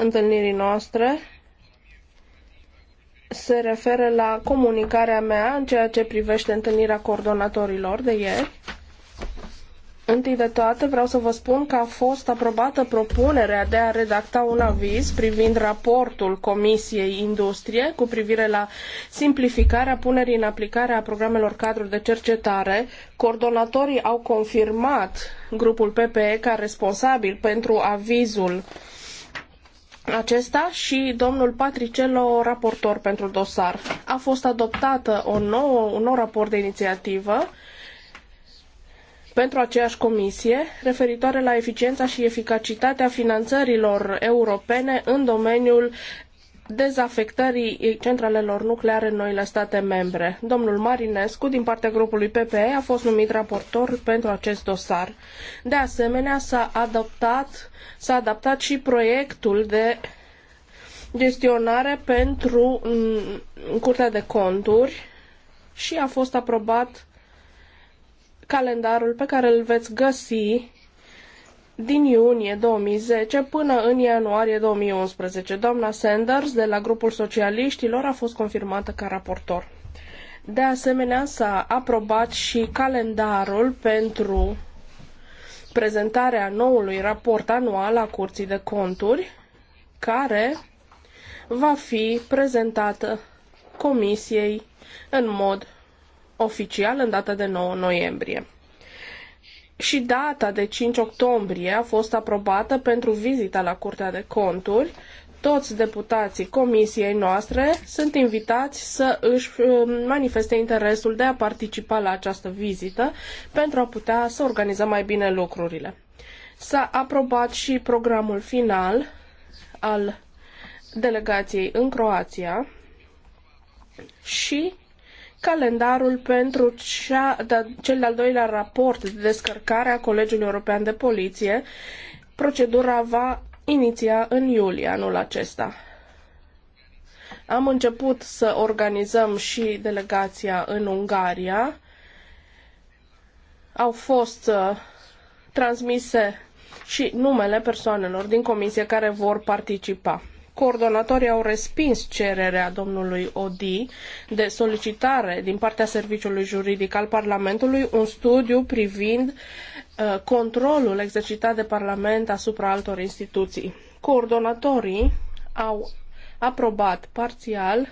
întâlnirii noastre se referă la comunicarea mea în ceea ce privește întâlnirea coordonatorilor de ieri. Întâi de toate vreau să vă spun că a fost aprobată propunerea de a redacta un aviz privind raportul Comisiei Industrie cu privire la simplificarea punerii în aplicare a programelor cadru de cercetare. Coordonatorii au confirmat grupul PPE ca responsabil pentru avizul uh, acesta și domnul Patricello, raportor pentru dosar. A fost adoptată o nouă, un nou raport de inițiativă pentru aceeași comisie referitoare la eficiența și eficacitatea finanțărilor europene în domeniul dezafectării centralelor nucleare în noile state membre. Domnul Marinescu, din partea grupului PPE, a fost numit raportor pentru acest dosar. De asemenea, s-a adoptat, s-a adaptat și proiectul de gestionare pentru mm, Curtea de Conturi și a fost aprobat calendarul pe care îl veți găsi din iunie 2010 până în ianuarie 2011. Doamna Sanders, de la grupul socialiștilor, a fost confirmată ca raportor. De asemenea, s-a aprobat și calendarul pentru prezentarea noului raport anual a Curții de Conturi, care va fi prezentată Comisiei în mod oficial în data de 9 noiembrie și data de 5 octombrie a fost aprobată pentru vizita la Curtea de Conturi. Toți deputații comisiei noastre sunt invitați să își um, manifeste interesul de a participa la această vizită pentru a putea să organizăm mai bine lucrurile. S-a aprobat și programul final al delegației în Croația și calendarul pentru cea, de, cel de-al doilea raport de descărcare a Colegiului European de Poliție. Procedura va iniția în iulie anul acesta. Am început să organizăm și delegația în Ungaria. Au fost uh, transmise și numele persoanelor din comisie care vor participa coordonatorii au respins cererea domnului Odi de solicitare din partea Serviciului Juridic al Parlamentului un studiu privind uh, controlul exercitat de Parlament asupra altor instituții. Coordonatorii au aprobat parțial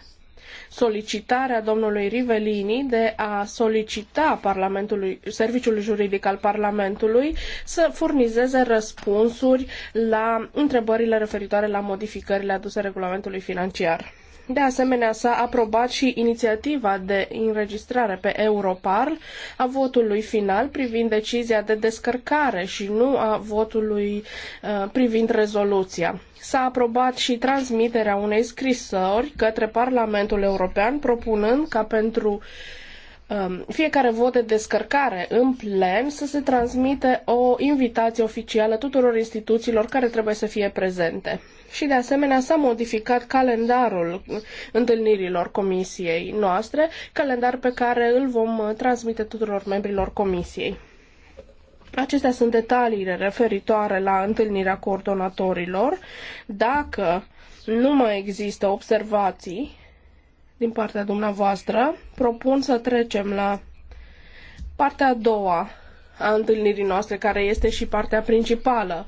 solicitarea domnului Rivelini de a solicita Parlamentului, Serviciului Juridic al Parlamentului să furnizeze răspunsuri la întrebările referitoare la modificările aduse regulamentului financiar. De asemenea, s-a aprobat și inițiativa de înregistrare pe Europarl a votului final privind decizia de descărcare și nu a votului uh, privind rezoluția. S-a aprobat și transmiterea unei scrisori către Parlamentul European propunând ca pentru uh, Um, fiecare vot de descărcare în plen să se transmite o invitație oficială tuturor instituțiilor care trebuie să fie prezente. Și de asemenea s-a modificat calendarul întâlnirilor comisiei noastre, calendar pe care îl vom transmite tuturor membrilor comisiei. Acestea sunt detaliile referitoare la întâlnirea coordonatorilor. Dacă nu mai există observații, din partea dumneavoastră, propun să trecem la partea a doua a întâlnirii noastre, care este și partea principală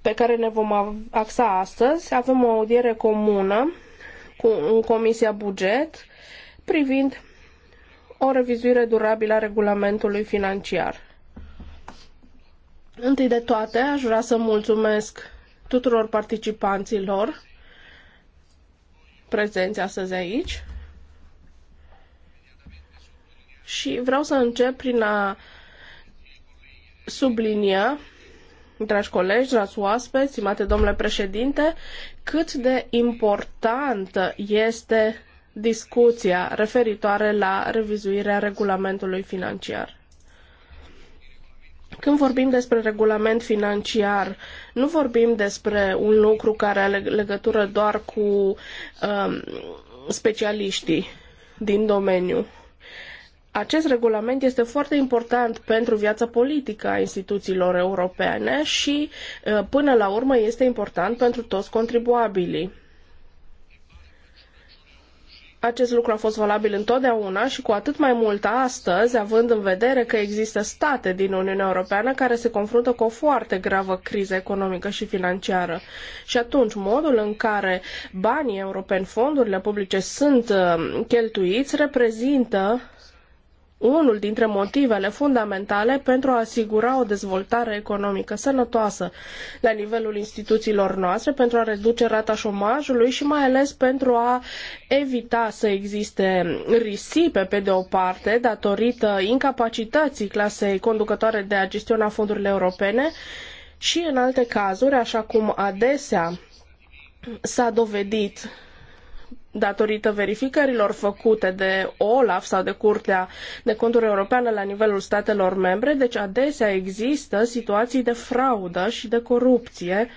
pe care ne vom axa astăzi. Avem o audiere comună cu Comisia Buget privind o revizuire durabilă a regulamentului financiar. Întâi de toate, aș vrea să mulțumesc tuturor participanților prezenți astăzi aici. Și vreau să încep prin a sublinia, dragi colegi, dragi oaspeți, stimate domnule președinte, cât de importantă este discuția referitoare la revizuirea regulamentului financiar. Când vorbim despre regulament financiar, nu vorbim despre un lucru care are legătură doar cu um, specialiștii din domeniu. Acest regulament este foarte important pentru viața politică a instituțiilor europene și, uh, până la urmă, este important pentru toți contribuabilii. Acest lucru a fost valabil întotdeauna și cu atât mai mult astăzi, având în vedere că există state din Uniunea Europeană care se confruntă cu o foarte gravă criză economică și financiară. Și atunci, modul în care banii europeni, fondurile publice sunt uh, cheltuiți, reprezintă unul dintre motivele fundamentale pentru a asigura o dezvoltare economică sănătoasă la nivelul instituțiilor noastre, pentru a reduce rata șomajului și mai ales pentru a evita să existe risipe, pe de o parte, datorită incapacității clasei conducătoare de a gestiona fondurile europene și, în alte cazuri, așa cum adesea s-a dovedit datorită verificărilor făcute de OLAF sau de Curtea de Conturi Europeană la nivelul statelor membre, deci adesea există situații de fraudă și de corupție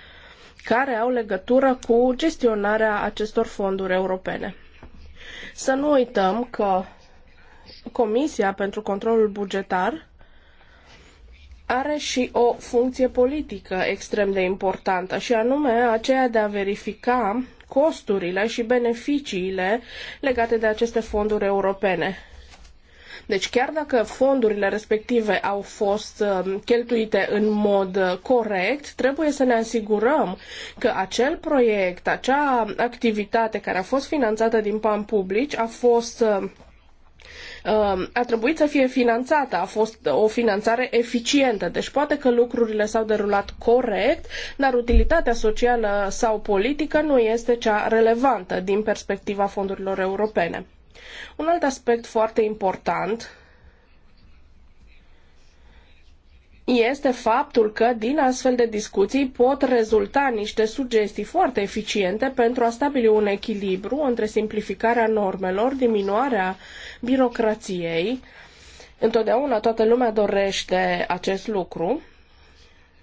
care au legătură cu gestionarea acestor fonduri europene. Să nu uităm că Comisia pentru Controlul Bugetar are și o funcție politică extrem de importantă, și anume aceea de a verifica costurile și beneficiile legate de aceste fonduri europene. Deci chiar dacă fondurile respective au fost um, cheltuite în mod uh, corect, trebuie să ne asigurăm că acel proiect, acea activitate care a fost finanțată din bani publici a fost um, Um, a trebuit să fie finanțată, a fost o finanțare eficientă. Deci poate că lucrurile s-au derulat corect, dar utilitatea socială sau politică nu este cea relevantă din perspectiva fondurilor europene. Un alt aspect foarte important este faptul că din astfel de discuții pot rezulta niște sugestii foarte eficiente pentru a stabili un echilibru între simplificarea normelor, diminuarea birocrației. Întotdeauna toată lumea dorește acest lucru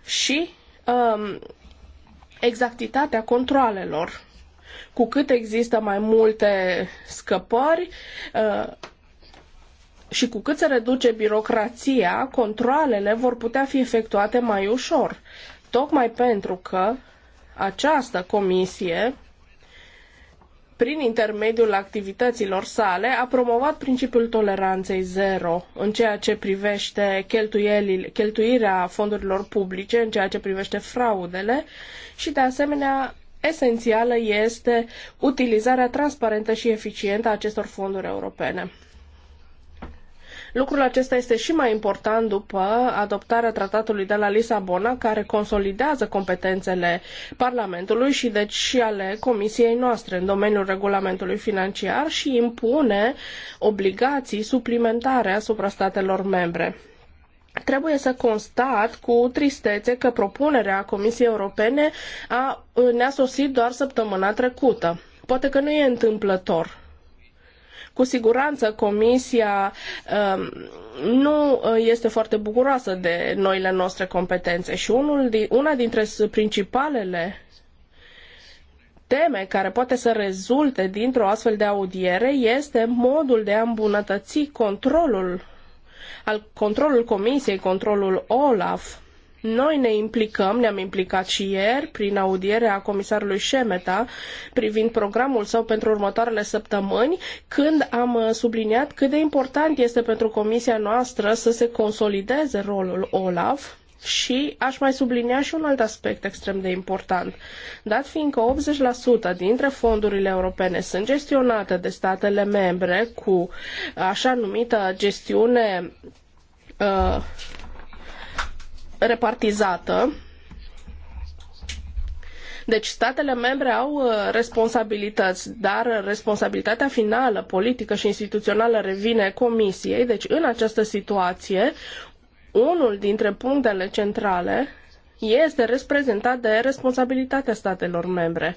și um, exactitatea controlelor. Cu cât există mai multe scăpări, uh, și cu cât se reduce birocrația, controlele vor putea fi efectuate mai ușor. Tocmai pentru că această comisie prin intermediul activităților sale, a promovat principiul toleranței zero în ceea ce privește cheltuirea fondurilor publice, în ceea ce privește fraudele și, de asemenea, esențială este utilizarea transparentă și eficientă a acestor fonduri europene. Lucrul acesta este și mai important după adoptarea tratatului de la Lisabona, care consolidează competențele Parlamentului și deci și ale Comisiei noastre în domeniul regulamentului financiar și impune obligații suplimentare asupra statelor membre. Trebuie să constat cu tristețe că propunerea Comisiei Europene a, ne-a sosit doar săptămâna trecută. Poate că nu e întâmplător cu siguranță Comisia um, nu uh, este foarte bucuroasă de noile noastre competențe și unul una dintre principalele teme care poate să rezulte dintr-o astfel de audiere este modul de a îmbunătăți controlul al controlul Comisiei, controlul OLAF noi ne implicăm, ne-am implicat și ieri prin audierea comisarului Șemeta privind programul său pentru următoarele săptămâni, când am uh, subliniat cât de important este pentru comisia noastră să se consolideze rolul OLAF și aș mai sublinia și un alt aspect extrem de important. Dat fiindcă 80% dintre fondurile europene sunt gestionate de statele membre cu așa numită gestiune uh, repartizată. Deci statele membre au uh, responsabilități, dar responsabilitatea finală, politică și instituțională revine Comisiei. Deci în această situație, unul dintre punctele centrale este reprezentat de responsabilitatea statelor membre.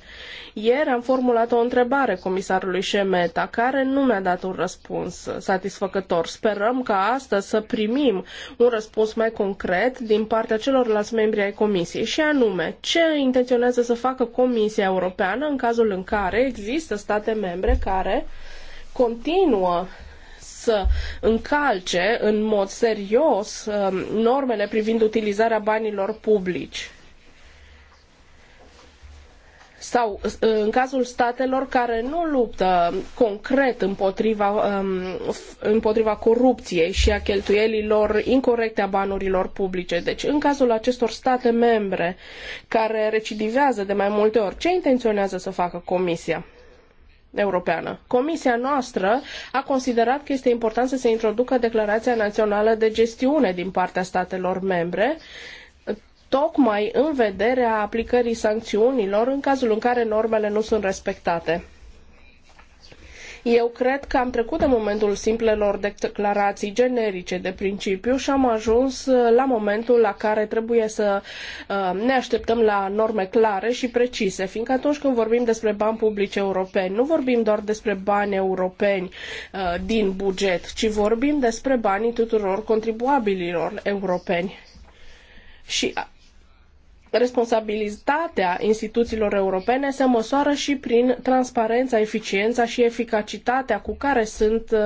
Ieri am formulat o întrebare comisarului Șemeta, care nu mi-a dat un răspuns satisfăcător. Sperăm ca astăzi să primim un răspuns mai concret din partea celorlalți membri ai comisiei, și anume ce intenționează să facă Comisia Europeană în cazul în care există state membre care continuă să încalce în mod serios um, normele privind utilizarea banilor publici sau uh, în cazul statelor care nu luptă concret împotriva, um, împotriva corupției și a cheltuielilor incorrecte a banurilor publice. Deci în cazul acestor state membre care recidivează de mai multe ori, ce intenționează să facă Comisia? Europeană. Comisia noastră a considerat că este important să se introducă declarația națională de gestiune din partea statelor membre tocmai în vederea aplicării sancțiunilor în cazul în care normele nu sunt respectate. Eu cred că am trecut de momentul simplelor declarații generice de principiu și am ajuns uh, la momentul la care trebuie să uh, ne așteptăm la norme clare și precise, fiindcă atunci când vorbim despre bani publici europeni, nu vorbim doar despre bani europeni uh, din buget, ci vorbim despre banii tuturor contribuabililor europeni. Și responsabilitatea instituțiilor europene se măsoară și prin transparența, eficiența și eficacitatea cu care sunt uh,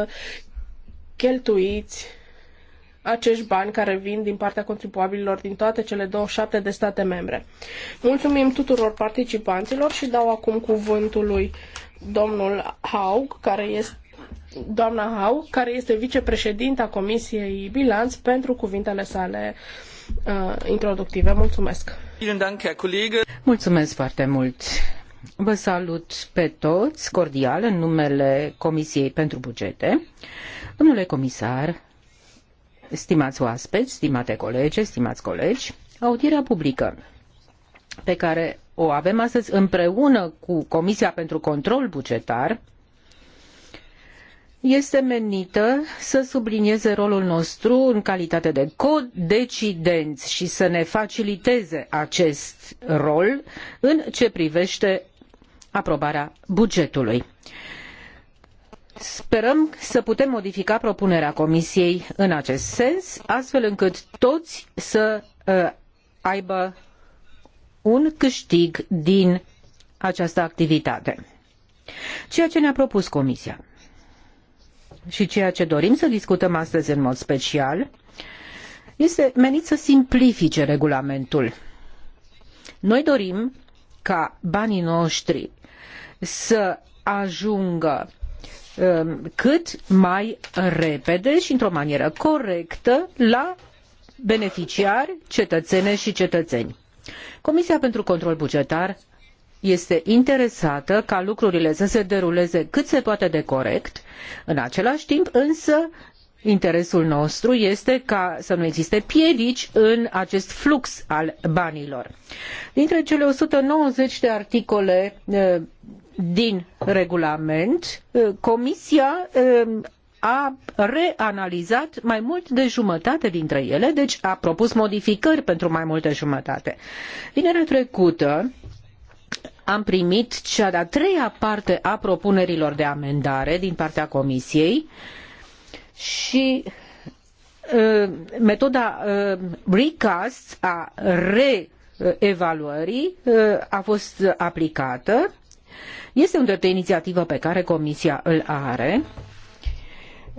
cheltuiți acești bani care vin din partea contribuabililor din toate cele 27 de state membre. Mulțumim tuturor participanților și dau acum cuvântul lui domnul Haug, care este doamna Hau, care este vicepreședinta Comisiei Bilanț pentru cuvintele sale uh, introductive. Mulțumesc! Mulțumesc foarte mult. Vă salut pe toți cordial în numele Comisiei pentru Bugete. Domnule comisar, stimați oaspeți, stimate colege, stimați colegi, audierea publică pe care o avem astăzi împreună cu Comisia pentru Control Bugetar este menită să sublinieze rolul nostru în calitate de codecidenți și să ne faciliteze acest rol în ce privește aprobarea bugetului. Sperăm să putem modifica propunerea Comisiei în acest sens, astfel încât toți să uh, aibă un câștig din această activitate. Ceea ce ne-a propus Comisia și ceea ce dorim să discutăm astăzi în mod special este menit să simplifice regulamentul. Noi dorim ca banii noștri să ajungă um, cât mai repede și într-o manieră corectă la beneficiari, cetățene și cetățeni. Comisia pentru Control Bugetar este interesată ca lucrurile să se deruleze cât se poate de corect, în același timp însă interesul nostru este ca să nu existe piedici în acest flux al banilor. Dintre cele 190 de articole eh, din regulament, eh, Comisia eh, a reanalizat mai mult de jumătate dintre ele, deci a propus modificări pentru mai mult de jumătate. Vinerea trecută, am primit cea de-a treia parte a propunerilor de amendare din partea Comisiei și ă, metoda ă, recast a reevaluării ă, a fost aplicată. Este un drept de inițiativă pe care Comisia îl are.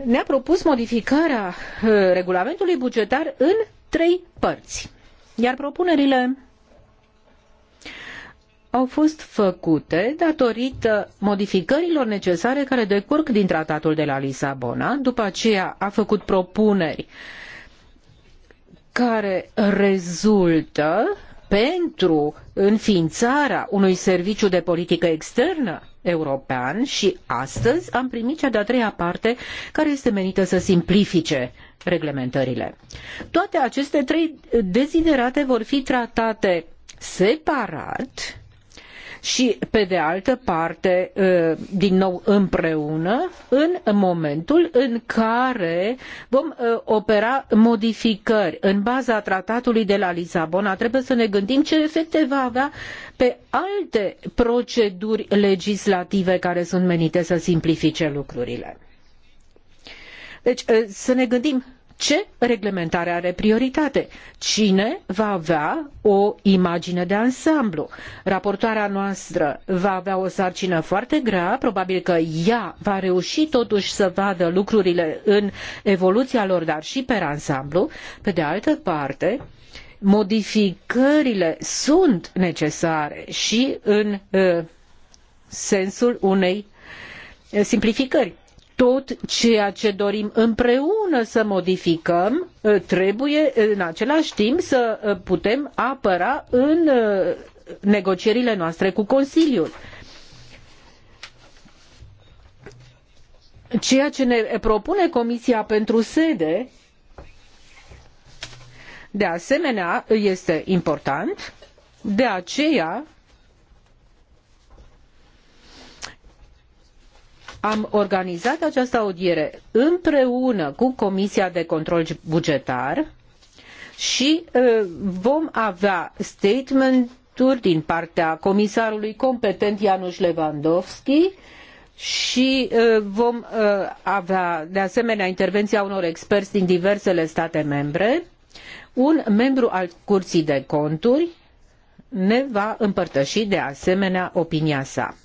Ne-a propus modificarea regulamentului bugetar în trei părți, iar propunerile au fost făcute datorită modificărilor necesare care decurg din tratatul de la Lisabona. După aceea a făcut propuneri care rezultă pentru înființarea unui serviciu de politică externă european și astăzi am primit cea de-a treia parte care este menită să simplifice reglementările. Toate aceste trei deziderate vor fi tratate separat și, pe de altă parte, ă, din nou împreună, în momentul în care vom ă, opera modificări în baza tratatului de la Lisabona, trebuie să ne gândim ce efecte va avea pe alte proceduri legislative care sunt menite să simplifice lucrurile. Deci ă, să ne gândim ce reglementare are prioritate, cine va avea o imagine de ansamblu. Raportoarea noastră va avea o sarcină foarte grea, probabil că ea va reuși totuși să vadă lucrurile în evoluția lor, dar și pe ansamblu. Pe de altă parte, modificările sunt necesare și în uh, sensul unei uh, simplificări tot ceea ce dorim împreună să modificăm, ă, trebuie în același timp să ă, putem apăra în ă, negocierile noastre cu Consiliul. Ceea ce ne propune Comisia pentru sede, de asemenea, este important. De aceea, am organizat această audiere împreună cu Comisia de Control Bugetar și vom avea statementuri din partea comisarului competent Ianuș Lewandowski și vom avea de asemenea intervenția unor experți din diversele state membre. Un membru al Curții de Conturi ne va împărtăși de asemenea opinia sa.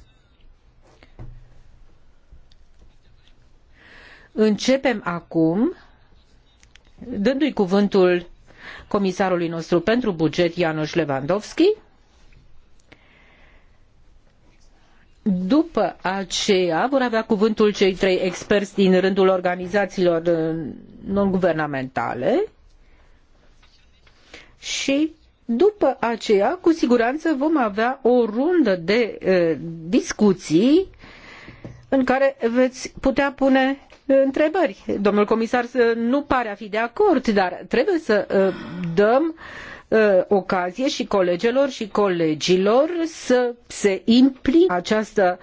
Începem acum dându-i cuvântul comisarului nostru pentru buget, Ianuș Lewandowski. După aceea vor avea cuvântul cei trei experți din rândul organizațiilor uh, non-guvernamentale și după aceea, cu siguranță, vom avea o rundă de e, uh, discuții în care veți putea pune întrebări. Domnul comisar nu pare a fi de acord, dar trebuie să uh, dăm uh, ocazie și colegelor și colegilor să se implice această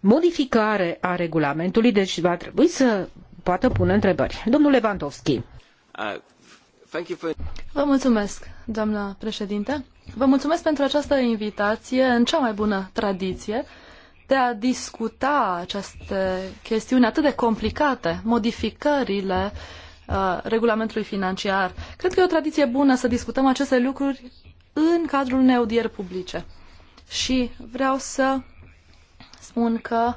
modificare a regulamentului, deci va trebui să poată pune întrebări. Domnul Lewandowski. Uh, Vă mulțumesc, doamna președinte. Vă mulțumesc pentru această invitație în cea mai bună tradiție de a discuta aceste chestiuni atât de complicate, modificările uh, regulamentului financiar. Cred că e o tradiție bună să discutăm aceste lucruri în cadrul unei audieri publice. Și vreau să spun că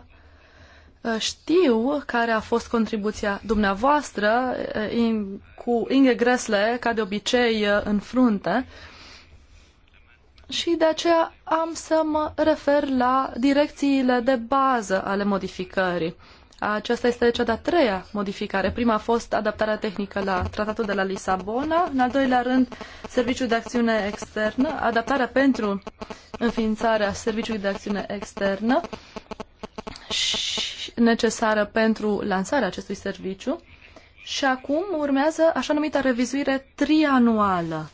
uh, știu care a fost contribuția dumneavoastră uh, cu Inge Gresle, ca de obicei, în frunte și de aceea am să mă refer la direcțiile de bază ale modificării. Aceasta este cea de-a treia modificare. Prima a fost adaptarea tehnică la tratatul de la Lisabona, în al doilea rând serviciul de acțiune externă, adaptarea pentru înființarea serviciului de acțiune externă și necesară pentru lansarea acestui serviciu. Și acum urmează așa numita revizuire trianuală.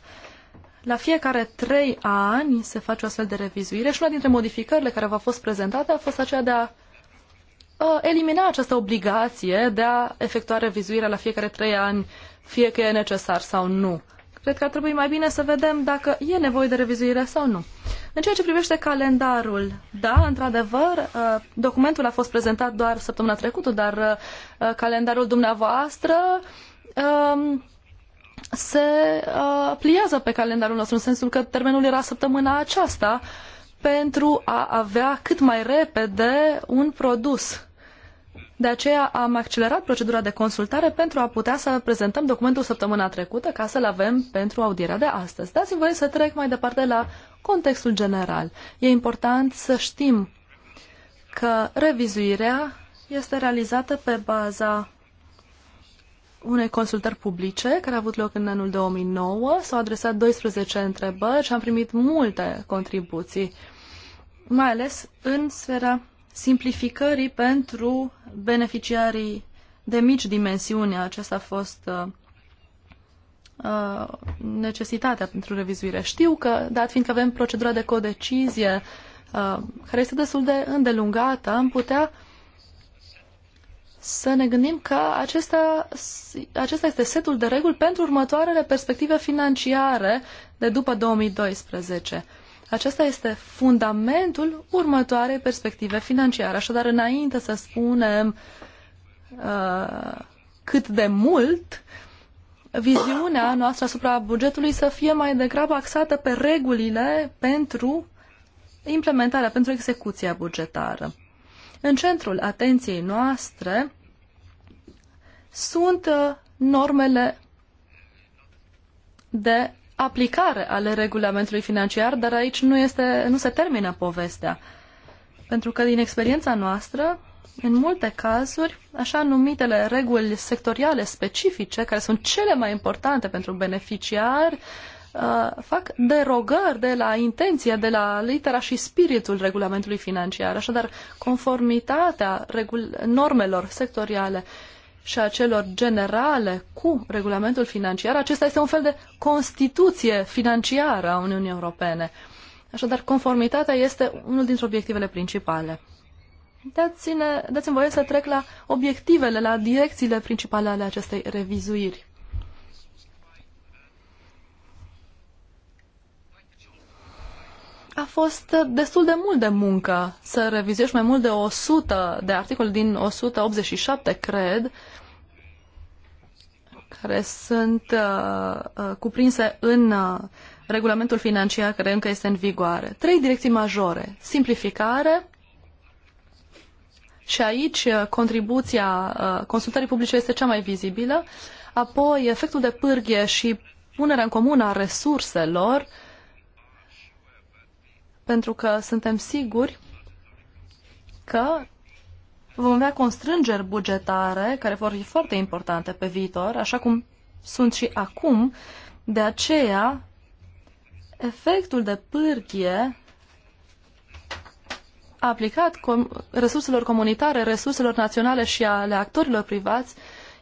La fiecare trei ani se face o astfel de revizuire și una dintre modificările care v-a fost prezentată a fost aceea de a uh, elimina această obligație de a efectua revizuirea la fiecare trei ani, fie că e necesar sau nu. Cred că ar trebui mai bine să vedem dacă e nevoie de revizuire sau nu. În ceea ce privește calendarul, da, într-adevăr, uh, documentul a fost prezentat doar săptămâna trecută, dar uh, calendarul dumneavoastră um, se uh, pliază pe calendarul nostru, în sensul că termenul era săptămâna aceasta pentru a avea cât mai repede un produs. De aceea am accelerat procedura de consultare pentru a putea să prezentăm documentul săptămâna trecută ca să-l avem pentru audierea de astăzi. Dați-mi voie să trec mai departe la contextul general. E important să știm că revizuirea este realizată pe baza unei consultări publice care a avut loc în anul 2009. S-au adresat 12 întrebări și am primit multe contribuții, mai ales în sfera simplificării pentru beneficiarii de mici dimensiuni. Aceasta a fost uh, uh, necesitatea pentru revizuire. Știu că, dat fiindcă avem procedura de codecizie, uh, care este destul de îndelungată, am putea uh, să ne gândim că acesta, acesta este setul de reguli pentru următoarele perspective financiare de după 2012. Acesta este fundamentul următoarei perspective financiare. Așadar, înainte să spunem uh, cât de mult, viziunea noastră asupra bugetului să fie mai degrabă axată pe regulile pentru implementarea, pentru execuția bugetară. În centrul atenției noastre sunt uh, normele de aplicare ale regulamentului financiar, dar aici nu, este, nu se termină povestea. Pentru că din experiența noastră, în multe cazuri, așa numitele reguli sectoriale specifice, care sunt cele mai importante pentru beneficiari, uh, fac derogări de la intenția, de la litera și spiritul regulamentului financiar. Așadar, conformitatea regul- normelor sectoriale și a celor generale cu regulamentul financiar, acesta este un fel de Constituție financiară a Uniunii Europene. Așadar, conformitatea este unul dintre obiectivele principale. Dați-mi dați voie să trec la obiectivele, la direcțiile principale ale acestei revizuiri. A fost destul de mult de muncă să revizuiești mai mult de 100 de articole din 187, cred, care sunt uh, uh, cuprinse în uh, regulamentul financiar care încă este în vigoare. Trei direcții majore. Simplificare, și aici uh, contribuția uh, consultării publice este cea mai vizibilă, apoi efectul de pârghie și punerea în comun a resurselor, pentru că suntem siguri că vom avea constrângeri bugetare care vor fi foarte importante pe viitor, așa cum sunt și acum. De aceea, efectul de pârghie aplicat com- resurselor comunitare, resurselor naționale și ale actorilor privați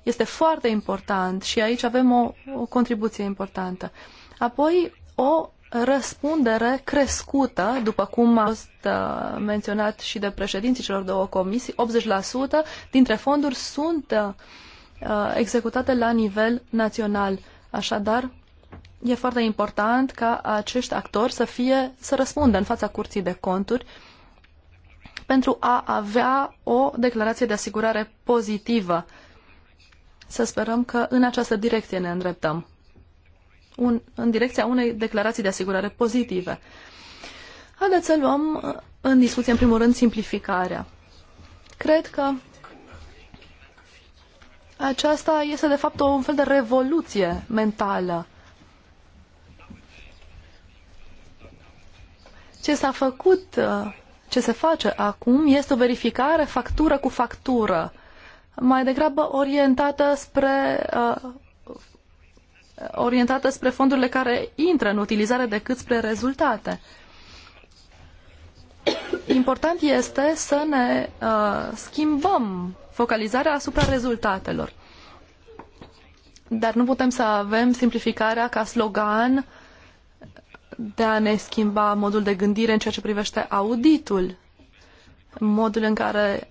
este foarte important și aici avem o, o contribuție importantă. Apoi, o răspundere crescută, după cum a fost uh, menționat și de președinții celor două comisii, 80% dintre fonduri sunt uh, uh, executate la nivel național. Așadar, e foarte important ca acești actori să fie să răspundă în fața curții de conturi pentru a avea o declarație de asigurare pozitivă. Să sperăm că în această direcție ne îndreptăm un, în direcția unei declarații de asigurare pozitive. Haideți să luăm uh, în discuție, în primul rând, simplificarea. Cred că aceasta este, de fapt, un fel de revoluție mentală. Ce s-a făcut, uh, ce se face acum, este o verificare factură cu factură, mai degrabă orientată spre uh, orientată spre fondurile care intră în utilizare decât spre rezultate. Important este să ne uh, schimbăm focalizarea asupra rezultatelor. Dar nu putem să avem simplificarea ca slogan de a ne schimba modul de gândire în ceea ce privește auditul, modul în care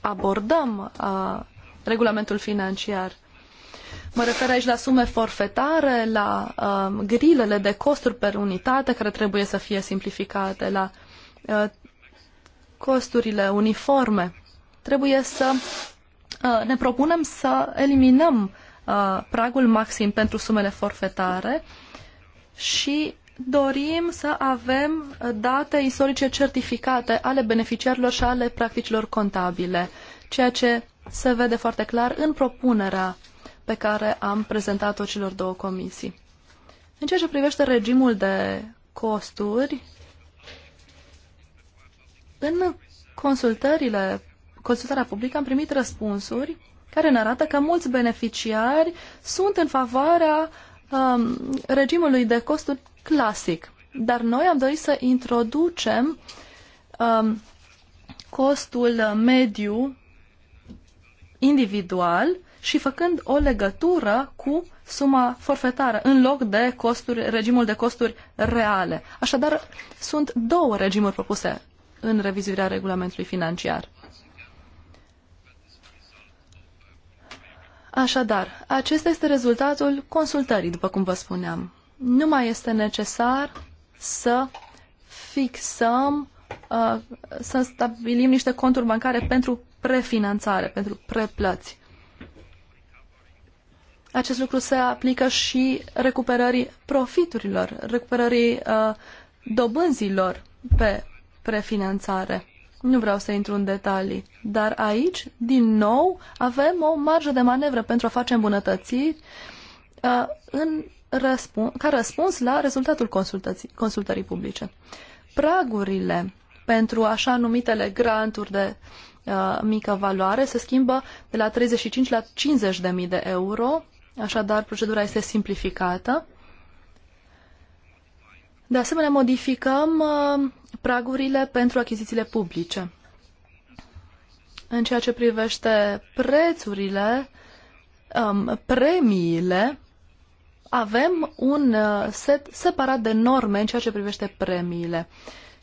abordăm uh, regulamentul financiar. Mă refer aici la sume forfetare, la uh, grilele de costuri per unitate care trebuie să fie simplificate, la uh, costurile uniforme. Trebuie să uh, ne propunem să eliminăm uh, pragul maxim pentru sumele forfetare și dorim să avem uh, date istorice certificate ale beneficiarilor și ale practicilor contabile, ceea ce se vede foarte clar în propunerea uh, pe care am prezentat-o celor două comisii. În ceea ce privește regimul de costuri, în consultările, consultarea publică am primit răspunsuri care ne arată că mulți beneficiari sunt în favoarea um, regimului de costuri clasic. Dar noi am dorit să introducem um, costul mediu individual și făcând o legătură cu suma forfetară în loc de costuri, regimul de costuri reale. Așadar, sunt două regimuri propuse în revizuirea regulamentului financiar. Așadar, acesta este rezultatul consultării, după cum vă spuneam. Nu mai este necesar să fixăm, uh, să stabilim niște conturi bancare pentru prefinanțare, pentru preplăți. Acest lucru se aplică și recuperării profiturilor, recuperării uh, dobânzilor pe prefinanțare. Nu vreau să intru în detalii, dar aici, din nou, avem o marjă de manevră pentru a face îmbunătățiri uh, în răspun ca răspuns la rezultatul consultării publice. Pragurile pentru așa numitele granturi de uh, mică valoare se schimbă de la 35 la 50.000 de euro Așadar, procedura este simplificată. De asemenea, modificăm uh, pragurile pentru achizițiile publice. În ceea ce privește prețurile, um, premiile, avem un uh, set separat de norme în ceea ce privește premiile.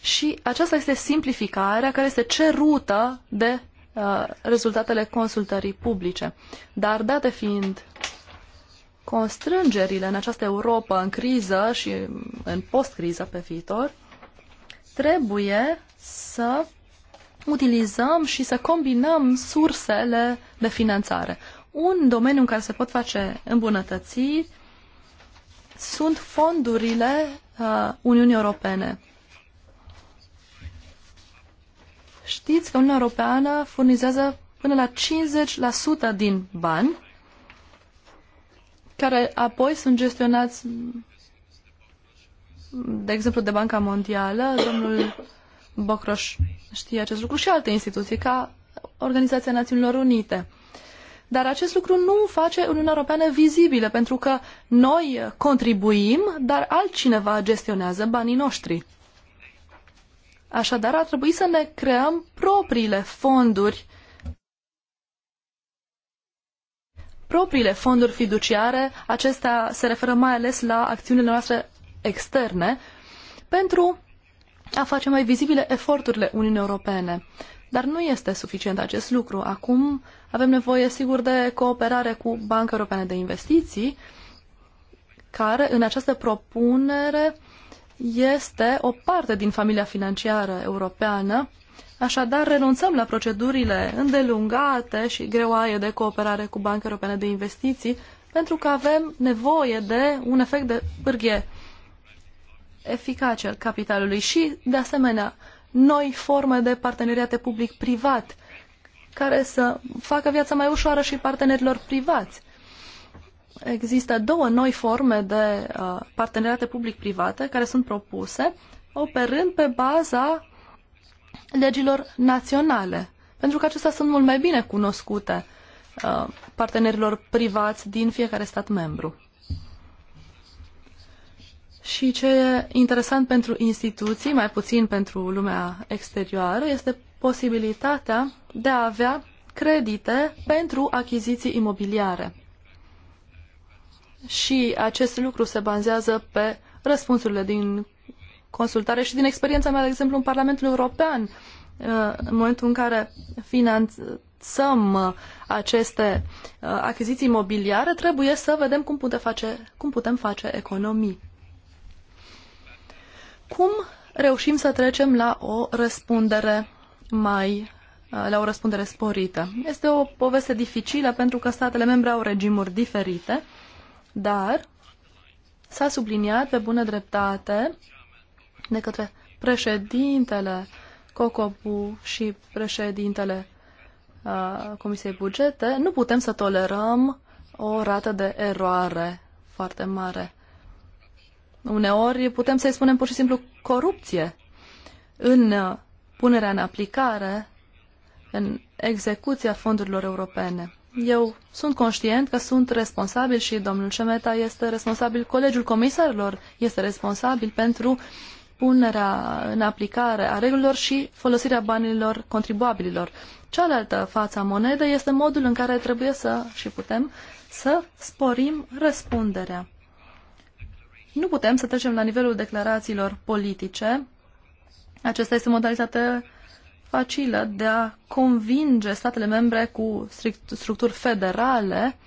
Și aceasta este simplificarea care este cerută de uh, rezultatele consultării publice. Dar date fiind constrângerile în această Europa în criză și în post-criză pe viitor, trebuie să utilizăm și să combinăm sursele de finanțare. Un domeniu în care se pot face îmbunătățiri sunt fondurile uh, Uniunii Europene. Știți că Uniunea Europeană furnizează până la 50% din bani care apoi sunt gestionați, de exemplu, de Banca Mondială. Domnul Bocroș știe acest lucru și alte instituții, ca Organizația Națiunilor Unite. Dar acest lucru nu face Uniunea Europeană vizibilă, pentru că noi contribuim, dar altcineva gestionează banii noștri. Așadar, ar trebui să ne creăm propriile fonduri propriile fonduri fiduciare, acestea se referă mai ales la acțiunile noastre externe, pentru a face mai vizibile eforturile Uniunii Europene. Dar nu este suficient acest lucru. Acum avem nevoie, sigur, de cooperare cu Banca Europeană de Investiții, care în această propunere este o parte din familia financiară europeană Așadar, renunțăm la procedurile îndelungate și greoaie de cooperare cu Banca Europeană de Investiții, pentru că avem nevoie de un efect de pârghie eficace al capitalului și, de asemenea, noi forme de parteneriate public-privat care să facă viața mai ușoară și partenerilor privați. Există două noi forme de uh, parteneriate public-private care sunt propuse, operând pe baza legilor naționale, pentru că acestea sunt mult mai bine cunoscute uh, partenerilor privați din fiecare stat membru. Și ce e interesant pentru instituții, mai puțin pentru lumea exterioară, este posibilitatea de a avea credite pentru achiziții imobiliare. Și acest lucru se bazează pe răspunsurile din consultare și din experiența mea, de exemplu, în Parlamentul European, uh, în momentul în care finanțăm uh, aceste uh, achiziții imobiliare, trebuie să vedem cum putem face, cum putem face economii. Cum reușim să trecem la o răspundere mai la o răspundere sporită. Este o poveste dificilă pentru că statele membre au regimuri diferite, dar s-a subliniat pe bună dreptate de către președintele COCOBU și președintele uh, Comisiei Bugete, nu putem să tolerăm o rată de eroare foarte mare. Uneori putem să-i spunem pur și simplu corupție. În uh, punerea în aplicare, în execuția fondurilor europene. Eu sunt conștient că sunt responsabil și domnul Șemeta este responsabil, colegiul comisarilor este responsabil pentru punerea în aplicare a regulilor și folosirea banilor contribuabililor. Cealaltă față a monedei este modul în care trebuie să și putem să sporim răspunderea. Nu putem să trecem la nivelul declarațiilor politice. Aceasta este modalitatea facilă de a convinge statele membre cu structuri federale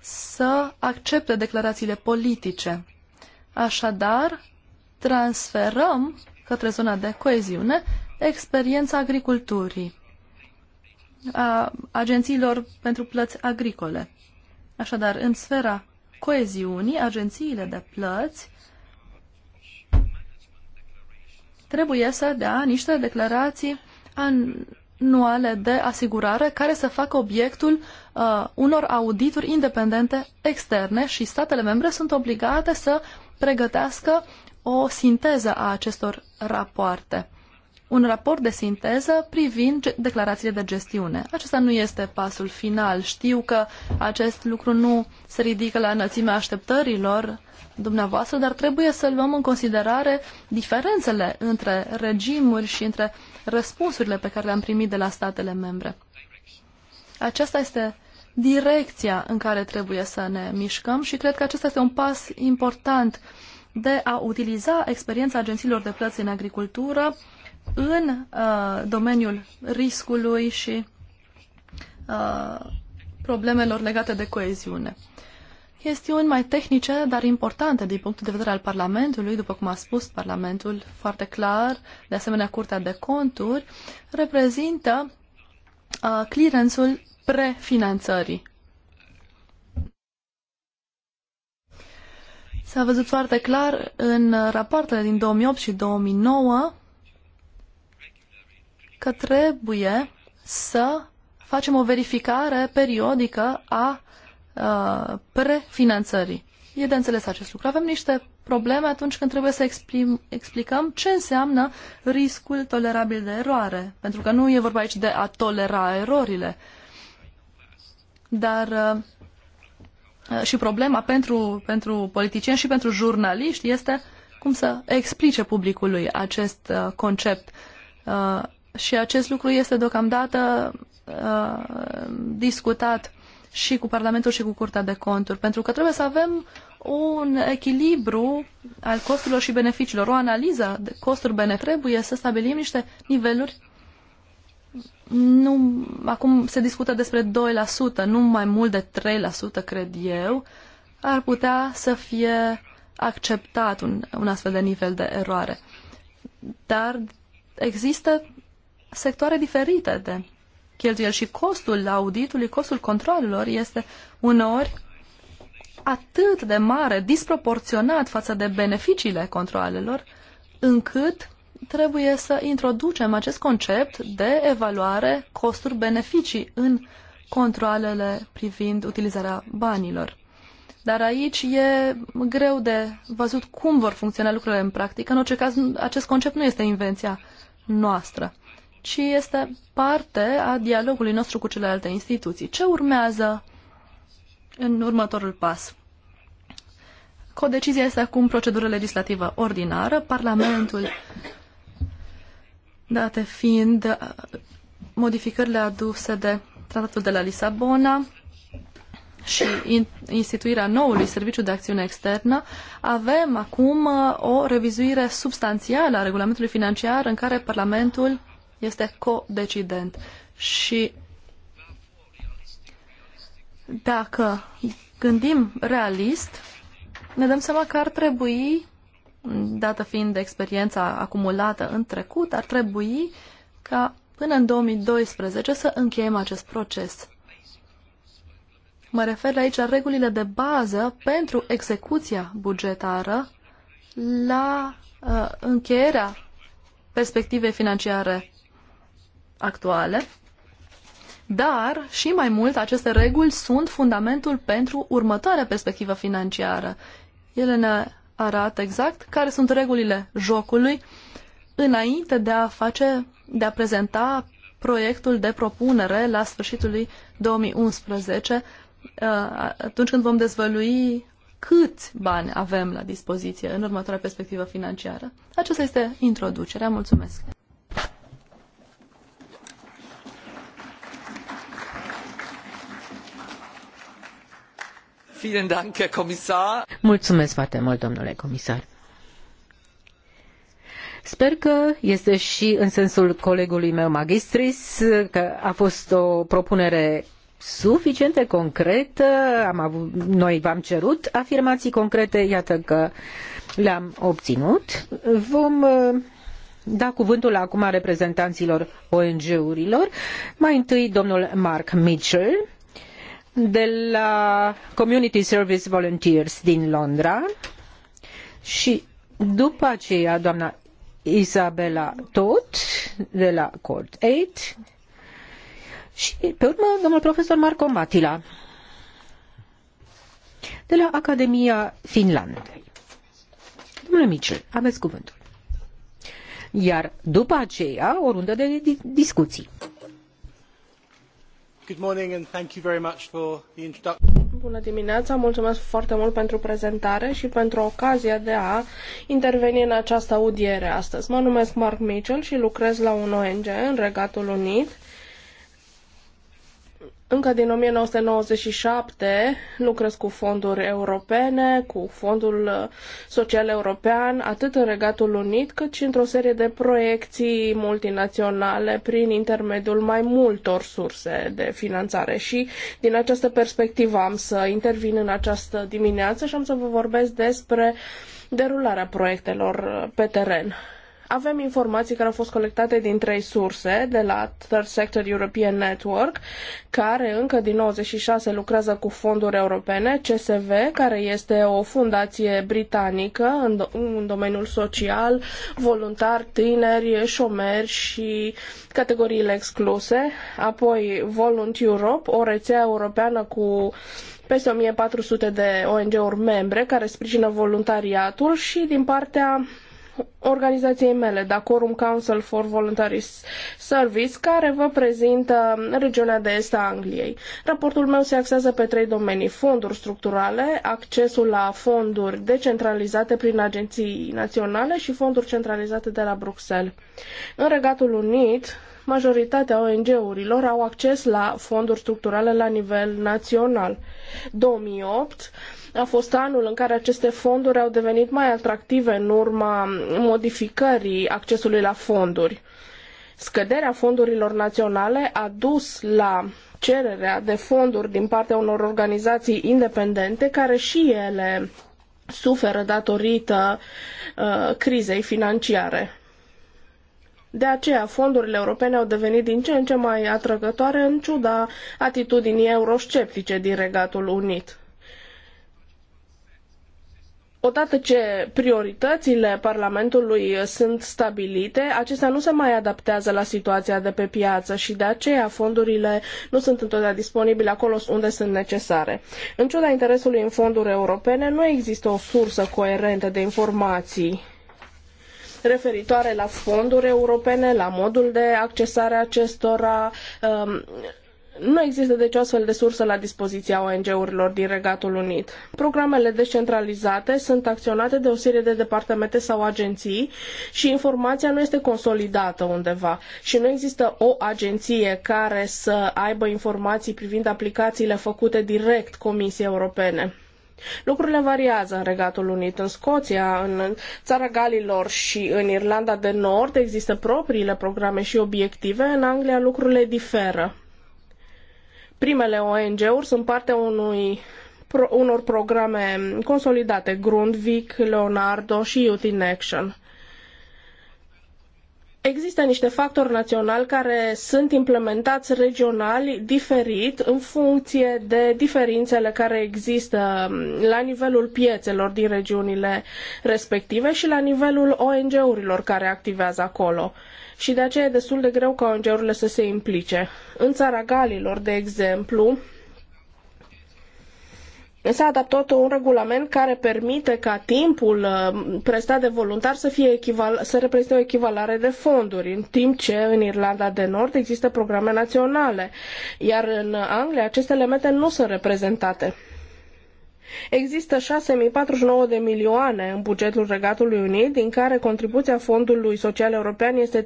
să accepte declarațiile politice. Așadar, transferăm către zona de coeziune experiența agriculturii, a agențiilor pentru plăți agricole. Așadar, în sfera coeziunii, agențiile de plăți trebuie să dea niște declarații anuale de asigurare care să facă obiectul uh, unor audituri independente externe și statele membre sunt obligate să pregătească o sinteză a acestor rapoarte. Un raport de sinteză privind declarațiile de gestiune. Acesta nu este pasul final. Știu că acest lucru nu se ridică la înălțimea așteptărilor dumneavoastră, dar trebuie să luăm în considerare diferențele între regimuri și între răspunsurile pe care le-am primit de la statele membre. Aceasta este direcția în care trebuie să ne mișcăm și cred că acesta este un pas important de a utiliza experiența agențiilor de plăți în agricultură în uh, domeniul riscului și uh, problemelor legate de coeziune. Chestiuni mai tehnice, dar importante din punctul de vedere al Parlamentului, după cum a spus Parlamentul foarte clar, de asemenea Curtea de Conturi, reprezintă uh, clearance-ul prefinanțării. S-a văzut foarte clar în rapoartele din 2008 și 2009 că trebuie să facem o verificare periodică a uh, prefinanțării. E de înțeles acest lucru. Avem niște probleme atunci când trebuie să exprim, explicăm ce înseamnă riscul tolerabil de eroare. Pentru că nu e vorba aici de a tolera erorile. Uh, dar uh, și problema pentru, pentru politicieni și pentru jurnaliști este cum să explice publicului acest uh, concept. Uh, și acest lucru este deocamdată discutat și cu Parlamentul și cu Curtea de Conturi, pentru că trebuie să avem un echilibru al costurilor și beneficiilor, o analiză de costuri-bene. Trebuie să stabilim niște niveluri nu, acum se discută despre 2%, nu mai mult de 3%, cred eu, ar putea să fie acceptat un, un astfel de nivel de eroare. Dar există sectoare diferite de cheltuieli și costul auditului, costul controlelor este uneori atât de mare, disproporționat față de beneficiile controlelor, încât trebuie să introducem acest concept de evaluare costuri-beneficii în controlele privind utilizarea banilor. Dar aici e greu de văzut cum vor funcționa lucrurile în practică. În orice caz, acest concept nu este invenția noastră, ci este parte a dialogului nostru cu celelalte instituții. Ce urmează în următorul pas? Codecizia este acum procedură legislativă ordinară. Parlamentul date fiind uh, modificările aduse de Tratatul de la Lisabona și instituirea noului Serviciu de Acțiune Externă, avem acum uh, o revizuire substanțială a regulamentului financiar în care Parlamentul este codecident. Și dacă gândim realist, ne dăm seama că ar trebui dată fiind experiența acumulată în trecut, ar trebui ca până în 2012 să încheiem acest proces. Mă refer aici la regulile de bază pentru execuția bugetară la uh, încheierea perspectivei financiare actuale, dar și mai mult aceste reguli sunt fundamentul pentru următoarea perspectivă financiară. Ele ne arată exact care sunt regulile jocului înainte de a face, de a prezenta proiectul de propunere la sfârșitul lui 2011, uh, atunci când vom dezvălui câți bani avem la dispoziție în următoarea perspectivă financiară. Aceasta este introducerea. Mulțumesc! Mulțumesc foarte mult, domnule comisar. Sper că este și în sensul colegului meu magistris că a fost o propunere suficient de concretă. Am avut, noi v-am cerut afirmații concrete, iată că le-am obținut. Vom uh, da cuvântul acum a reprezentanților ONG-urilor. Mai întâi domnul Mark Mitchell, de la Community Service Volunteers din Londra și după aceea doamna Isabela Tot de la Court 8 și pe urmă domnul profesor Marco Matila de la Academia Finlandei. Domnule Mitchell, aveți cuvântul. Iar după aceea o rundă de discuții. Bună dimineața, mulțumesc foarte mult pentru prezentare și pentru ocazia de a interveni în această audiere astăzi. Mă numesc Mark Mitchell și lucrez la un ONG în Regatul Unit încă din 1997 lucrez cu fonduri europene, cu Fondul Social European, atât în Regatul Unit, cât și într-o serie de proiecții multinaționale prin intermediul mai multor surse de finanțare. Și din această perspectivă am să intervin în această dimineață și am să vă vorbesc despre derularea proiectelor pe teren. Avem informații care au fost colectate din trei surse, de la Third Sector European Network, care încă din 96 lucrează cu fonduri europene, CSV, care este o fundație britanică în, do în domeniul social, voluntar, tineri, șomeri și categoriile excluse, apoi Volunt Europe, o rețea europeană cu peste 1400 de ONG-uri membre care sprijină voluntariatul și din partea organizației mele, Dacorum Council for Voluntary Service, care vă prezintă regiunea de est a Angliei. Raportul meu se axează pe trei domenii. Fonduri structurale, accesul la fonduri decentralizate prin agenții naționale și fonduri centralizate de la Bruxelles. În Regatul Unit, majoritatea ONG-urilor au acces la fonduri structurale la nivel național. 2008 a fost anul în care aceste fonduri au devenit mai atractive în urma modificării accesului la fonduri. Scăderea fondurilor naționale a dus la cererea de fonduri din partea unor organizații independente care și ele suferă datorită uh, crizei financiare. De aceea, fondurile europene au devenit din ce în ce mai atrăgătoare în ciuda atitudinii eurosceptice din Regatul Unit. Odată ce prioritățile Parlamentului sunt stabilite, acestea nu se mai adaptează la situația de pe piață și de aceea fondurile nu sunt întotdeauna disponibile acolo unde sunt necesare. În ciuda interesului în fonduri europene, nu există o sursă coerentă de informații referitoare la fonduri europene, la modul de accesare a acestora, um, nu există deci o astfel de sursă la dispoziția ONG-urilor din Regatul Unit. Programele descentralizate sunt acționate de o serie de departamente sau agenții și informația nu este consolidată undeva și nu există o agenție care să aibă informații privind aplicațiile făcute direct Comisiei Europene. Lucrurile variază în Regatul Unit, în Scoția, în Țara Galilor și în Irlanda de Nord există propriile programe și obiective, în Anglia lucrurile diferă. Primele ONG-uri sunt parte unui pro, unor programe consolidate, Grundvik, Leonardo și Youth in Action. Există niște factori naționali care sunt implementați regional diferit în funcție de diferențele care există la nivelul piețelor din regiunile respective și la nivelul ONG-urilor care activează acolo și de aceea e destul de greu ca ONG-urile să se implice. În țara Galilor, de exemplu, s-a adaptat un regulament care permite ca timpul uh, prestat de voluntar să, fie echival, să reprezinte o echivalare de fonduri, în timp ce în Irlanda de Nord există programe naționale, iar în Anglia aceste elemente nu sunt reprezentate. Există 6.049 de milioane în bugetul Regatului Unit, din care contribuția Fondului Social European este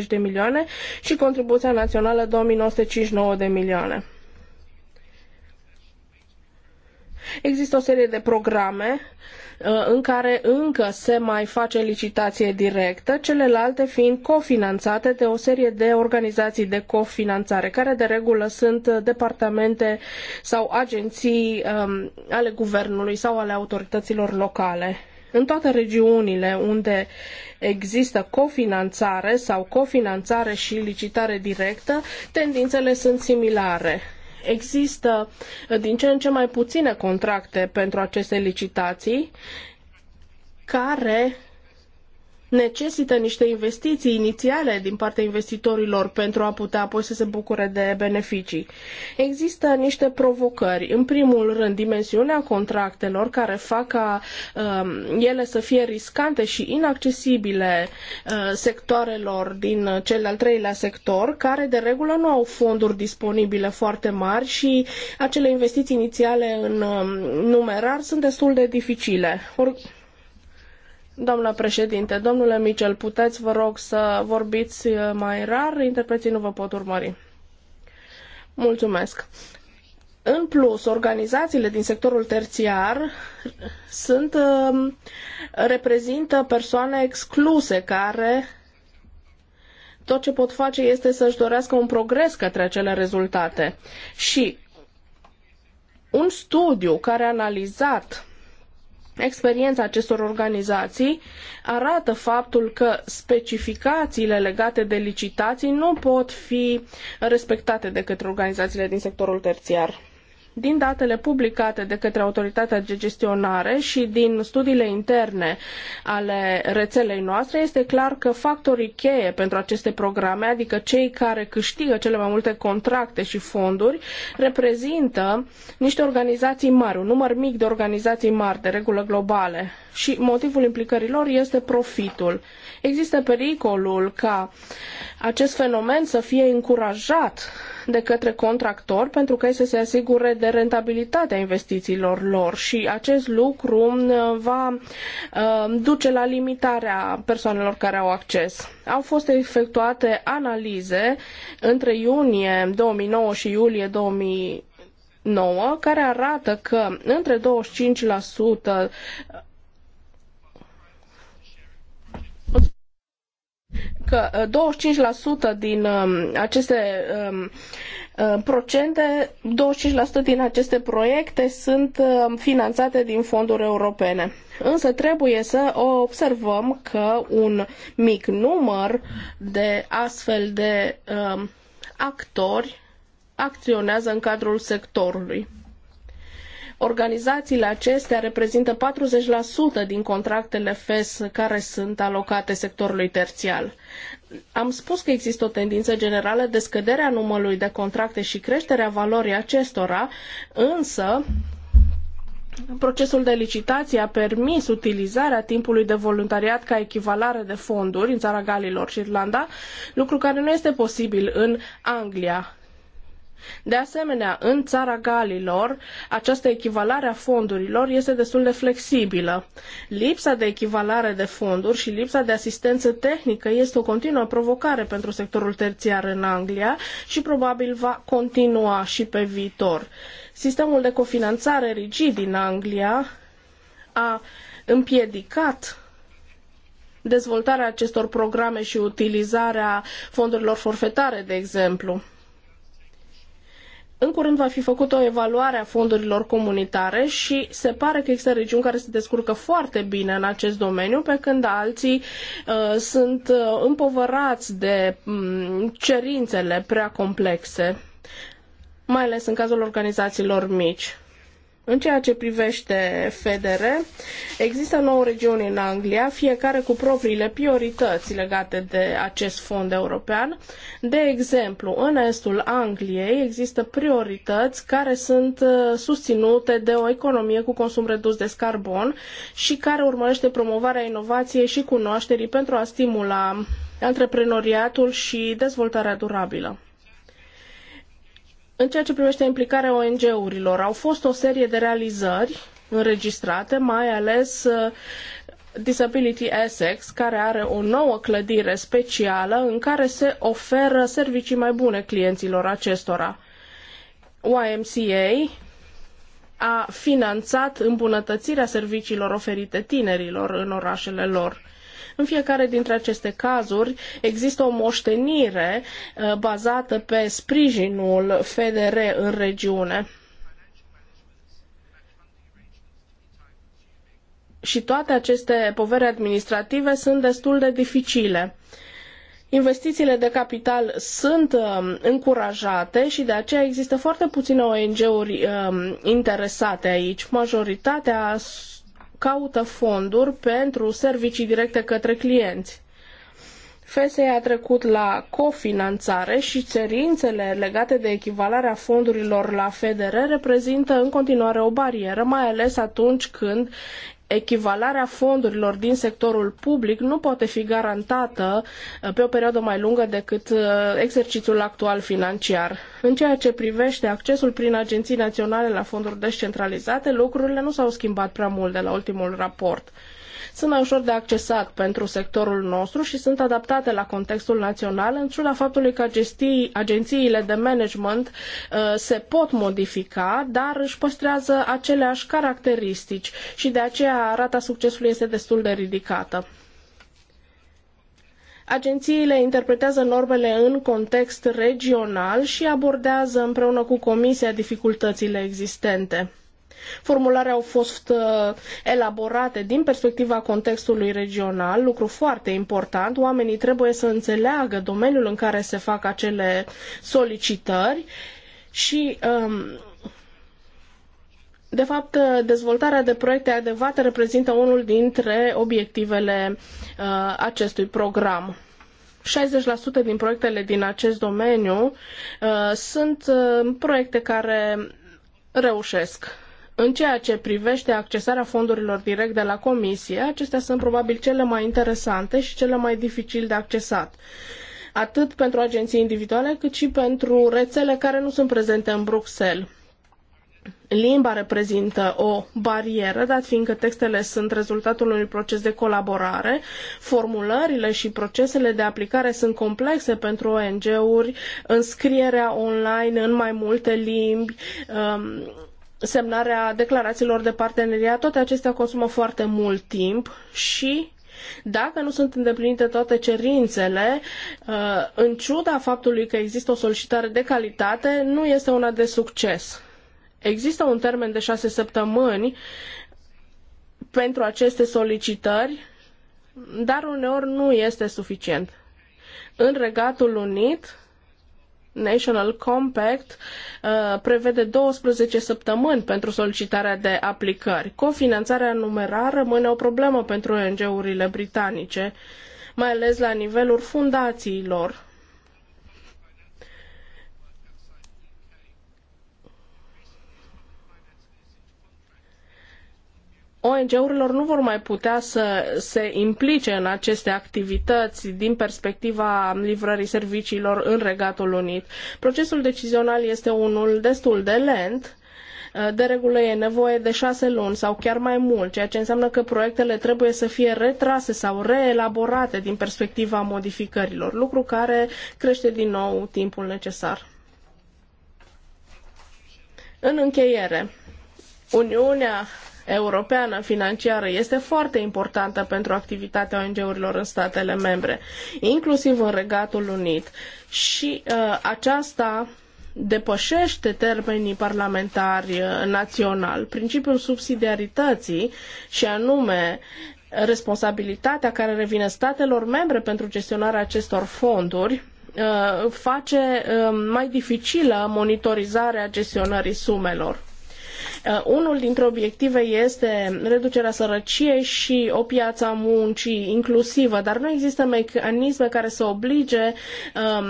3.090 de milioane și contribuția națională 2.959 de milioane. Există o serie de programe Uh, în care încă se mai face licitație directă, celelalte fiind cofinanțate de o serie de organizații de cofinanțare, care de regulă sunt uh, departamente sau agenții um, ale guvernului sau ale autorităților locale în toate regiunile unde există cofinanțare sau cofinanțare și licitare directă, tendințele sunt similare. Există uh, din ce în ce mai puține contracte pentru aceste licitații care necesită niște investiții inițiale din partea investitorilor pentru a putea apoi să se bucure de beneficii. Există niște provocări. În primul rând, dimensiunea contractelor care fac ca um, ele să fie riscante și inaccesibile uh, sectoarelor din cel de-al treilea sector, care de regulă nu au fonduri disponibile foarte mari și acele investiții inițiale în um, numerar sunt destul de dificile. Or- Doamna președinte, domnule Michel, puteți, vă rog, să vorbiți uh, mai rar, interpreții nu vă pot urmări. Mulțumesc. În plus, organizațiile din sectorul terțiar sunt, um, reprezintă persoane excluse care tot ce pot face este să-și dorească un progres către acele rezultate. Și un studiu care a analizat Experiența acestor organizații arată faptul că specificațiile legate de licitații nu pot fi respectate de către organizațiile din sectorul terțiar. Din datele publicate de către autoritatea de gestionare și din studiile interne ale rețelei noastre, este clar că factorii cheie pentru aceste programe, adică cei care câștigă cele mai multe contracte și fonduri, reprezintă niște organizații mari, un număr mic de organizații mari, de regulă globale. Și motivul implicării lor este profitul. Există pericolul ca acest fenomen să fie încurajat de către contractor pentru că ei să se asigure de rentabilitatea investițiilor lor și acest lucru uh, va uh, duce la limitarea persoanelor care au acces. Au fost efectuate analize între iunie 2009 și iulie 2009 care arată că între 25% că 25% uh, din um, aceste um, uh, procente, 25% din aceste proiecte sunt um, finanțate din fonduri europene. Însă trebuie să observăm că un mic număr de astfel de actori acționează în cadrul sectorului. Organizațiile acestea reprezintă 40% din contractele FES care sunt alocate sectorului terțial. Am spus că există o tendință generală de scădere a numărului de contracte și creșterea valorii acestora, însă Procesul de licitație a permis utilizarea timpului de voluntariat ca echivalare de fonduri în țara Galilor și Irlanda, lucru care nu este posibil în Anglia. De asemenea, în țara Galilor, această echivalare a fondurilor este destul de flexibilă. Lipsa de echivalare de fonduri și lipsa de asistență tehnică este o continuă provocare pentru sectorul terțiar în Anglia și probabil va continua și pe viitor. Sistemul de cofinanțare rigid din Anglia a împiedicat dezvoltarea acestor programe și utilizarea fondurilor forfetare, de exemplu. În curând va fi făcută o evaluare a fondurilor comunitare și se pare că există regiuni care se descurcă foarte bine în acest domeniu, pe când alții uh, sunt uh, împovărați de um, cerințele prea complexe, mai ales în cazul organizațiilor mici. În ceea ce privește FEDERE, există nouă regiuni în Anglia, fiecare cu propriile priorități legate de acest fond european. De exemplu, în estul Angliei există priorități care sunt uh, susținute de o economie cu consum redus de carbon și care urmărește promovarea inovației și cunoașterii pentru a stimula antreprenoriatul și dezvoltarea durabilă. În ceea ce privește implicarea ONG-urilor, au fost o serie de realizări înregistrate, mai ales uh, Disability Essex, care are o nouă clădire specială în care se oferă servicii mai bune clienților acestora. YMCA a finanțat îmbunătățirea serviciilor oferite tinerilor în orașele lor. În fiecare dintre aceste cazuri există o moștenire uh, bazată pe sprijinul FDR în regiune. Și toate aceste povere administrative sunt destul de dificile investițiile de capital sunt um, încurajate și de aceea există foarte puține ONG-uri um, interesate aici. Majoritatea caută fonduri pentru servicii directe către clienți. FSE a trecut la cofinanțare și cerințele legate de echivalarea fondurilor la FDR reprezintă în continuare o barieră, mai ales atunci când echivalarea fondurilor din sectorul public nu poate fi garantată uh, pe o perioadă mai lungă decât uh, exercițiul actual financiar. În ceea ce privește accesul prin agenții naționale la fonduri descentralizate, lucrurile nu s-au schimbat prea mult de la ultimul raport sunt mai ușor de accesat pentru sectorul nostru și sunt adaptate la contextul național, în ciuda faptului că agenții, agențiile de management uh, se pot modifica, dar își păstrează aceleași caracteristici și de aceea rata succesului este destul de ridicată. Agențiile interpretează normele în context regional și abordează împreună cu Comisia dificultățile existente. Formularele au fost uh, elaborate din perspectiva contextului regional, lucru foarte important. Oamenii trebuie să înțeleagă domeniul în care se fac acele solicitări și um, de fapt, dezvoltarea de proiecte adecvate reprezintă unul dintre obiectivele uh, acestui program. 60% din proiectele din acest domeniu uh, sunt uh, proiecte care reușesc. În ceea ce privește accesarea fondurilor direct de la Comisie, acestea sunt probabil cele mai interesante și cele mai dificil de accesat atât pentru agenții individuale, cât și pentru rețele care nu sunt prezente în Bruxelles. Limba reprezintă o barieră, dat fiindcă textele sunt rezultatul unui proces de colaborare, formulările și procesele de aplicare sunt complexe pentru ONG-uri, înscrierea online în mai multe limbi, um, semnarea declarațiilor de parteneriat, toate acestea consumă foarte mult timp și dacă nu sunt îndeplinite toate cerințele, uh, în ciuda faptului că există o solicitare de calitate, nu este una de succes. Există un termen de șase săptămâni pentru aceste solicitări, dar uneori nu este suficient. În Regatul Unit, National Compact uh, prevede 12 săptămâni pentru solicitarea de aplicări. Cofinanțarea numerară rămâne o problemă pentru ONG-urile britanice, mai ales la nivelul fundațiilor ONG-urilor nu vor mai putea să se implice în aceste activități din perspectiva livrării serviciilor în Regatul Unit. Procesul decizional este unul destul de lent, de regulă e nevoie de șase luni sau chiar mai mult, ceea ce înseamnă că proiectele trebuie să fie retrase sau reelaborate din perspectiva modificărilor, lucru care crește din nou timpul necesar. În încheiere, Uniunea europeană financiară este foarte importantă pentru activitatea ONG-urilor în statele membre, inclusiv în Regatul Unit. Și uh, aceasta depășește termenii parlamentari uh, național. Principiul subsidiarității și anume responsabilitatea care revine statelor membre pentru gestionarea acestor fonduri uh, face uh, mai dificilă monitorizarea gestionării sumelor. Uh, unul dintre obiective este reducerea sărăciei și o piață a muncii inclusivă, dar nu există mecanisme care să oblige um,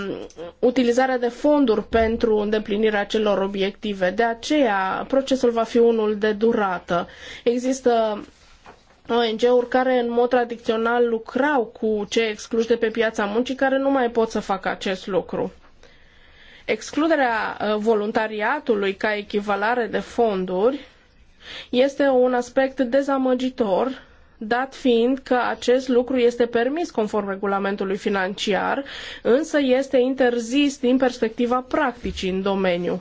utilizarea de fonduri pentru îndeplinirea acelor obiective. De aceea, procesul va fi unul de durată. Există ONG-uri care în mod tradițional lucrau cu cei excluși de pe piața muncii care nu mai pot să facă acest lucru. Excluderea uh, voluntariatului ca echivalare de fonduri este un aspect dezamăgitor, dat fiind că acest lucru este permis conform regulamentului financiar, însă este interzis din perspectiva practicii în domeniu.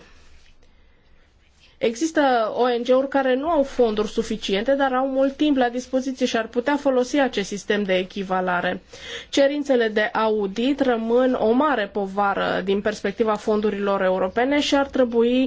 Există ONG-uri care nu au fonduri suficiente, dar au mult timp la dispoziție și ar putea folosi acest sistem de echivalare. Cerințele de audit rămân o mare povară din perspectiva fondurilor europene și ar trebui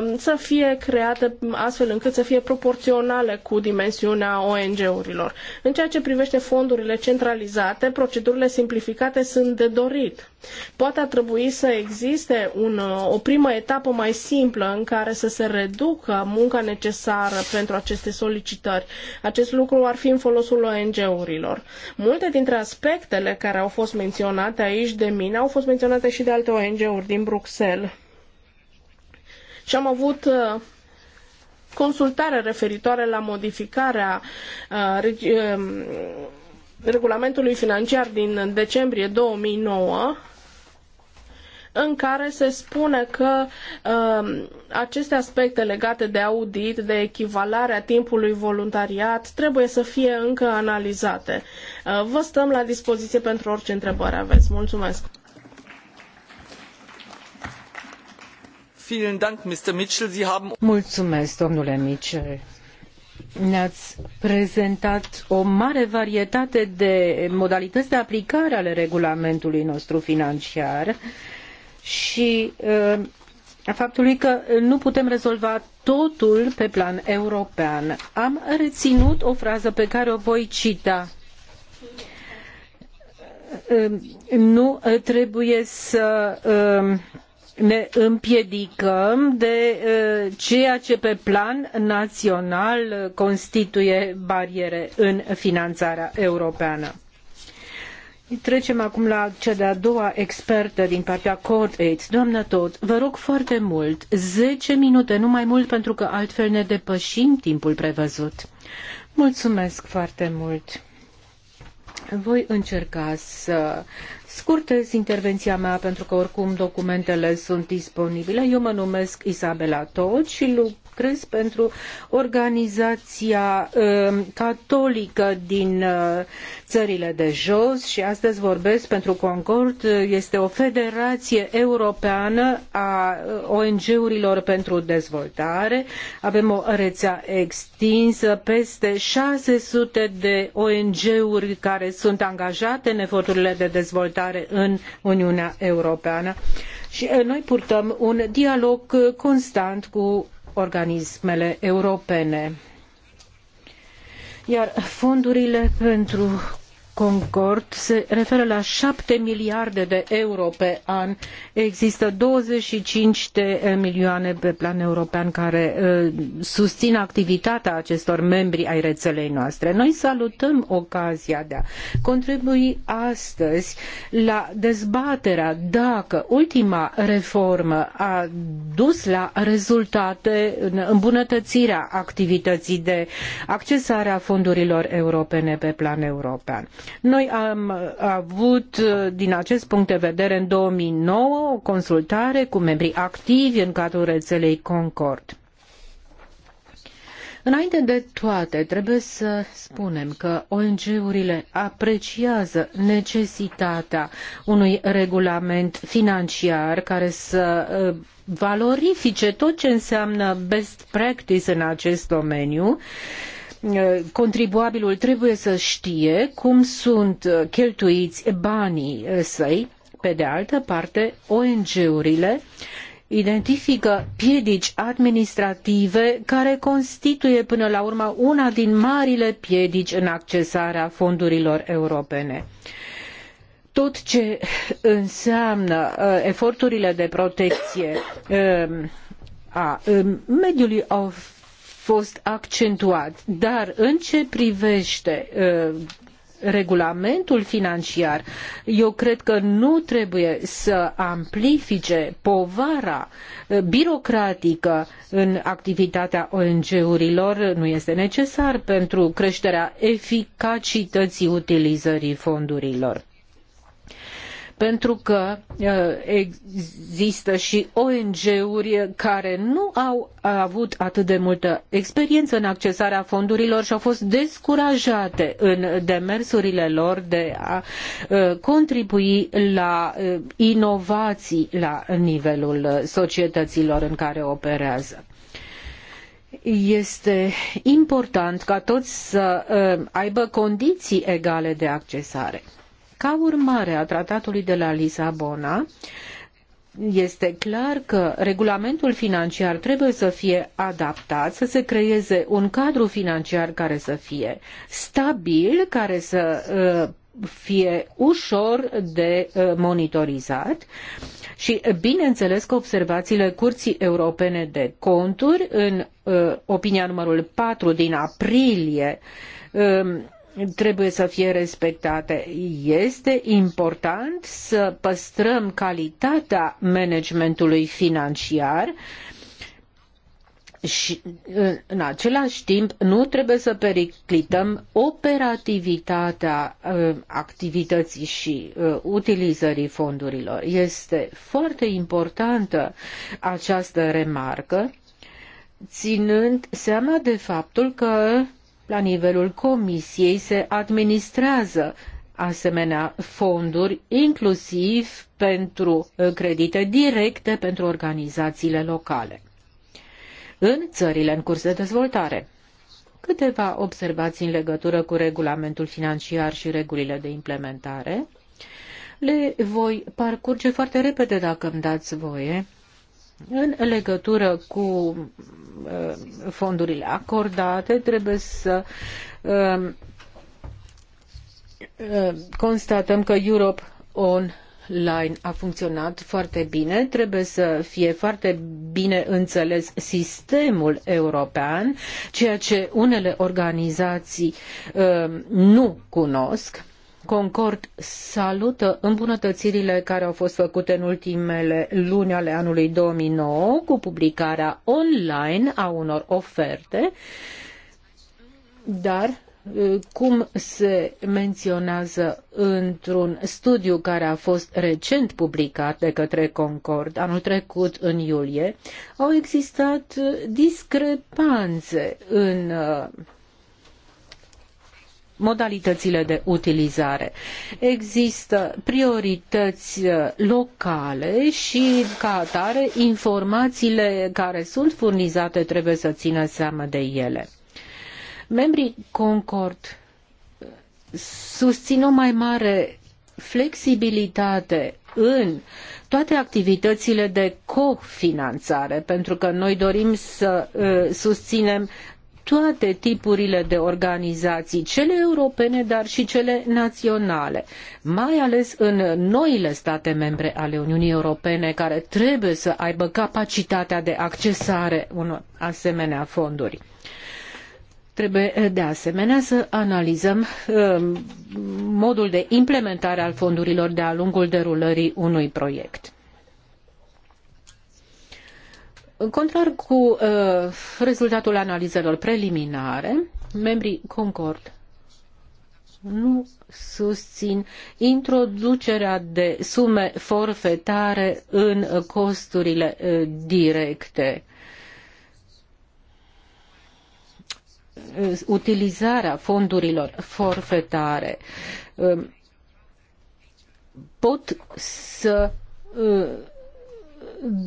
um, să fie create astfel încât să fie proporționale cu dimensiunea ONG-urilor. În ceea ce privește fondurile centralizate, procedurile simplificate sunt de dorit Poate ar trebui să existe un, o primă etapă mai simplă în care să se reducă munca necesară pentru aceste solicitări. Acest lucru ar fi în folosul ONG-urilor. Multe dintre aspectele care au fost menționate aici de mine au fost menționate și de alte ONG-uri din Bruxelles. Și am avut uh, consultare referitoare la modificarea uh, um, regulamentului financiar din decembrie 2009 în care se spune că uh, aceste aspecte legate de audit, de echivalarea timpului voluntariat, trebuie să fie încă analizate. Uh, vă stăm la dispoziție pentru orice întrebări aveți. Mulțumesc! Mulțumesc, domnule Mitchell. Ne-ați prezentat o mare varietate de modalități de aplicare ale regulamentului nostru financiar. Uh, și uh, a faptului că nu putem rezolva totul pe plan european. Am reținut o frază pe care o voi cita. Uh, nu trebuie să uh, ne împiedicăm de ceea ce pe plan național constituie bariere în finanțarea europeană. Trecem acum la cea de-a doua expertă din partea Court Aids. Doamnă tot, vă rog foarte mult, 10 minute, nu mai mult, pentru că altfel ne depășim timpul prevăzut. Mulțumesc foarte mult. Voi încerca să scurtez intervenția mea pentru că oricum documentele sunt disponibile. Eu mă numesc Isabela Tot și lucrez pentru organizația uh, catolică din uh, țările de jos și astăzi vorbesc pentru Concord, este o federație europeană a ONG-urilor pentru dezvoltare. Avem o rețea extinsă, peste 600 de ONG-uri care sunt angajate în eforturile de dezvoltare în Uniunea Europeană. Și eh, noi purtăm un dialog constant cu organismele europene iar fondurile pentru Concord se referă la 7 miliarde de euro pe an. Există 25 de milioane pe plan european care uh, susțin activitatea acestor membri ai rețelei noastre. Noi salutăm ocazia de a contribui astăzi la dezbaterea dacă ultima reformă a dus la rezultate în îmbunătățirea activității de accesare a fondurilor europene pe plan european. Noi am uh, avut, uh, din acest punct de vedere, în 2009 o consultare cu membrii activi în cadrul rețelei Concord. Înainte de toate, trebuie să spunem că ONG-urile apreciază necesitatea unui regulament financiar care să uh, valorifice tot ce înseamnă best practice în acest domeniu, contribuabilul trebuie să știe cum sunt cheltuiți banii săi. Pe de altă parte, ONG-urile identifică piedici administrative care constituie până la urmă una din marile piedici în accesarea fondurilor europene tot ce înseamnă uh, eforturile de protecție um, a um, mediului fost accentuat. Dar în ce privește ă, regulamentul financiar, eu cred că nu trebuie să amplifice povara ă, birocratică în activitatea ONG-urilor, nu este necesar pentru creșterea eficacității utilizării fondurilor pentru că uh, există și ONG-uri care nu au avut atât de multă experiență în accesarea fondurilor și au fost descurajate în demersurile lor de a uh, contribui la uh, inovații la nivelul societăților în care operează este important ca toți să aibă condiții egale de accesare. Ca urmare a tratatului de la Lisabona, este clar că regulamentul financiar trebuie să fie adaptat, să se creeze un cadru financiar care să fie stabil, care să uh, fie ușor de uh, monitorizat și, bineînțeles, că observațiile Curții Europene de Conturi, în uh, opinia numărul patru din aprilie, um, trebuie să fie respectate. Este important să păstrăm calitatea managementului financiar și în același timp nu trebuie să periclităm operativitatea ă, activității și ă, utilizării fondurilor. Este foarte importantă această remarcă, ținând seama de faptul că la nivelul Comisiei se administrează asemenea fonduri, inclusiv pentru uh, credite directe pentru organizațiile locale. În țările în curs de dezvoltare. Câteva observații în legătură cu regulamentul financiar și regulile de implementare. Le voi parcurge foarte repede, dacă îmi dați voie, în legătură cu uh, fondurile acordate, trebuie să um, uh, constatăm că Europe on online a funcționat foarte bine, trebuie să fie foarte bine înțeles sistemul european, ceea ce unele organizații uh, nu cunosc Concord salută îmbunătățirile care au fost făcute în ultimele luni ale anului 2009 cu publicarea online a unor oferte, dar uh, cum se menționează într-un studiu care a fost recent publicat de către Concord anul trecut în iulie, au existat uh, discrepanțe în uh, modalitățile de utilizare. Există priorități uh, locale și, ca atare, informațiile care sunt furnizate trebuie să țină seama de ele. Membrii Concord uh, susțin o mai mare flexibilitate în toate activitățile de cofinanțare, pentru că noi dorim să uh, susținem toate tipurile de organizații, cele europene, dar și cele naționale, mai ales în noile state membre ale Uniunii Europene, care trebuie să aibă capacitatea de accesare unor asemenea fonduri. Trebuie eh, de asemenea să analizăm eh, modul de implementare al fondurilor de-a lungul derulării unui proiect. Contrar cu uh, rezultatul analizelor preliminare, membrii Concord nu susțin introducerea de sume forfetare în uh, costurile uh, directe. Uh, utilizarea fondurilor forfetare um, pot să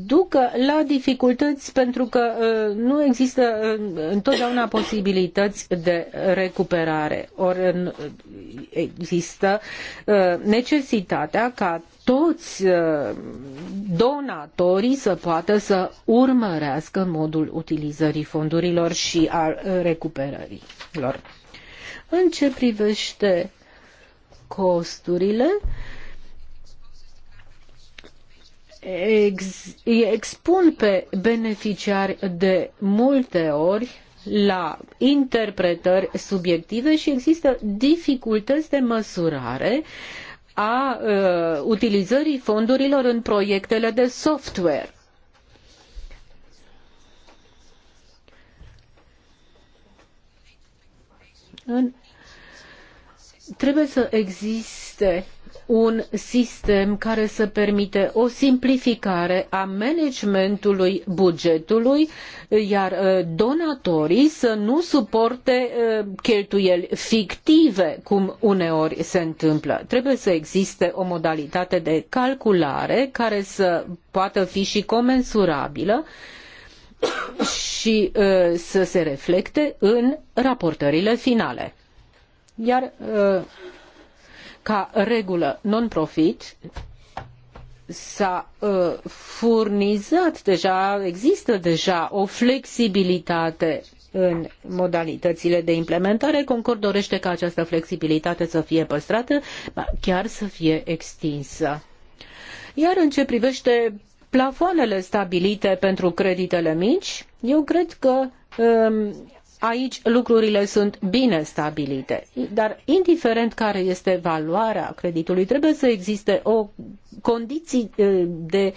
ducă la dificultăți pentru că uh, nu există uh, întotdeauna posibilități de recuperare. Ori uh, există necesitatea ca toți donatorii să poată să urmărească modul utilizării fondurilor și a recuperării lor. În ce privește costurile, uh, ex, îi expun pe beneficiari de multe ori la interpretări subiective și există dificultăți de măsurare a uh, utilizării fondurilor în proiectele de software. În... Trebuie să existe un sistem care să permite o simplificare a managementului bugetului, iar uh, donatorii să nu suporte uh, cheltuieli fictive, cum uneori se întâmplă. Trebuie să existe o modalitate de calculare care să poată fi și comensurabilă și uh, să se reflecte în raportările finale. Iar ca regulă non-profit, s-a uh, furnizat deja, există deja o flexibilitate în modalitățile de implementare. Concord dorește ca această flexibilitate să fie păstrată, chiar să fie extinsă. Iar în ce privește plafoanele stabilite pentru creditele mici, eu cred că um, aici lucrurile sunt bine stabilite. Dar indiferent care este valoarea creditului, trebuie să existe o condiții eh, de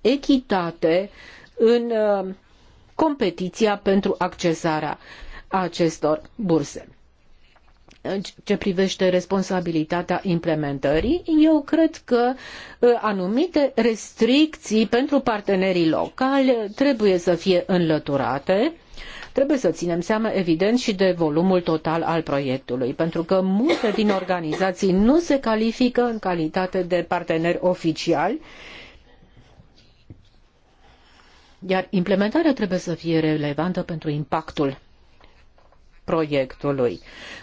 echitate în eh, competiția pentru accesarea acestor burse. În ce privește responsabilitatea implementării, eu cred că eh, anumite restricții pentru partenerii locali trebuie să fie înlăturate Trebuie să ținem seama, evident, și de volumul total al proiectului, pentru că multe din organizații nu se califică în calitate de parteneri oficiali, iar implementarea trebuie să fie relevantă pentru impactul proiectului.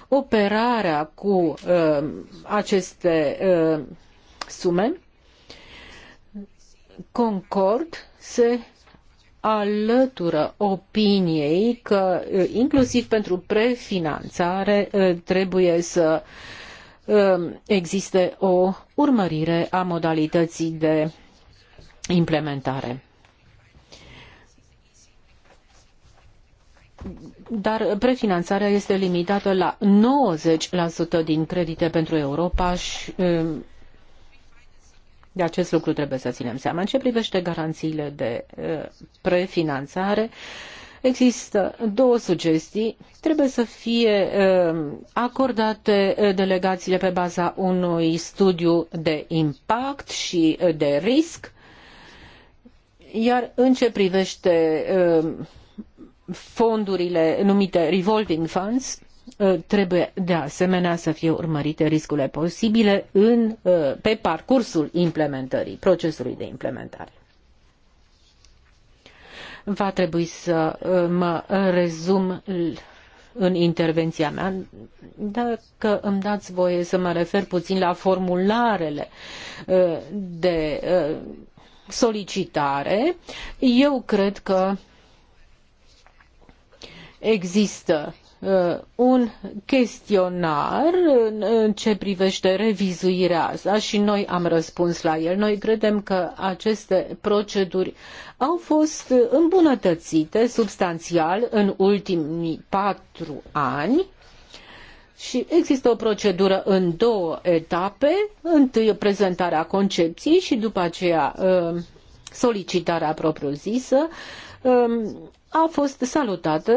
Operarea cu uh, aceste uh, sume concord se alătură opiniei că inclusiv pentru prefinanțare trebuie să existe o urmărire a modalității de implementare. Dar prefinanțarea este limitată la 90% din credite pentru Europa și de acest lucru trebuie să ținem seama. În ce privește garanțiile de prefinanțare, există două sugestii. Trebuie să fie acordate delegațiile pe baza unui studiu de impact și de risc. Iar în ce privește fondurile numite revolving funds, Uh, trebuie de asemenea să fie urmărite riscurile posibile în, uh, pe parcursul implementării, procesului de implementare. Va trebui să uh, mă rezum în intervenția mea, dacă îmi dați voie să mă refer puțin la formularele de solicitare, eu cred că există Uh, un chestionar în ce privește revizuirea asta și noi am răspuns la el. Noi credem că aceste proceduri au fost îmbunătățite substanțial în ultimii patru ani și există o procedură în două etape, întâi prezentarea concepției și după aceea uh, solicitarea propriu-zisă um, a fost salutată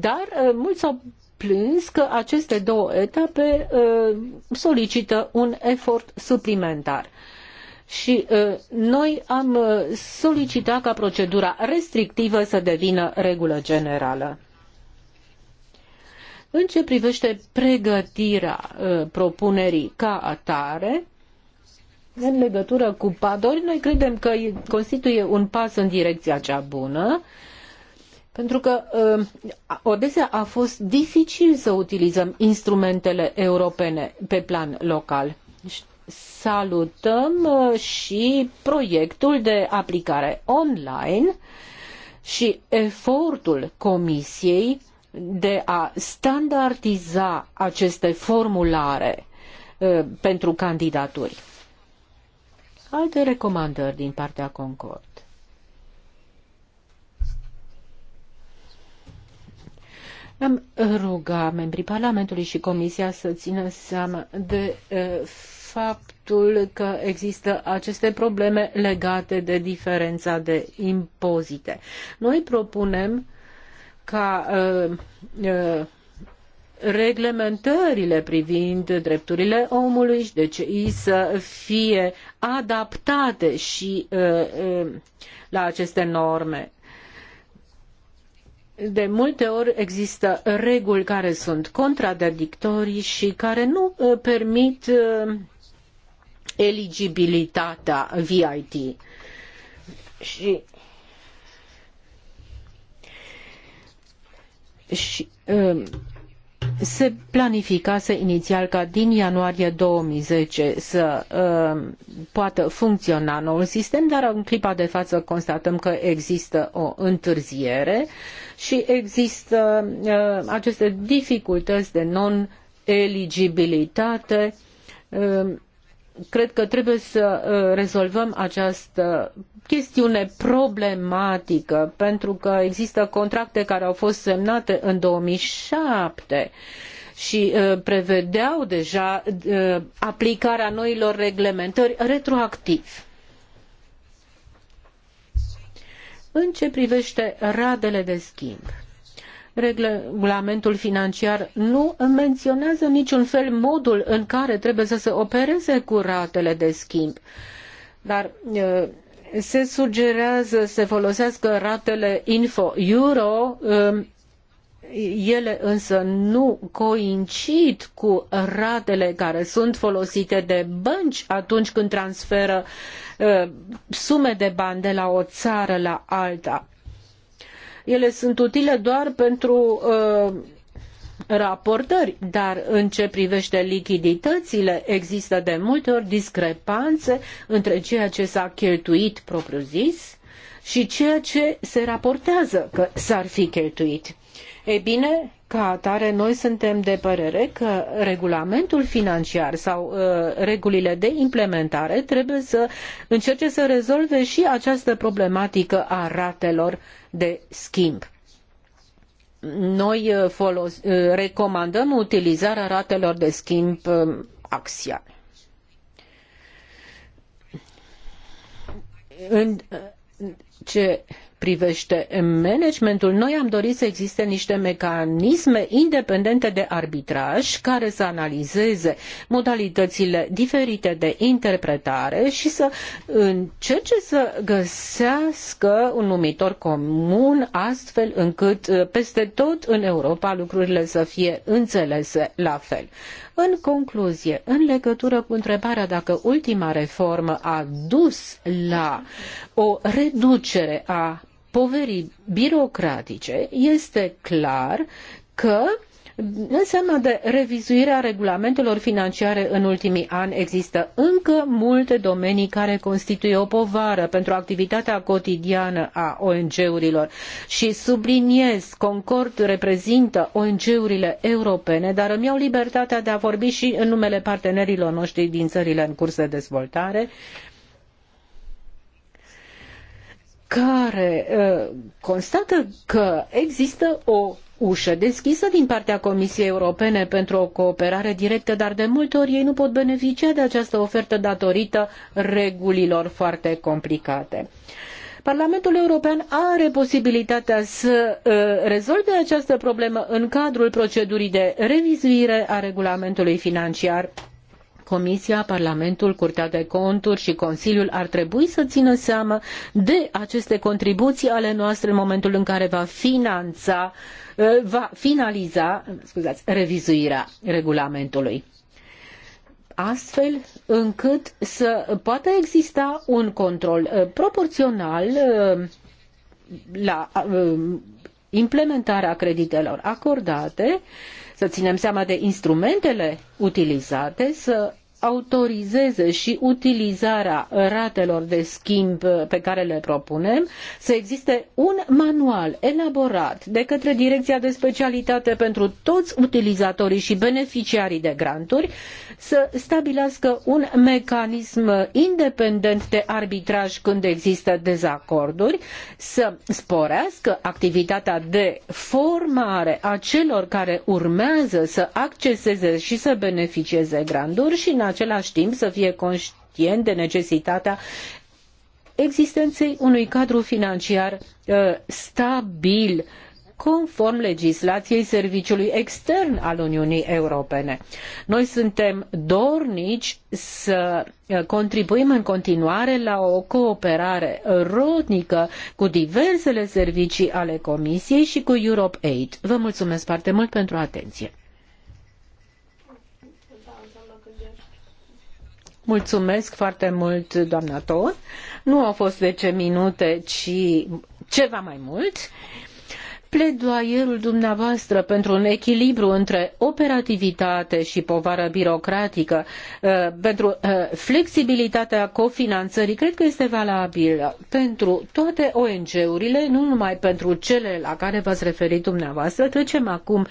dar uh, mulți au plâns că aceste două etape uh, solicită un efort suplimentar. Și uh, noi am solicitat ca procedura restrictivă să devină regulă generală. În ce privește pregătirea propunerii ca atare, în legătură cu PADOR, noi credem că constituie un pas în direcția cea bună, uh, pentru că um, adesea a fost dificil să utilizăm instrumentele europene pe plan local. Salutăm uh, și proiectul de aplicare online și efortul Comisiei de a standardiza aceste formulare uh, pentru candidaturi. Alte recomandări din partea Concord. Am ruga membrii Parlamentului și Comisia să țină seama de faptul că există aceste probleme legate de diferența de impozite. Noi propunem ca reglementările privind drepturile omului și DCI să fie adaptate și uh, la aceste norme de multe ori există reguli care sunt contradictorii și care nu uh, permit uh, eligibilitatea VIT. Și și uh, se planificase inițial ca din ianuarie 2010 să uh, poată funcționa noul sistem, dar în clipa de față constatăm că există o întârziere și există uh, aceste dificultăți de non-eligibilitate uh, cred că trebuie să uh, rezolvăm această chestiune problematică, pentru că există contracte care au fost semnate în 2007 și uh, prevedeau deja uh, aplicarea noilor reglementări retroactiv. În ce privește radele de schimb, regulamentul financiar nu menționează în niciun fel modul în care trebuie să se opereze cu ratele de schimb. Dar se sugerează să folosească ratele info-euro, ele însă nu coincid cu ratele care sunt folosite de bănci atunci când transferă sume de bani de la o țară la alta ele sunt utile doar pentru uh, raportări, dar în ce privește lichiditățile există de multe ori discrepanțe între ceea ce s-a cheltuit propriu-zis și ceea ce se raportează că s-ar fi cheltuit. Ei bine, ca atare, noi suntem de părere că regulamentul financiar sau uh, regulile de implementare trebuie să încerce să rezolve și această problematică a ratelor de schimb. Noi uh, folos, uh, recomandăm utilizarea ratelor de schimb um, axial. În uh, ce privește managementul, noi am dorit să existe niște mecanisme independente de arbitraj care să analizeze modalitățile diferite de interpretare și să încerce să găsească un numitor comun astfel încât uh, peste tot în Europa lucrurile să fie înțelese la fel. În concluzie, în legătură cu întrebarea dacă ultima reformă a dus la o reducere a poverii birocratice, este clar că înseamnă de revizuirea regulamentelor financiare în ultimii ani există încă multe domenii care constituie o povară pentru activitatea cotidiană a ONG-urilor și subliniez Concord reprezintă ONG-urile europene, dar îmi iau libertatea de a vorbi și în numele partenerilor noștri din țările în curs de dezvoltare care ă, constată că există o ușă deschisă din partea Comisiei Europene pentru o cooperare directă, dar de multe ori ei nu pot beneficia de această ofertă datorită regulilor foarte complicate. Parlamentul European are posibilitatea să ă, rezolve această problemă în cadrul procedurii de revizuire a regulamentului financiar Comisia, Parlamentul, Curtea de Conturi și Consiliul ar trebui să țină seama de aceste contribuții ale noastre în momentul în care va finanța, eh, va finaliza scuzați, revizuirea regulamentului astfel încât să poată exista un control eh, proporțional eh, la implementarea creditelor acordate, să ținem seama de instrumentele utilizate, să autorizeze și utilizarea ratelor de schimb pe care le propunem, să existe un manual elaborat de către Direcția de Specialitate pentru toți utilizatorii și beneficiarii de granturi, să stabilească un mecanism independent de arbitraj când există dezacorduri, să sporească activitatea de formare a celor care urmează să acceseze și să beneficieze granturi și în același timp să fie conștient de necesitatea existenței unui cadru financiar uh, stabil conform legislației Serviciului Extern al Uniunii Europene. Noi suntem dornici să uh, contribuim în continuare la o cooperare rodnică cu diversele servicii ale Comisiei și cu Europe Aid. Vă mulțumesc foarte mult pentru atenție. Mulțumesc foarte mult, doamna Ton. Nu au fost 10 minute, ci ceva mai mult. Pledoaierul dumneavoastră pentru un echilibru între operativitate și povară birocratică, uh, pentru uh, flexibilitatea cofinanțării, cred că este valabil pentru toate ONG-urile, nu numai pentru cele la care v-ați referit dumneavoastră. Trecem acum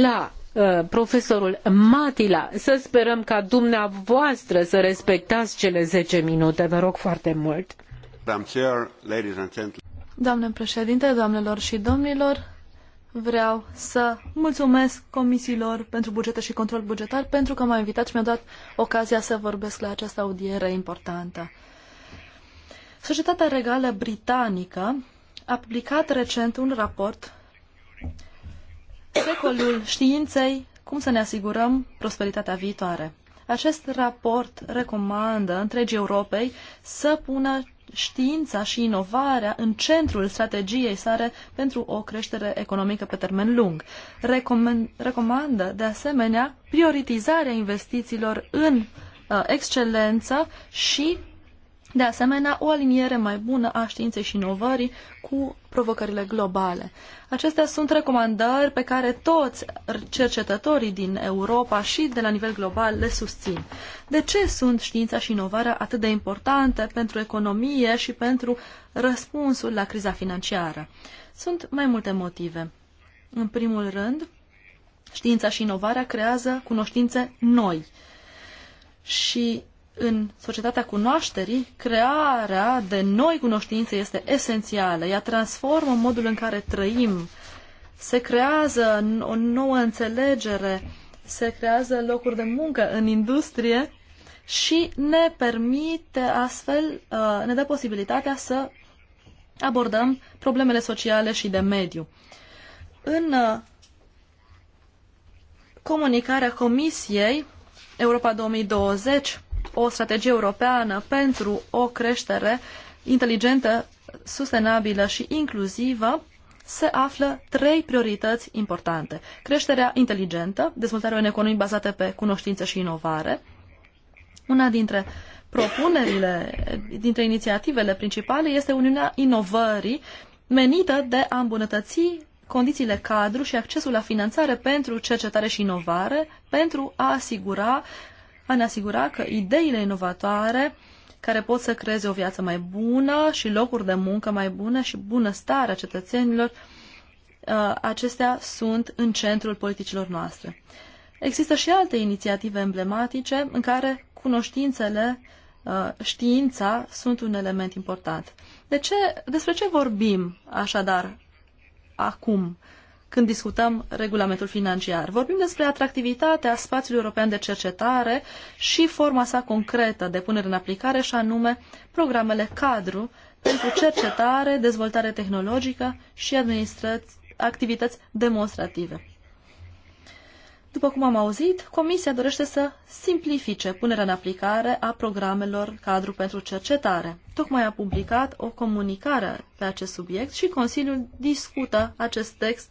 la Uh, profesorul Matila. Să sperăm ca dumneavoastră să respectați cele zece minute. Vă rog foarte mult. Doamne președinte, doamnelor și domnilor, vreau să mulțumesc comisiilor pentru bugete și control bugetar pentru că m-au invitat și mi-au dat ocazia să vorbesc la această audiere importantă. Societatea Regală Britanică a publicat recent un raport secolul științei, cum să ne asigurăm prosperitatea viitoare. Acest raport recomandă întregii Europei să pună știința și inovarea în centrul strategiei sale pentru o creștere economică pe termen lung. recomandă, de asemenea, prioritizarea investițiilor în uh, excelență și, de asemenea, o aliniere mai bună a științei și inovării cu provocările globale. Acestea sunt recomandări pe care toți cercetătorii din Europa și de la nivel global le susțin. De ce sunt știința și inovarea atât de importante pentru economie și pentru răspunsul la criza financiară? Sunt mai multe motive. În primul rând, știința și inovarea creează cunoștințe noi. Și în societatea cunoașterii, crearea de noi cunoștințe este esențială. Ea transformă modul în care trăim, se creează o nouă înțelegere, se creează locuri de muncă în industrie și ne permite astfel, uh, ne dă posibilitatea să abordăm problemele sociale și de mediu. În uh, comunicarea Comisiei Europa 2020 o strategie europeană pentru o creștere inteligentă, sustenabilă și inclusivă, se află trei priorități importante. Creșterea inteligentă, dezvoltarea unei economii bazate pe cunoștință și inovare. Una dintre propunerile, dintre inițiativele principale este Uniunea Inovării, menită de a îmbunătăți condițiile cadru și accesul la finanțare pentru cercetare și inovare, pentru a asigura a ne asigura că ideile inovatoare care pot să creeze o viață mai bună și locuri de muncă mai bune și bunăstarea cetățenilor, uh, acestea sunt în centrul politicilor noastre. Există și alte inițiative emblematice în care cunoștințele, uh, știința sunt un element important. De ce, despre ce vorbim așadar acum? când discutăm regulamentul financiar. Vorbim despre atractivitatea spațiului european de cercetare și forma sa concretă de punere în aplicare, și anume programele cadru pentru cercetare, dezvoltare tehnologică și activități demonstrative. După cum am auzit, Comisia dorește să simplifice punerea în aplicare a programelor cadru pentru cercetare. Tocmai a publicat o comunicare pe acest subiect și Consiliul discută acest text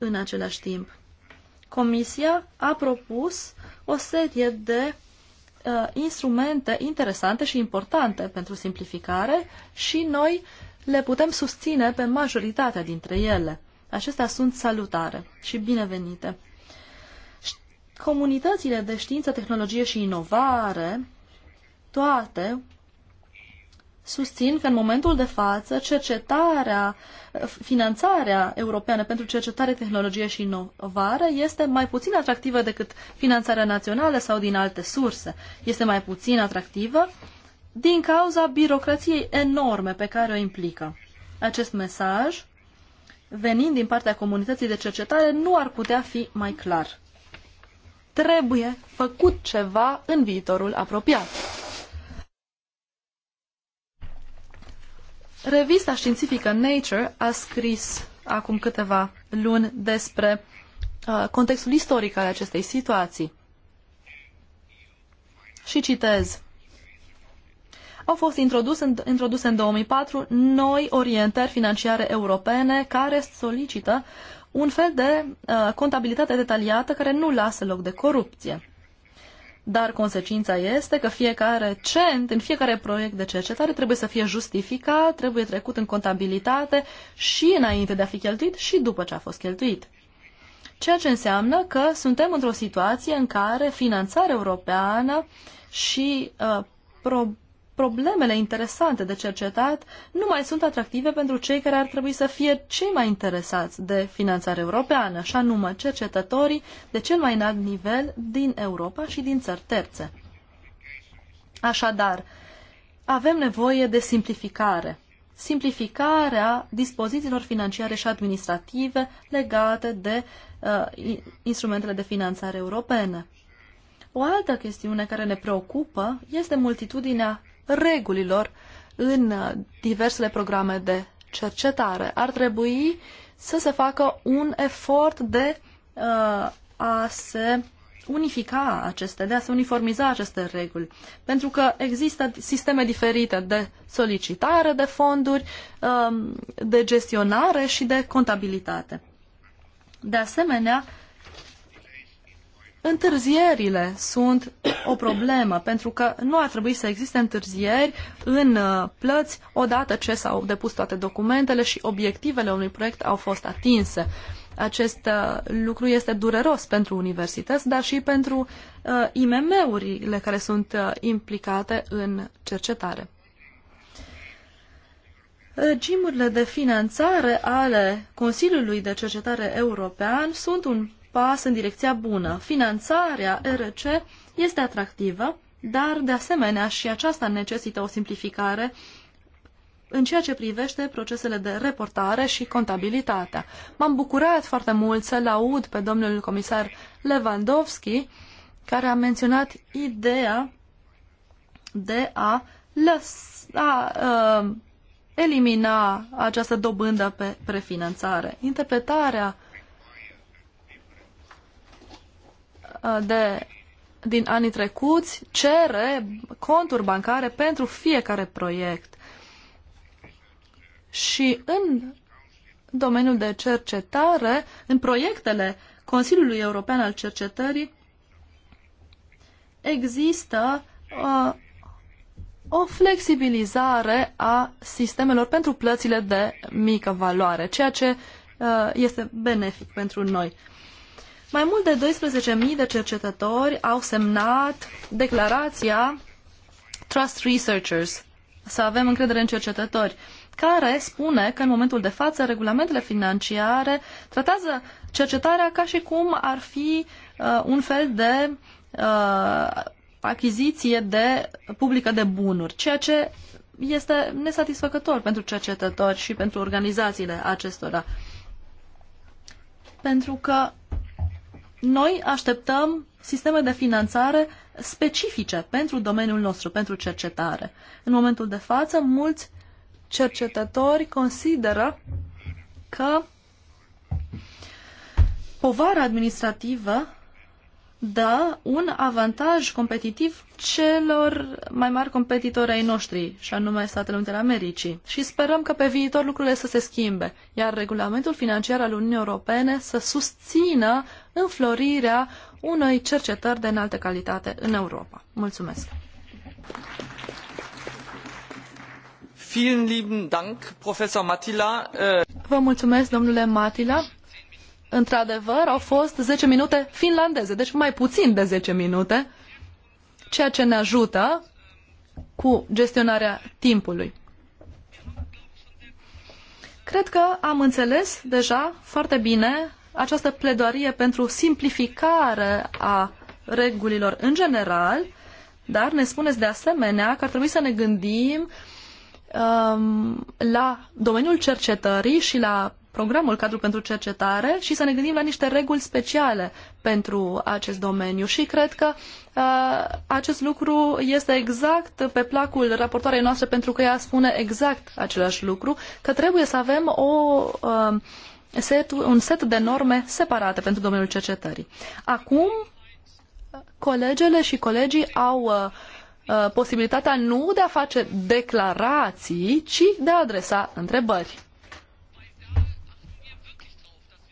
în același timp. Comisia a propus o serie de uh, instrumente interesante și importante pentru simplificare și noi le putem susține pe majoritatea dintre ele. Acestea sunt salutare și binevenite. Comunitățile de știință, tehnologie și inovare, toate susțin că în momentul de față cercetarea, finanțarea europeană pentru cercetare, tehnologie și inovare este mai puțin atractivă decât finanțarea națională sau din alte surse. Este mai puțin atractivă din cauza birocrației enorme pe care o implică. Acest mesaj, venind din partea comunității de cercetare, nu ar putea fi mai clar. Trebuie făcut ceva în viitorul apropiat. Revista științifică Nature a scris acum câteva luni despre uh, contextul istoric al acestei situații. Și citez. Au fost introduse în, introduse în 2004 noi orientări financiare europene care solicită un fel de uh, contabilitate detaliată care nu lasă loc de corupție dar consecința este că fiecare cent în fiecare proiect de cercetare trebuie să fie justificat, trebuie trecut în contabilitate și înainte de a fi cheltuit și după ce a fost cheltuit. Ceea ce înseamnă că suntem într-o situație în care finanțarea europeană și uh, pro- problemele interesante de cercetat nu mai sunt atractive pentru cei care ar trebui să fie cei mai interesați de finanțare europeană, și anume cercetătorii de cel mai înalt nivel din Europa și din țări terțe. Așadar, avem nevoie de simplificare. Simplificarea dispozițiilor financiare și administrative legate de uh, instrumentele de finanțare europene. O altă chestiune care ne preocupă este multitudinea regulilor în diversele programe de cercetare. Ar trebui să se facă un efort de uh, a se unifica aceste, de a se uniformiza aceste reguli. Pentru că există sisteme diferite de solicitare de fonduri, um, de gestionare și de contabilitate. De asemenea, Întârzierile sunt o problemă, pentru că nu ar trebui să existe întârzieri în uh, plăți odată ce s-au depus toate documentele și obiectivele unui proiect au fost atinse. Acest uh, lucru este dureros pentru universități, dar și pentru uh, IMM-urile care sunt uh, implicate în cercetare. Regimurile uh, de finanțare ale Consiliului de Cercetare European sunt un pas în direcția bună. Finanțarea RC este atractivă, dar de asemenea și aceasta necesită o simplificare în ceea ce privește procesele de reportare și contabilitatea. M-am bucurat foarte mult să-l aud pe domnul comisar Lewandowski, care a menționat ideea de a lăsa, a, uh, elimina această dobândă pe prefinanțare. Interpretarea uh, Uh, de, din anii trecuți cere conturi bancare pentru fiecare proiect. Și în domeniul de cercetare, în proiectele Consiliului European al Cercetării, există uh, o flexibilizare a sistemelor pentru plățile de mică valoare, ceea ce uh, este benefic pentru noi. Mai mult de 12.000 de cercetători au semnat declarația Trust Researchers, să avem încredere în cercetători, care spune că în momentul de față regulamentele financiare tratează cercetarea ca și cum ar fi uh, un fel de uh, achiziție de publică de bunuri, ceea ce este nesatisfăcător pentru cercetători și pentru organizațiile acestora. Pentru că noi așteptăm sisteme de finanțare specifice pentru domeniul nostru, pentru cercetare. În momentul de față, mulți cercetători consideră că povara administrativă dă un avantaj competitiv celor mai mari competitori ai noștri, și anume Statele Unite ale Americii. Și sperăm că pe viitor lucrurile să se schimbe, iar regulamentul financiar al Uniunii Europene să susțină înflorirea unei cercetări de înaltă calitate în Europa. Mulțumesc! Vielen lieben Dank, Professor Matila. Äh, Vă mulțumesc, domnule Matila într-adevăr, au fost 10 minute finlandeze, deci mai puțin de 10 minute, ceea ce ne ajută cu gestionarea timpului. Cred că am înțeles deja foarte bine această pledoarie pentru simplificare a regulilor în general, dar ne spuneți de asemenea că ar trebui să ne gândim um, la domeniul cercetării și la programul cadru pentru cercetare și să ne gândim la niște reguli speciale pentru acest domeniu. Și cred că uh, acest lucru este exact pe placul raportoarei noastre pentru că ea spune exact același lucru, că trebuie să avem o, uh, set, un set de norme separate pentru domeniul cercetării. Acum, colegele și colegii au uh, uh posibilitatea nu de a face declarații, ci de a adresa întrebări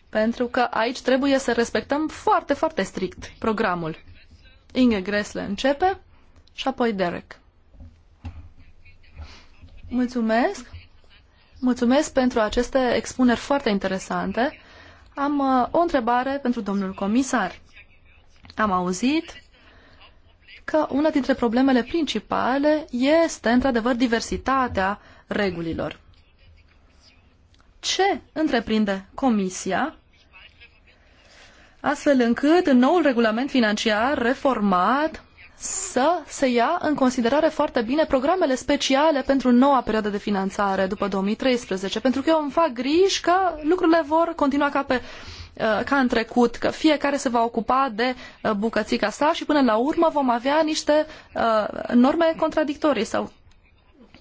pentru că aici trebuie să respectăm foarte, foarte strict programul. Inge Gresle începe și apoi Derek. Mulțumesc! Mulțumesc pentru aceste expuneri foarte interesante. Am uh, o întrebare pentru domnul comisar. Am auzit că una dintre problemele principale este, într-adevăr, diversitatea regulilor ce întreprinde Comisia astfel încât în noul regulament financiar reformat să se ia în considerare foarte bine programele speciale pentru noua perioadă de finanțare după 2013, pentru că eu îmi fac griji că lucrurile vor continua ca pe uh, ca în trecut, că fiecare se va ocupa de uh, bucățica sa și până la urmă vom avea niște uh, norme contradictorii sau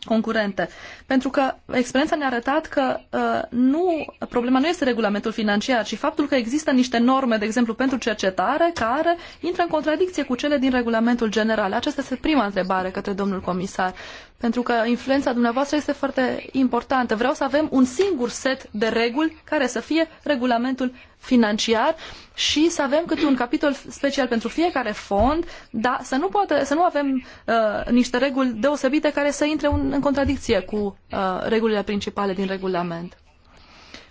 concurente. Pentru că experiența ne-a arătat că uh, nu, problema nu este regulamentul financiar, ci faptul că există niște norme, de exemplu, pentru cercetare, care intră în contradicție cu cele din regulamentul general. Aceasta este prima întrebare către domnul comisar pentru că influența dumneavoastră este foarte importantă. Vreau să avem un singur set de reguli care să fie regulamentul financiar și să avem câte un capitol special pentru fiecare fond, dar să nu, poate, să nu avem uh, niște reguli deosebite care să intre un, în contradicție cu uh, regulile principale din regulament.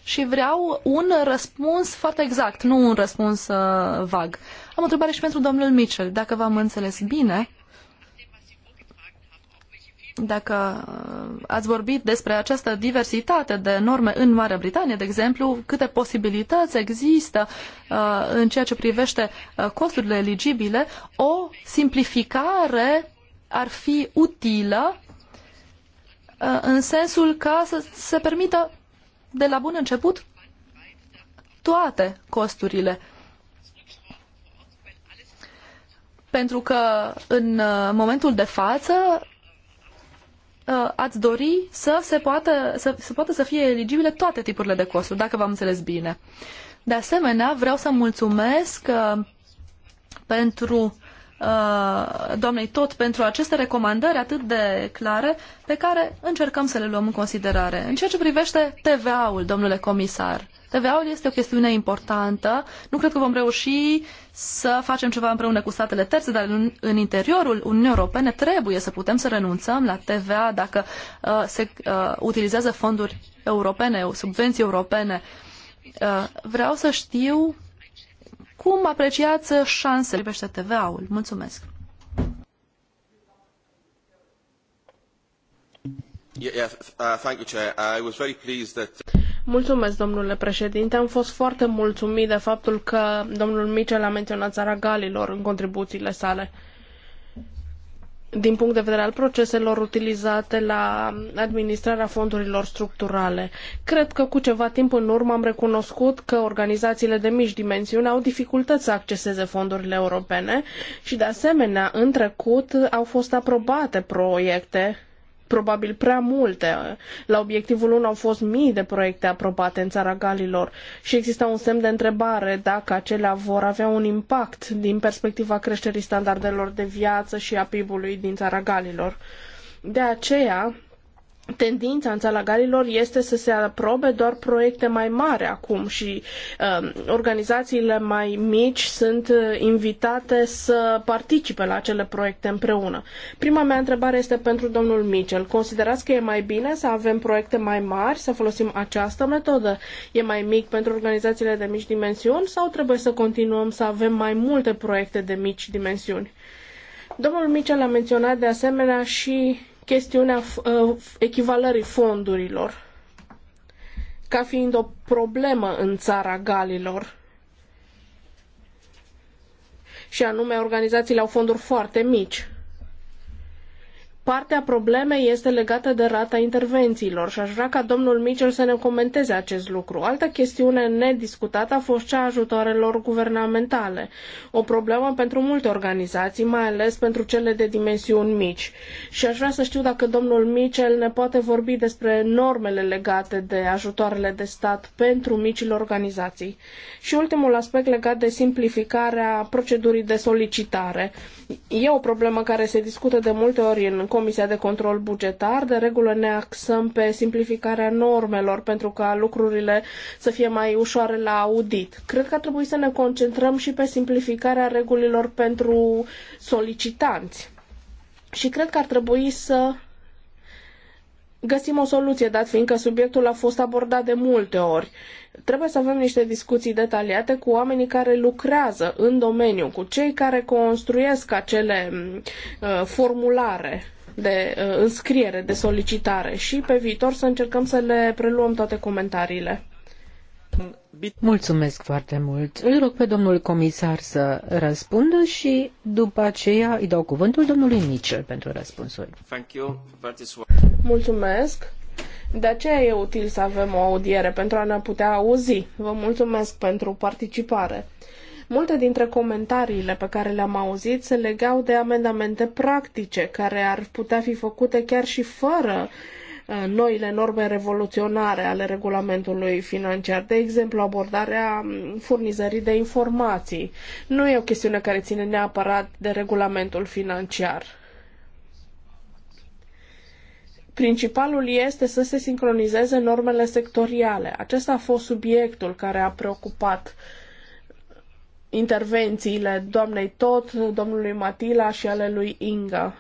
Și vreau un răspuns foarte exact, nu un răspuns uh, vag. Am o întrebare și pentru domnul Mitchell. Dacă v-am înțeles bine, dacă uh, ați vorbit despre această diversitate de norme în Marea Britanie, de exemplu, câte posibilități există uh, în ceea ce privește uh, costurile eligibile, o simplificare ar fi utilă în sensul ca să se permită de la bun început toate costurile pentru că în momentul de față Uh, ați dori să se, poată, să, se poată să fie eligibile toate tipurile de costuri, dacă v-am înțeles bine. De asemenea, vreau să mulțumesc uh, pentru Uh, doamnei Tot pentru aceste recomandări atât de clare pe care încercăm să le luăm în considerare. În ceea ce privește TVA-ul, domnule comisar, TVA-ul este o chestiune importantă. Nu cred că vom reuși să facem ceva împreună cu statele terțe, dar în, în interiorul Uniunii Europene trebuie să putem să renunțăm la TVA dacă uh, se uh, utilizează fonduri europene, subvenții europene. Uh, vreau să știu cum apreciați șansele privește TVA-ul? Mulțumesc! Mulțumesc, domnule președinte. Am fost foarte mulțumit de faptul că domnul Mitchell a menționat țara Galilor în contribuțiile sale. Uh, din punct de vedere al proceselor utilizate la administrarea fondurilor structurale. Cred că cu ceva timp în urmă am recunoscut că organizațiile de mici dimensiuni au dificultăți să acceseze fondurile europene și, de asemenea, în trecut au fost aprobate proiecte probabil prea multe. La obiectivul 1 au fost mii de proiecte aprobate în țara Galilor și exista un semn de întrebare dacă acelea vor avea un impact din perspectiva creșterii standardelor de viață și a PIB-ului din țara Galilor. De aceea, tendința în țara Galilor este să se aprobe doar proiecte mai mari acum și uh, organizațiile mai mici sunt uh, invitate să participe la acele proiecte împreună. Prima mea întrebare este pentru domnul Mitchell. Considerați că e mai bine să avem proiecte mai mari, să folosim această metodă? E mai mic pentru organizațiile de mici dimensiuni sau trebuie să continuăm să avem mai multe proiecte de mici dimensiuni? Domnul Mitchell a menționat de asemenea și chestiunea uh, echivalării fondurilor ca fiind o problemă în țara Galilor. Și anume, organizațiile au fonduri foarte mici. Partea problemei este legată de rata intervențiilor și aș vrea ca domnul Mitchell să ne comenteze acest lucru. Altă chestiune nediscutată a fost cea a ajutoarelor guvernamentale, o problemă pentru multe organizații, mai ales pentru cele de dimensiuni mici. Și aș vrea să știu dacă domnul Mitchell ne poate vorbi despre normele legate de ajutoarele de stat pentru micile organizații. Și ultimul aspect legat de simplificarea procedurii de solicitare. E o problemă care se discută de multe ori în Comisia de Control Bugetar. De regulă ne axăm pe simplificarea normelor pentru ca lucrurile să fie mai ușoare la audit. Cred că ar trebui să ne concentrăm și pe simplificarea regulilor pentru solicitanți. Și cred că ar trebui să găsim o soluție, dat fiindcă subiectul a fost abordat de multe ori. Trebuie să avem niște discuții detaliate cu oamenii care lucrează în domeniu, cu cei care construiesc acele uh, formulare de uh, înscriere, de solicitare și pe viitor să încercăm să le preluăm toate comentariile. Mulțumesc foarte mult. Îl rog pe domnul comisar să răspundă și după aceea îi dau cuvântul domnului Mitchell pentru răspunsuri. Mulțumesc. De aceea e util să avem o audiere pentru a ne putea auzi. Vă mulțumesc pentru participare. Multe dintre comentariile pe care le-am auzit se legau de amendamente practice care ar putea fi făcute chiar și fără uh, noile norme revoluționare ale regulamentului financiar, de exemplu abordarea mm, furnizării de informații. Nu e o chestiune care ține neapărat de regulamentul financiar. Principalul este să se sincronizeze normele sectoriale. Acesta a fost subiectul care a preocupat uh, intervențiile doamnei Tot, domnului Matila și ale lui Inga,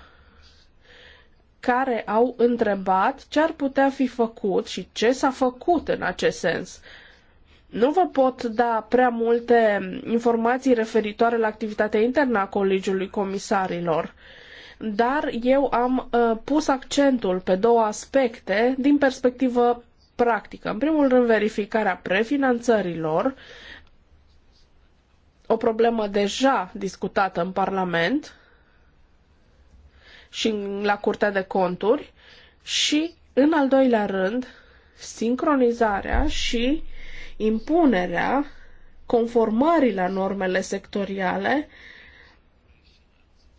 care au întrebat ce ar putea fi făcut și ce s-a făcut în acest sens. Nu vă pot da prea multe informații referitoare la activitatea internă a Colegiului Comisarilor, dar eu am uh, pus accentul pe două aspecte din perspectivă practică. În primul rând, verificarea prefinanțărilor, uh, o problemă deja discutată în Parlament și la Curtea de Conturi și, în al doilea rând, sincronizarea și impunerea conformării la normele sectoriale uh,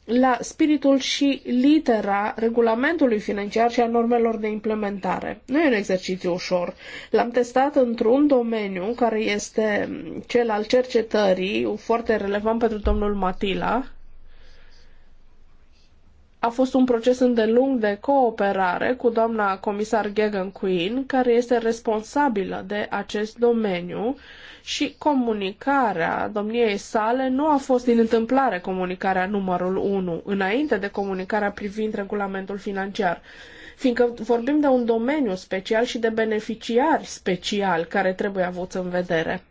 la spiritul și litera regulamentului financiar și a normelor de implementare. Nu e un exercițiu ușor. L-am testat într-un domeniu care este cel al cercetării, foarte relevant pentru domnul Matila, a fost un proces îndelung de cooperare cu doamna comisar Gagan Queen, care este responsabilă de acest domeniu și comunicarea domniei sale nu a fost din întâmplare comunicarea numărul 1, înainte de comunicarea privind regulamentul financiar fiindcă vorbim de un domeniu special și de beneficiari special care trebuie avut în vedere.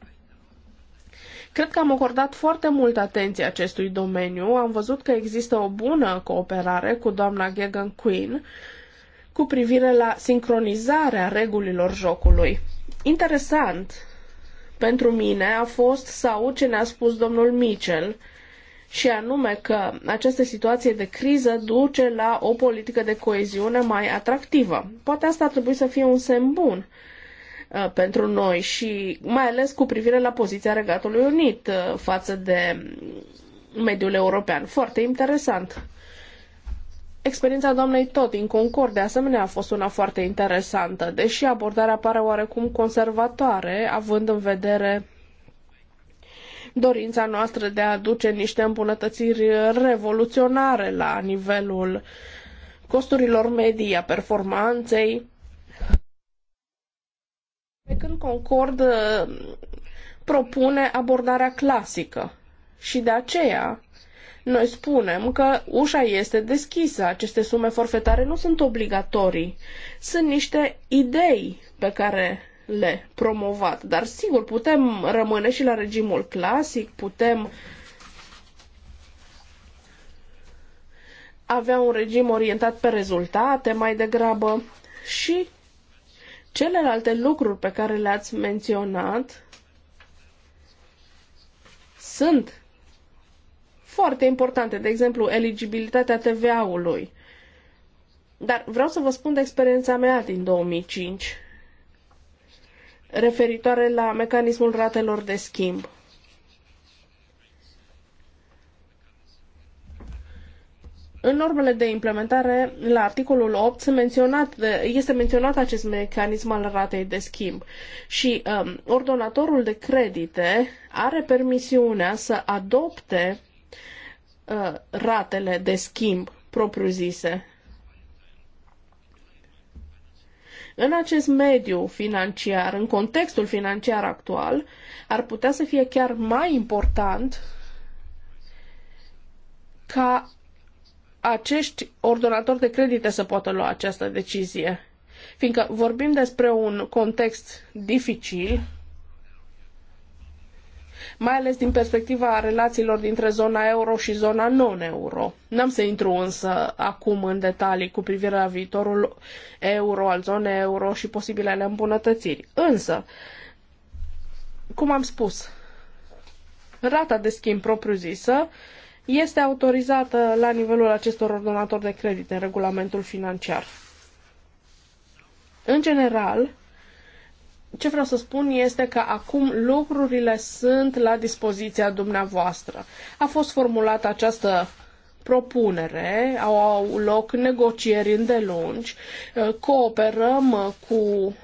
Cred că am acordat foarte multă atenție acestui domeniu. Am văzut că există o bună cooperare cu doamna Gagan Queen cu privire la sincronizarea regulilor jocului. Interesant pentru mine a fost să aud ce ne-a spus domnul Mitchell, și anume că această situație de criză duce la o politică de coeziune mai atractivă. Poate asta ar trebui să fie un semn bun Uh, pentru noi și mai ales cu privire la poziția Regatului Unit uh, față de mediul european. Foarte interesant. Experiența doamnei tot în Concord, de asemenea, a fost una foarte interesantă, deși abordarea pare oarecum conservatoare, având în vedere dorința noastră de a aduce niște îmbunătățiri revoluționare la nivelul costurilor medii, a performanței. Pe când Concord uh, propune abordarea clasică și de aceea noi spunem că ușa este deschisă, aceste sume forfetare nu sunt obligatorii, sunt niște idei pe care le promovat. Dar sigur, putem rămâne și la regimul clasic, putem avea un regim orientat pe rezultate mai degrabă și Celelalte lucruri pe care le-ați menționat sunt foarte importante, de exemplu, eligibilitatea TVA-ului. Dar vreau să vă spun de experiența mea din 2005 referitoare la mecanismul ratelor de schimb. În normele de implementare, la articolul 8, se menționat, este menționat acest mecanism al ratei de schimb și um, ordonatorul de credite are permisiunea să adopte uh, ratele de schimb propriu-zise. În acest mediu financiar, în contextul financiar actual, ar putea să fie chiar mai important ca acești ordonatori de credite să poată lua această decizie. Fiindcă vorbim despre un context dificil, mai ales din perspectiva relațiilor dintre zona euro și zona non-euro. N-am să intru însă acum în detalii cu privire la viitorul euro, al zonei euro și posibilele îmbunătățiri. Însă, cum am spus, rata de schimb propriu-zisă este autorizată la nivelul acestor ordonatori de credit în regulamentul financiar. În general, ce vreau să spun este că acum lucrurile sunt la dispoziția dumneavoastră. A fost formulată această propunere, au loc negocieri îndelungi, cooperăm cu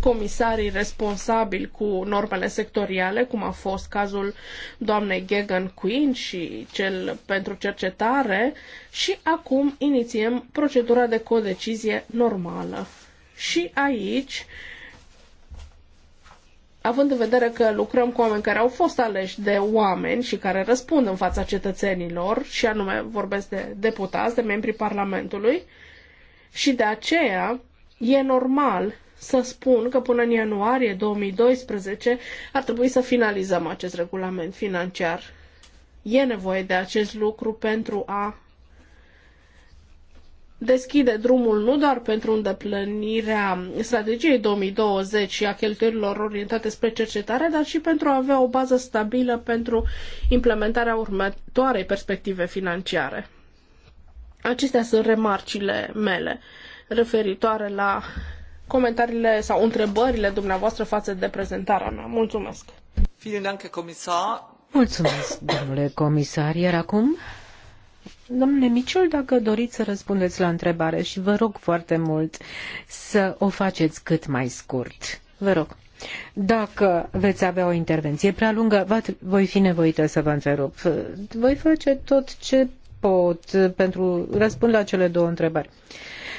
comisarii responsabili cu normele sectoriale, cum a fost cazul doamnei Gagan Queen și cel pentru cercetare, și acum inițiem procedura de codecizie normală. Și aici având în vedere că lucrăm cu oameni care au fost aleși de oameni și care răspund în fața cetățenilor, și anume vorbesc de deputați, de membrii Parlamentului, și de aceea e normal să spun că până în ianuarie 2012 ar trebui să finalizăm acest regulament financiar. E nevoie de acest lucru pentru a deschide drumul nu doar pentru îndeplinirea strategiei 2020 și a cheltuielilor orientate spre cercetare, dar și pentru a avea o bază stabilă pentru implementarea următoarei perspective financiare. Acestea sunt remarcile mele referitoare la comentariile sau întrebările dumneavoastră față de prezentarea mea. Mulțumesc! Mulțumesc, domnule comisar. Iar acum, domnule Miciul, dacă doriți să răspundeți la întrebare și vă rog foarte mult să o faceți cât mai scurt. Vă rog. Dacă veți avea o intervenție prea lungă, voi fi nevoită să vă întrerup. Voi face tot ce pot pentru răspund la cele două întrebări. Uh,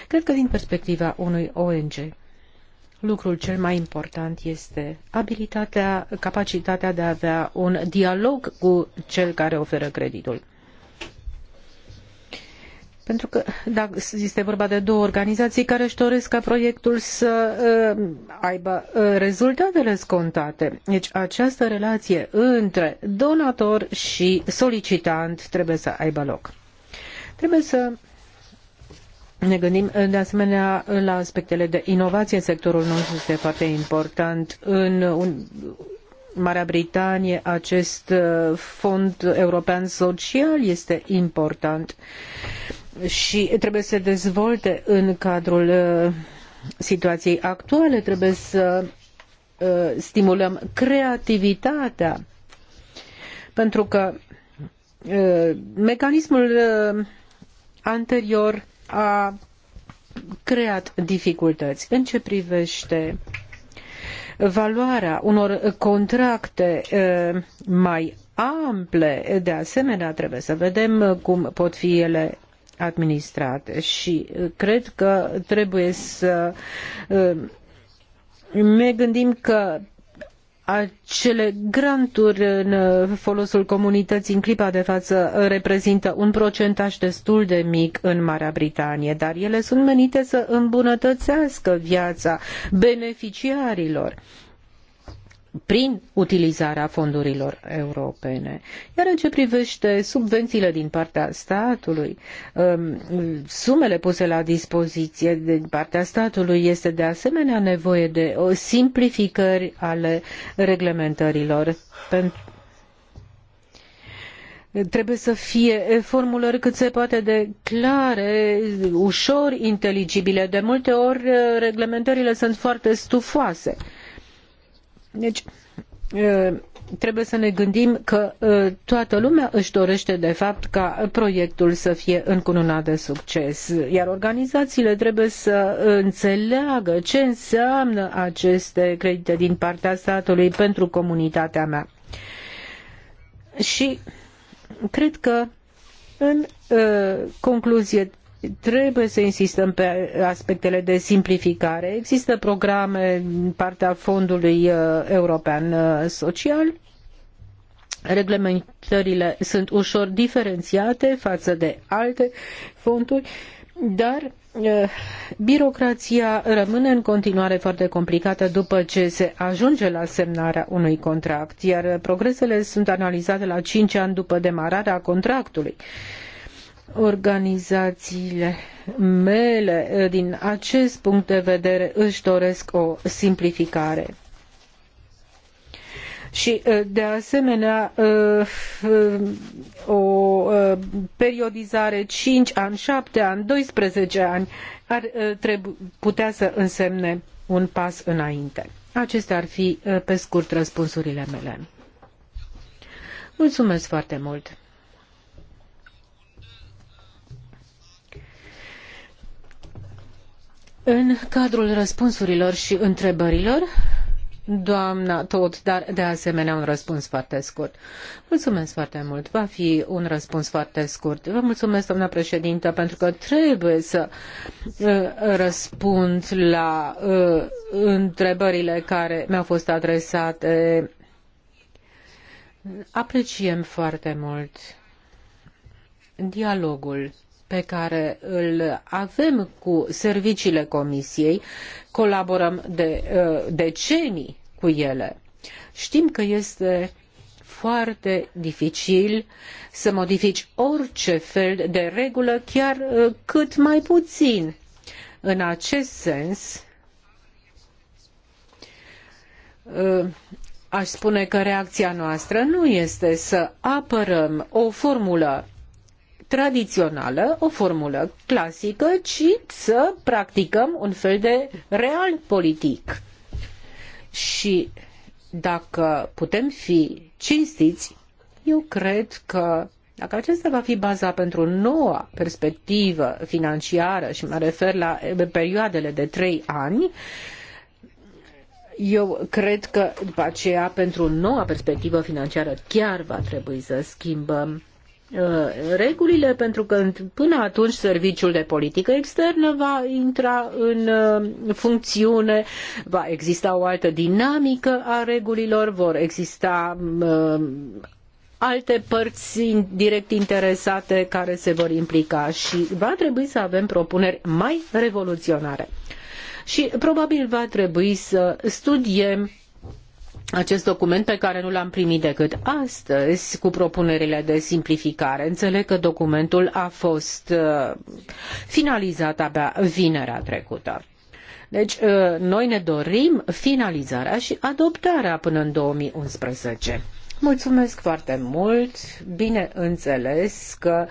Cred că din perspectiva unui ONG, lucrul cel mai important este abilitatea, capacitatea de a avea un dialog cu cel care oferă creditul. Pentru că dacă este vorba de două organizații care își doresc ca proiectul să uh, aibă uh, rezultatele scontate. Deci această relație între donator și solicitant trebuie să aibă loc. Trebuie să ne gândim eh, de asemenea la aspectele de inovație în sectorul nostru, este foarte important. În un, Marea Britanie acest eh, fond european social este important și trebuie să se dezvolte în cadrul eh, situației actuale, trebuie să stimulăm creativitatea pentru că mecanismul anterior a creat dificultăți. În ce privește valoarea unor contracte mai ample, de asemenea, trebuie să vedem cum pot fi ele administrate și cred că trebuie să ne gândim că acele granturi în folosul comunității în clipa de față reprezintă un procentaj destul de mic în Marea Britanie, dar ele sunt menite să îmbunătățească viața beneficiarilor prin utilizarea fondurilor europene. Iar în ce privește subvențiile din partea statului, um, sumele puse la dispoziție din partea statului este de asemenea nevoie de o simplificări ale reglementărilor pentru trebuie să fie formulări cât se poate de clare, ușor inteligibile. De multe ori uh, reglementările sunt foarte stufoase. Deci, trebuie să ne gândim că toată lumea își dorește de fapt ca proiectul să fie încununat de succes, iar organizațiile trebuie să înțeleagă ce înseamnă aceste credite din partea statului pentru comunitatea mea. Și cred că în concluzie Trebuie să insistăm pe aspectele de simplificare. Există programe în partea Fondului uh, European uh, Social. Reglementările sunt ușor diferențiate față de alte fonduri, dar uh, birocrația rămâne în continuare foarte complicată după ce se ajunge la semnarea unui contract, iar progresele sunt analizate la cinci ani după demararea contractului. Uh, Organizațiile mele, eh, din acest punct de vedere, își doresc o simplificare. Și, eh, de asemenea, eh, o periodizare 5 ani, 7 ani, 12 ani ar putea să însemne un pas înainte. Acestea ar fi, pe scurt, răspunsurile mele. Mulțumesc foarte mult! În cadrul răspunsurilor și întrebărilor, doamna tot, dar de asemenea un răspuns foarte scurt. Mulțumesc foarte mult. Va fi un răspuns foarte scurt. Vă mulțumesc, doamna președintă, pentru că trebuie să uh, răspund la uh, întrebările care mi-au fost adresate. Apreciem foarte mult dialogul pe care îl avem cu serviciile Comisiei, colaborăm de uh, decenii cu ele. Știm că este foarte dificil să modifici orice fel de regulă, chiar uh, cât mai puțin. În acest sens, uh, aș spune că reacția noastră nu este să apărăm o formulă tradițională, o formulă clasică, ci să practicăm un fel de real politic. Și dacă putem fi cinstiți, eu cred că dacă acesta va fi baza pentru noua perspectivă financiară și mă refer la perioadele de trei ani, eu cred că după aceea pentru noua perspectivă financiară chiar va trebui să schimbăm Uh, regulile, pentru că până atunci serviciul de politică externă va intra în uh, funcțiune, va exista o altă dinamică a regulilor, vor exista uh, alte părți direct interesate care se vor implica și va trebui să avem propuneri mai revoluționare. Și probabil va trebui să studiem acest document pe care nu l-am primit decât astăzi cu propunerile de simplificare. Înțeleg că documentul a fost uh, finalizat abia vinerea trecută. Deci, uh, noi ne dorim finalizarea și adoptarea până în 2011. Mulțumesc foarte mult. Bineînțeles că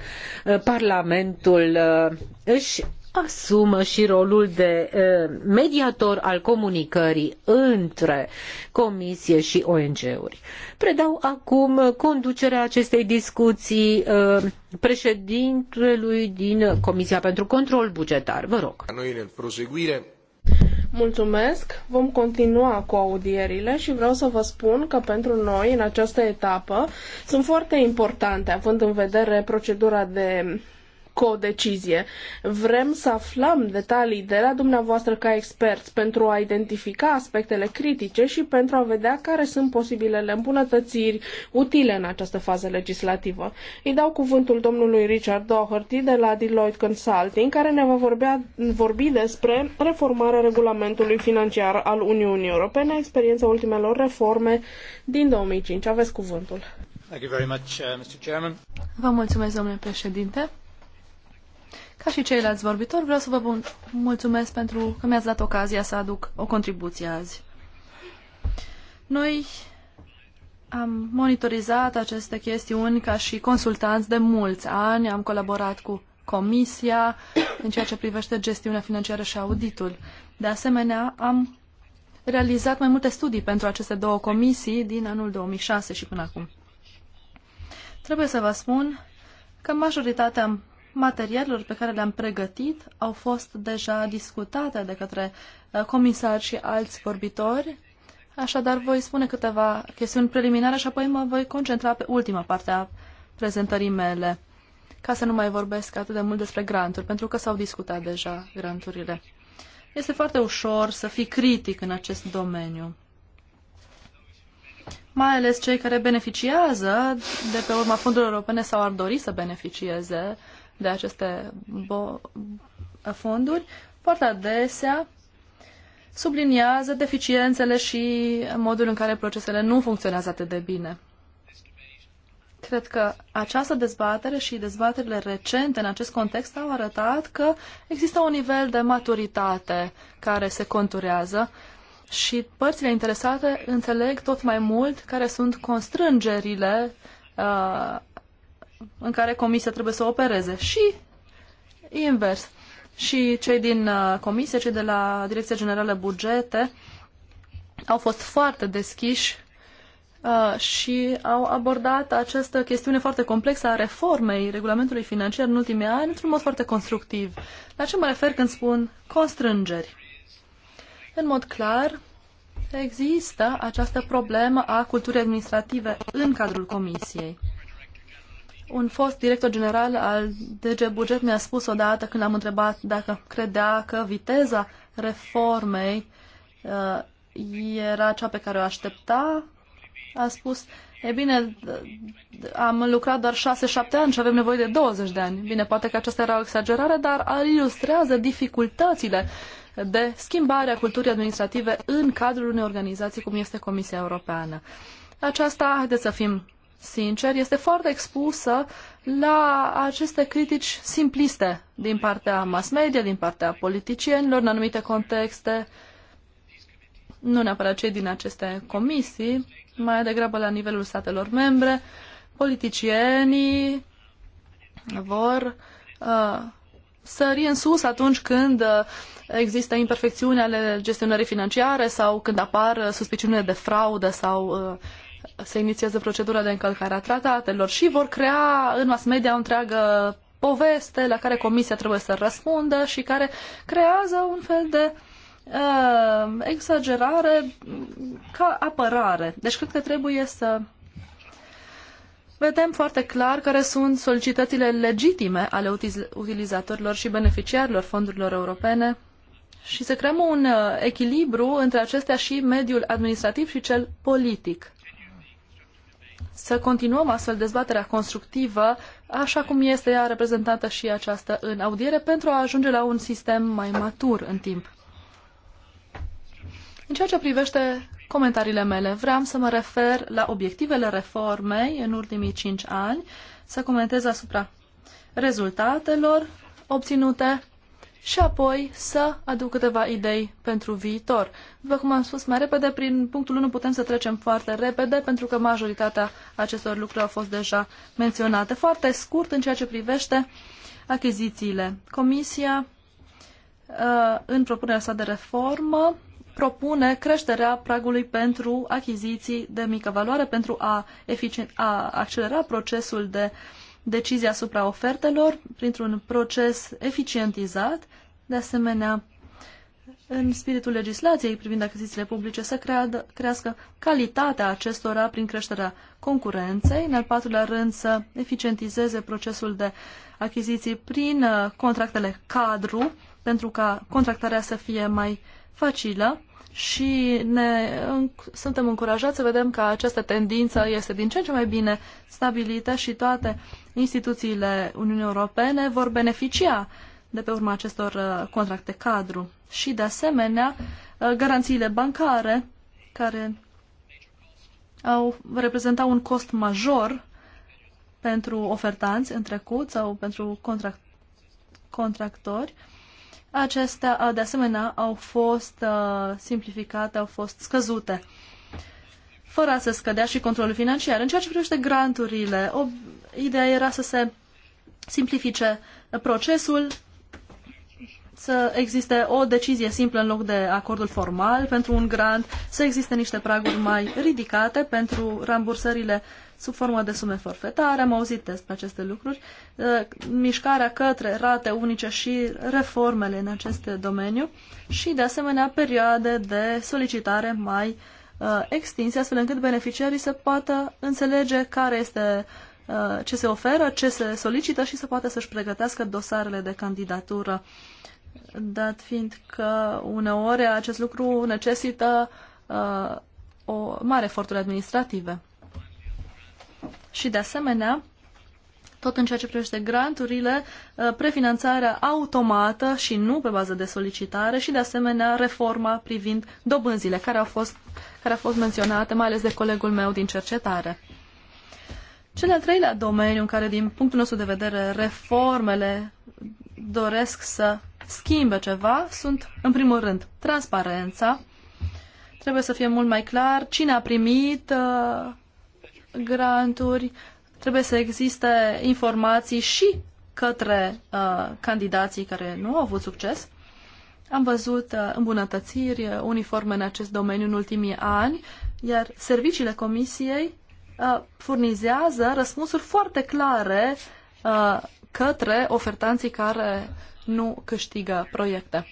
uh, Parlamentul își asumă și rolul de mediator al comunicării între Comisie și ONG-uri. Predau acum conducerea acestei discuții președintelui din Comisia pentru Control Bugetar. Vă rog. Noi, în proseguire, Mulțumesc! Vom continua cu audierile și vreau să vă spun că pentru noi, în această etapă, sunt foarte importante, având în vedere procedura de codecizie. Vrem să aflăm detalii de la dumneavoastră ca experți pentru a identifica aspectele critice și pentru a vedea care sunt posibilele îmbunătățiri utile în această fază legislativă. Îi dau cuvântul domnului Richard Doherty de la Deloitte Consulting, care ne va vorbea, vorbi despre reformarea regulamentului financiar al Uniunii Europene, experiența ultimelor reforme din 2005. Aveți cuvântul. Uh, Vă mulțumesc, domnule președinte. Ca și ceilalți vorbitori, vreau să vă mulțumesc pentru că mi-ați dat ocazia să aduc o contribuție azi. Noi am monitorizat aceste chestiuni ca și consultanți de mulți ani, am colaborat cu Comisia în ceea ce privește gestiunea financiară și auditul. De asemenea, am realizat mai multe studii pentru aceste două comisii din anul 2006 și până acum. Trebuie să vă spun că majoritatea materialelor pe care le-am pregătit au fost deja discutate de către uh, comisari și alți vorbitori, așadar voi spune câteva chestiuni preliminare și apoi mă voi concentra pe ultima parte a prezentării mele, ca să nu mai vorbesc atât de mult despre granturi, pentru că s-au discutat deja granturile. Este foarte ușor să fii critic în acest domeniu mai ales cei care beneficiază de pe urma fondurilor europene sau ar dori să beneficieze de aceste fonduri, foarte adesea subliniază deficiențele și modul în care procesele nu funcționează atât de bine. Cred că această dezbatere și dezbaterile recente în acest context au arătat că există un nivel de maturitate care se conturează și părțile interesate înțeleg tot mai mult care sunt constrângerile uh, în care comisia trebuie să opereze și invers. Și cei din uh, comisie, cei de la Direcția Generală Bugete au fost foarte deschiși uh, și au abordat această chestiune foarte complexă a reformei regulamentului financiar în ultimii ani într-un mod foarte constructiv. La ce mă refer când spun constrângeri? În mod clar, există această problemă a culturii administrative în cadrul Comisiei. Un fost director general al DG Buget mi-a spus odată când am întrebat dacă credea că viteza reformei uh, era cea pe care o aștepta. A spus, e bine, am lucrat doar 6-7 ani și avem nevoie de 20 de ani. Bine, poate că aceasta era o exagerare, dar ilustrează dificultățile de schimbare a culturii administrative în cadrul unei organizații cum este Comisia Europeană. Aceasta, haideți să fim sincer, este foarte expusă la aceste critici simpliste din partea mass media, din partea politicienilor, în anumite contexte, nu neapărat cei din aceste comisii, mai degrabă la nivelul statelor membre, politicienii vor uh, sări în sus atunci când uh, există imperfecțiuni ale gestionării financiare sau când apar uh, suspiciunile de fraudă sau uh, se inițieze procedura de încălcare a tratatelor și vor crea în mass media o întreagă poveste la care comisia trebuie să răspundă și care creează un fel de uh, exagerare ca apărare. Deci cred că trebuie să vedem foarte clar care sunt solicitățile legitime ale utilizatorilor și beneficiarilor fondurilor europene și să creăm un uh, echilibru între acestea și mediul administrativ și cel politic să continuăm astfel dezbaterea constructivă, așa cum este ea reprezentată și aceasta în audiere, pentru a ajunge la un sistem mai matur în timp. În ceea ce privește comentariile mele, vreau să mă refer la obiectivele reformei în ultimii cinci ani, să comentez asupra rezultatelor obținute, și apoi să aduc câteva idei pentru viitor. După cum am spus mai repede, prin punctul 1 putem să trecem foarte repede, pentru că majoritatea acestor lucruri au fost deja menționate. Foarte scurt în ceea ce privește achizițiile. Comisia, uh, în propunerea sa de reformă, propune creșterea pragului pentru achiziții de mică valoare, pentru a, a accelera procesul de uh, decizii asupra ofertelor printr-un proces eficientizat, de asemenea, în spiritul legislației privind achizițiile publice, să creadă, crească calitatea acestora prin creșterea concurenței, în al patrulea rând să eficientizeze procesul de achiziții prin uh, contractele cadru, pentru ca contractarea să fie mai facilă și ne, în, suntem încurajați să vedem că această tendință este din ce în ce mai bine stabilită și toate instituțiile Uniunii Europene vor beneficia de pe urma acestor uh, contracte cadru și, de asemenea, uh, garanțiile bancare care au reprezentat un cost major pentru ofertanți în trecut sau pentru contract, contractori acestea de asemenea au fost simplificate, au fost scăzute fără să scădea și controlul financiar. În ceea ce privește granturile, o, ideea era să se simplifice procesul, să existe o decizie simplă în loc de acordul formal pentru un grant, să existe niște praguri mai ridicate pentru rambursările sub formă de sume forfetare, am auzit despre aceste lucruri, mișcarea către rate unice și reformele în acest domeniu și, de asemenea, perioade de solicitare mai extinse, astfel încât beneficiarii să poată înțelege care este ce se oferă, ce se solicită și să poată să-și pregătească dosarele de candidatură. Dat fiind că uneori acest lucru necesită uh, o mare eforturi administrative și, de asemenea, tot în ceea ce privește granturile, uh, prefinanțarea automată și nu pe bază de solicitare și, de asemenea, reforma privind dobânzile, care, au fost, care a fost menționată mai ales de colegul meu din cercetare. Cel al treilea domeniu în care, din punctul nostru de vedere, reformele doresc să schimbe ceva sunt, în primul rând, transparența. Trebuie să fie mult mai clar cine a primit uh, granturi, trebuie să existe informații și către uh, candidații care nu au avut succes. Am văzut uh, îmbunătățiri uniforme în acest domeniu în ultimii ani, iar serviciile comisiei uh, furnizează răspunsuri foarte clare uh, către ofertanții care nu câștigă proiecte.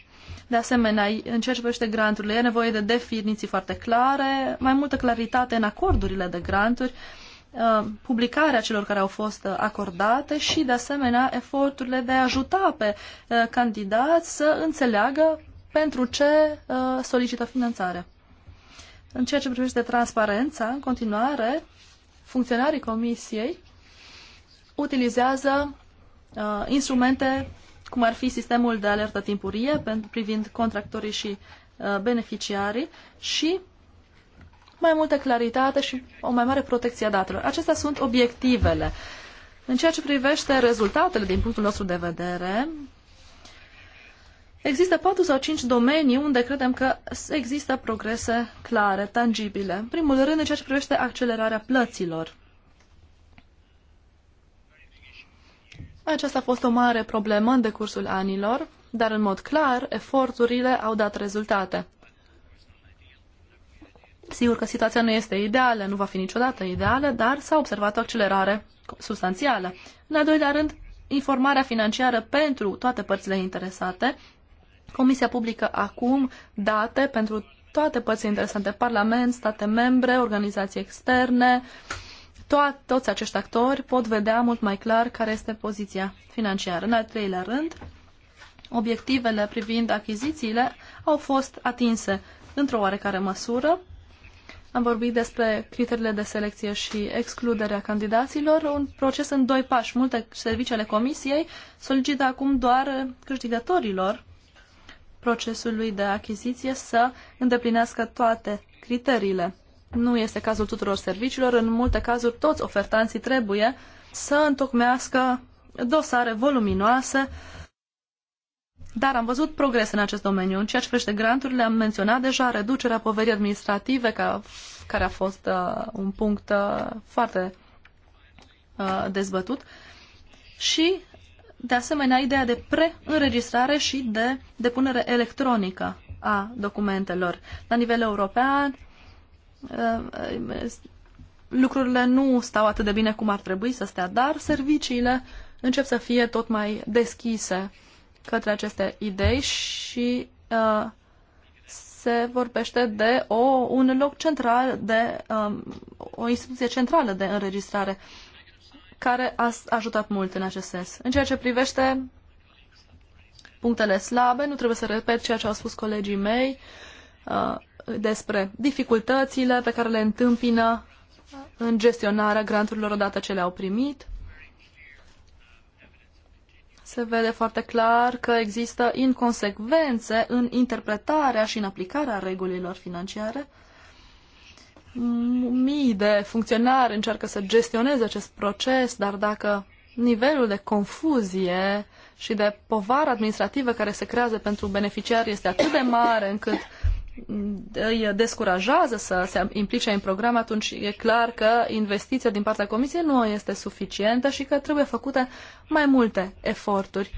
De asemenea, în ceea ce privește granturile, e nevoie de definiții foarte clare, mai multă claritate în acordurile de granturi, uh, publicarea celor care au fost uh, acordate și, de asemenea, eforturile de a ajuta pe uh, candidați să înțeleagă pentru ce solicită finanțare. În ceea ce privește transparența, în continuare, funcționarii Comisiei utilizează uh, instrumente cum ar fi sistemul de alertă timpurie pentru privind contractorii și uh, beneficiarii și mai multă claritate și o mai mare protecție a datelor. Acestea sunt obiectivele. În ceea ce privește rezultatele din punctul nostru de vedere, Există patru sau cinci domenii unde credem că există progrese clare, tangibile. În primul rând, în ceea ce privește accelerarea plăților. Aceasta a fost o mare problemă în decursul anilor, dar în mod clar, eforturile au dat rezultate. Sigur că situația nu este ideală, nu va fi niciodată ideală, dar s-a observat o accelerare substanțială. În al doilea rând, informarea financiară pentru toate părțile interesate. Comisia publică acum date pentru toate părțile interesante, Parlament, state membre, organizații externe, uh, to- toți acești actori pot vedea mult mai clar care este poziția financiară. În al treilea rând, obiectivele privind achizițiile au fost atinse într-o oarecare măsură. Am vorbit despre criteriile de selecție și excluderea candidaților, un proces în doi pași. Multe serviciile comisiei solicită acum doar câștigătorilor procesului de achiziție să îndeplinească toate criteriile nu este cazul tuturor serviciilor. În multe cazuri, toți ofertanții trebuie să întocmească dosare voluminoase, dar am văzut progres în acest domeniu. În ceea ce privește granturile, am menționat deja reducerea poverii administrative, ca, care a fost uh, un punct uh, foarte uh, dezbătut, și, de asemenea, ideea de preînregistrare și de depunere electronică a documentelor. La nivel european, Uh, uh, lucrurile nu stau atât de bine cum ar trebui să stea, dar serviciile încep să fie tot mai deschise către aceste idei și uh, se vorbește de o, un loc central, de um, o instituție centrală de înregistrare care a ajutat mult în acest sens. În ceea ce privește punctele slabe, nu trebuie să repet ceea ce au spus colegii mei, uh, despre dificultățile pe care le întâmpină în gestionarea granturilor odată ce le-au primit. Se vede foarte clar că există inconsecvențe în interpretarea și în aplicarea regulilor financiare. Mii de funcționari încearcă să gestioneze acest proces, dar dacă nivelul de confuzie și de povară administrativă care se creează pentru beneficiari este atât de mare încât îi descurajează să se implice în program, atunci e clar că investiția din partea Comisiei nu este suficientă și că trebuie făcute mai multe eforturi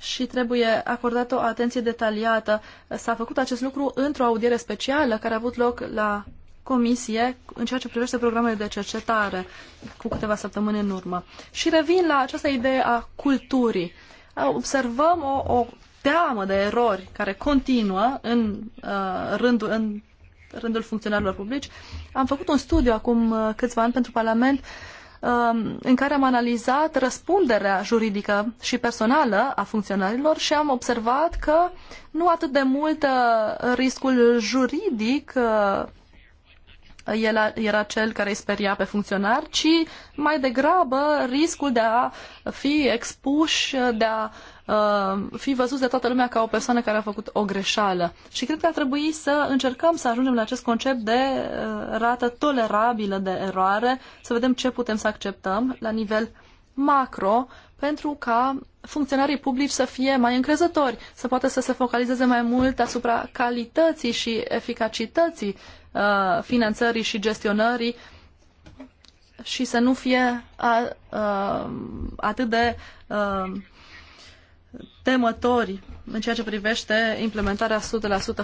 și trebuie acordată o atenție detaliată. S-a făcut acest lucru într-o audiere specială care a avut loc la Comisie în ceea ce privește programele de cercetare cu câteva săptămâni în urmă. Și revin la această idee a culturii observăm o, o teamă de erori care continuă în, uh, rândul, în rândul funcționarilor publici. Am făcut un studiu acum uh, câțiva ani pentru Parlament um, în care am analizat răspunderea juridică și personală a funcționarilor și am observat că nu atât de mult uh, riscul juridic uh, era cel care îi speria pe funcționar, ci mai degrabă riscul de a fi expuși, de a uh, fi văzut de toată lumea ca o persoană care a făcut o greșeală. Și cred că ar trebui să încercăm să ajungem la acest concept de uh, rată tolerabilă de eroare, să vedem ce putem să acceptăm la nivel macro, pentru ca funcționarii publici să fie mai încrezători, să poată să se focalizeze mai mult asupra calității și eficacității uh, finanțării și gestionării și să nu fie a, uh, atât de uh, temători în ceea ce privește implementarea 100%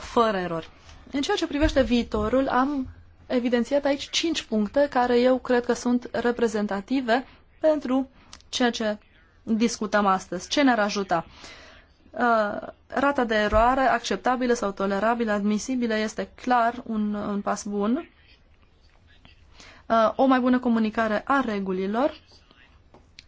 fără erori. În ceea ce privește viitorul, am evidențiat aici cinci puncte care eu cred că sunt reprezentative pentru ceea ce discutăm astăzi. Ce ne-ar ajuta? Uh, rata de eroare acceptabilă sau tolerabilă, admisibilă, este clar un, un pas bun. Uh, o mai bună comunicare a regulilor,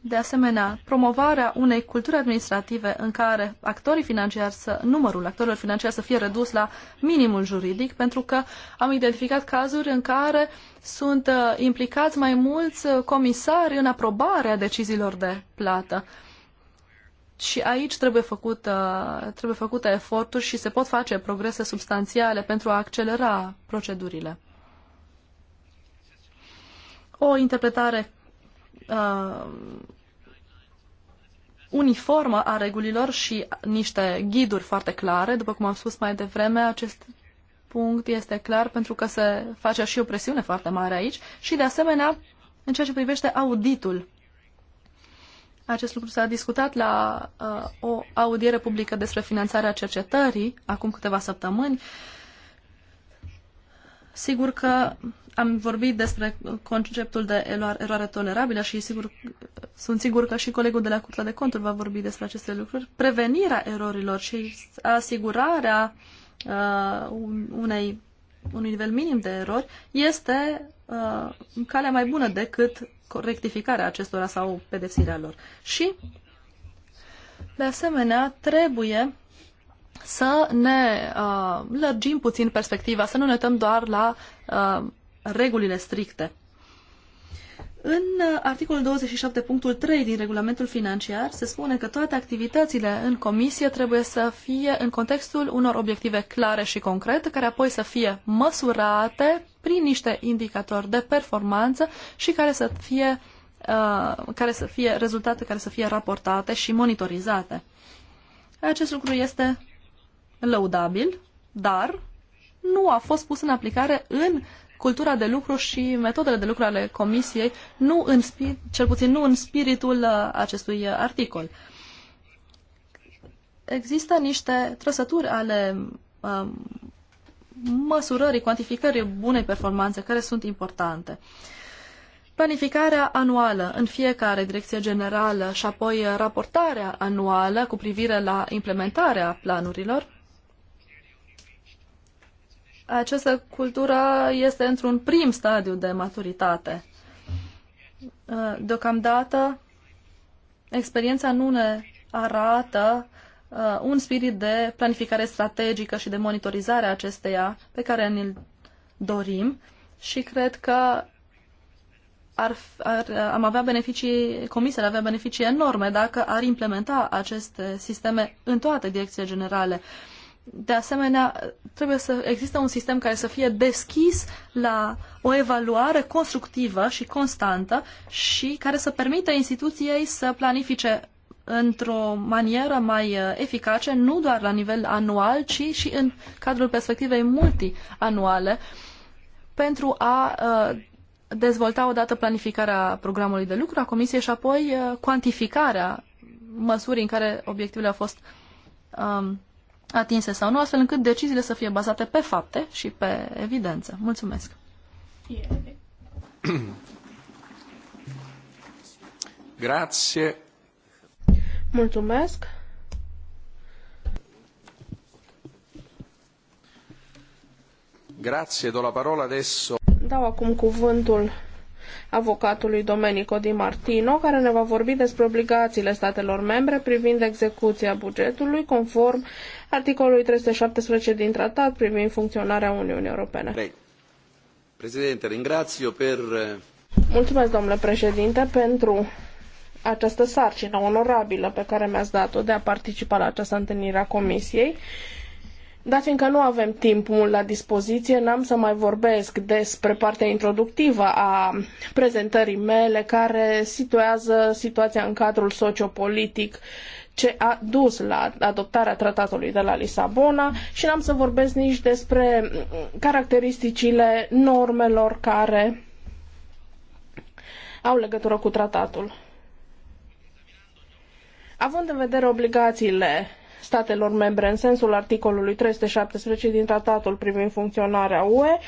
de asemenea, promovarea unei culturi administrative în care actorii financiari să, numărul actorilor financiari să fie redus la minimul juridic, pentru că am identificat cazuri în care sunt uh, implicați mai mulți uh, comisari în aprobarea deciziilor de plată. Și aici trebuie, făcut, uh, trebuie făcute eforturi și se pot face progrese substanțiale pentru a accelera procedurile. O interpretare uh, uniformă a regulilor și niște ghiduri foarte clare. După cum am spus mai devreme, acest punct este clar pentru că se face și o presiune foarte mare aici și, de asemenea, în ceea ce privește auditul. Acest lucru s-a discutat la uh, o audiere publică despre finanțarea cercetării acum câteva săptămâni. Uh, Sigur că am vorbit despre conceptul de eroare tolerabilă și sigur, sunt sigur că și colegul de la Curtea de Conturi va vorbi despre aceste lucruri. Prevenirea erorilor și asigurarea uh, unei, unui nivel minim de erori este uh, calea mai bună decât rectificarea acestora sau pedepsirea lor. Și, de asemenea, trebuie să ne uh, lărgim puțin perspectiva, să nu ne uităm doar la uh, regulile stricte. În uh, articolul 27.3 din regulamentul financiar se spune că toate activitățile în comisie trebuie să fie în contextul unor obiective clare și concrete, care apoi să fie măsurate prin niște indicatori de performanță și care să fie, uh, care să fie rezultate care să fie raportate și monitorizate. Acest lucru este lăudabil, dar nu a fost pus în aplicare în cultura de lucru și metodele de lucru ale comisiei, nu în, cel puțin nu în spiritul uh, acestui uh, articol. Există niște trăsături ale um, măsurării, cuantificării bunei performanțe care sunt importante. Planificarea anuală în fiecare direcție generală și apoi raportarea anuală cu privire la implementarea planurilor această cultură este într-un prim stadiu de maturitate. Uh, deocamdată, experiența nu ne arată uh, un spirit de planificare strategică și de monitorizare a acesteia pe care ne-l dorim și cred că ar, ar, am avea beneficii, comisia ar avea beneficii enorme dacă ar implementa aceste sisteme în toate direcțiile generale. Uh, de asemenea, trebuie să existe un sistem care să fie deschis la o evaluare constructivă și constantă și care să permită instituției să planifice într-o manieră mai uh, eficace, nu doar la nivel anual, ci și în cadrul perspectivei multianuale, pentru a uh, dezvolta odată planificarea programului de lucru a Comisiei și apoi uh, cuantificarea măsurii în care obiectivele au fost um, atinse sau nu, astfel încât deciziile să fie bazate pe fapte și pe evidență. Mulțumesc! Grazie. Mulțumesc! Grazie, do la parola adesso. Dau acum cuvântul avocatului Domenico Di Martino, care ne va vorbi despre obligațiile statelor membre privind execuția bugetului conform articolului 317 din tratat privind funcționarea Uniunii Europene. Președinte, ringrazio per... Eh, Mulțumesc, domnule președinte, pentru această sarcină onorabilă pe care mi-ați dat-o de a participa la această întâlnire a Comisiei dar fiindcă nu avem timp mult la dispoziție, n-am să mai vorbesc despre partea introductivă a prezentării mele, care situează situația în cadrul sociopolitic ce a dus la adoptarea tratatului de la Lisabona și n-am să vorbesc nici despre caracteristicile normelor care au legătură cu tratatul. Având în vedere obligațiile statelor membre în sensul articolului 317 din tratatul privind funcționarea UE,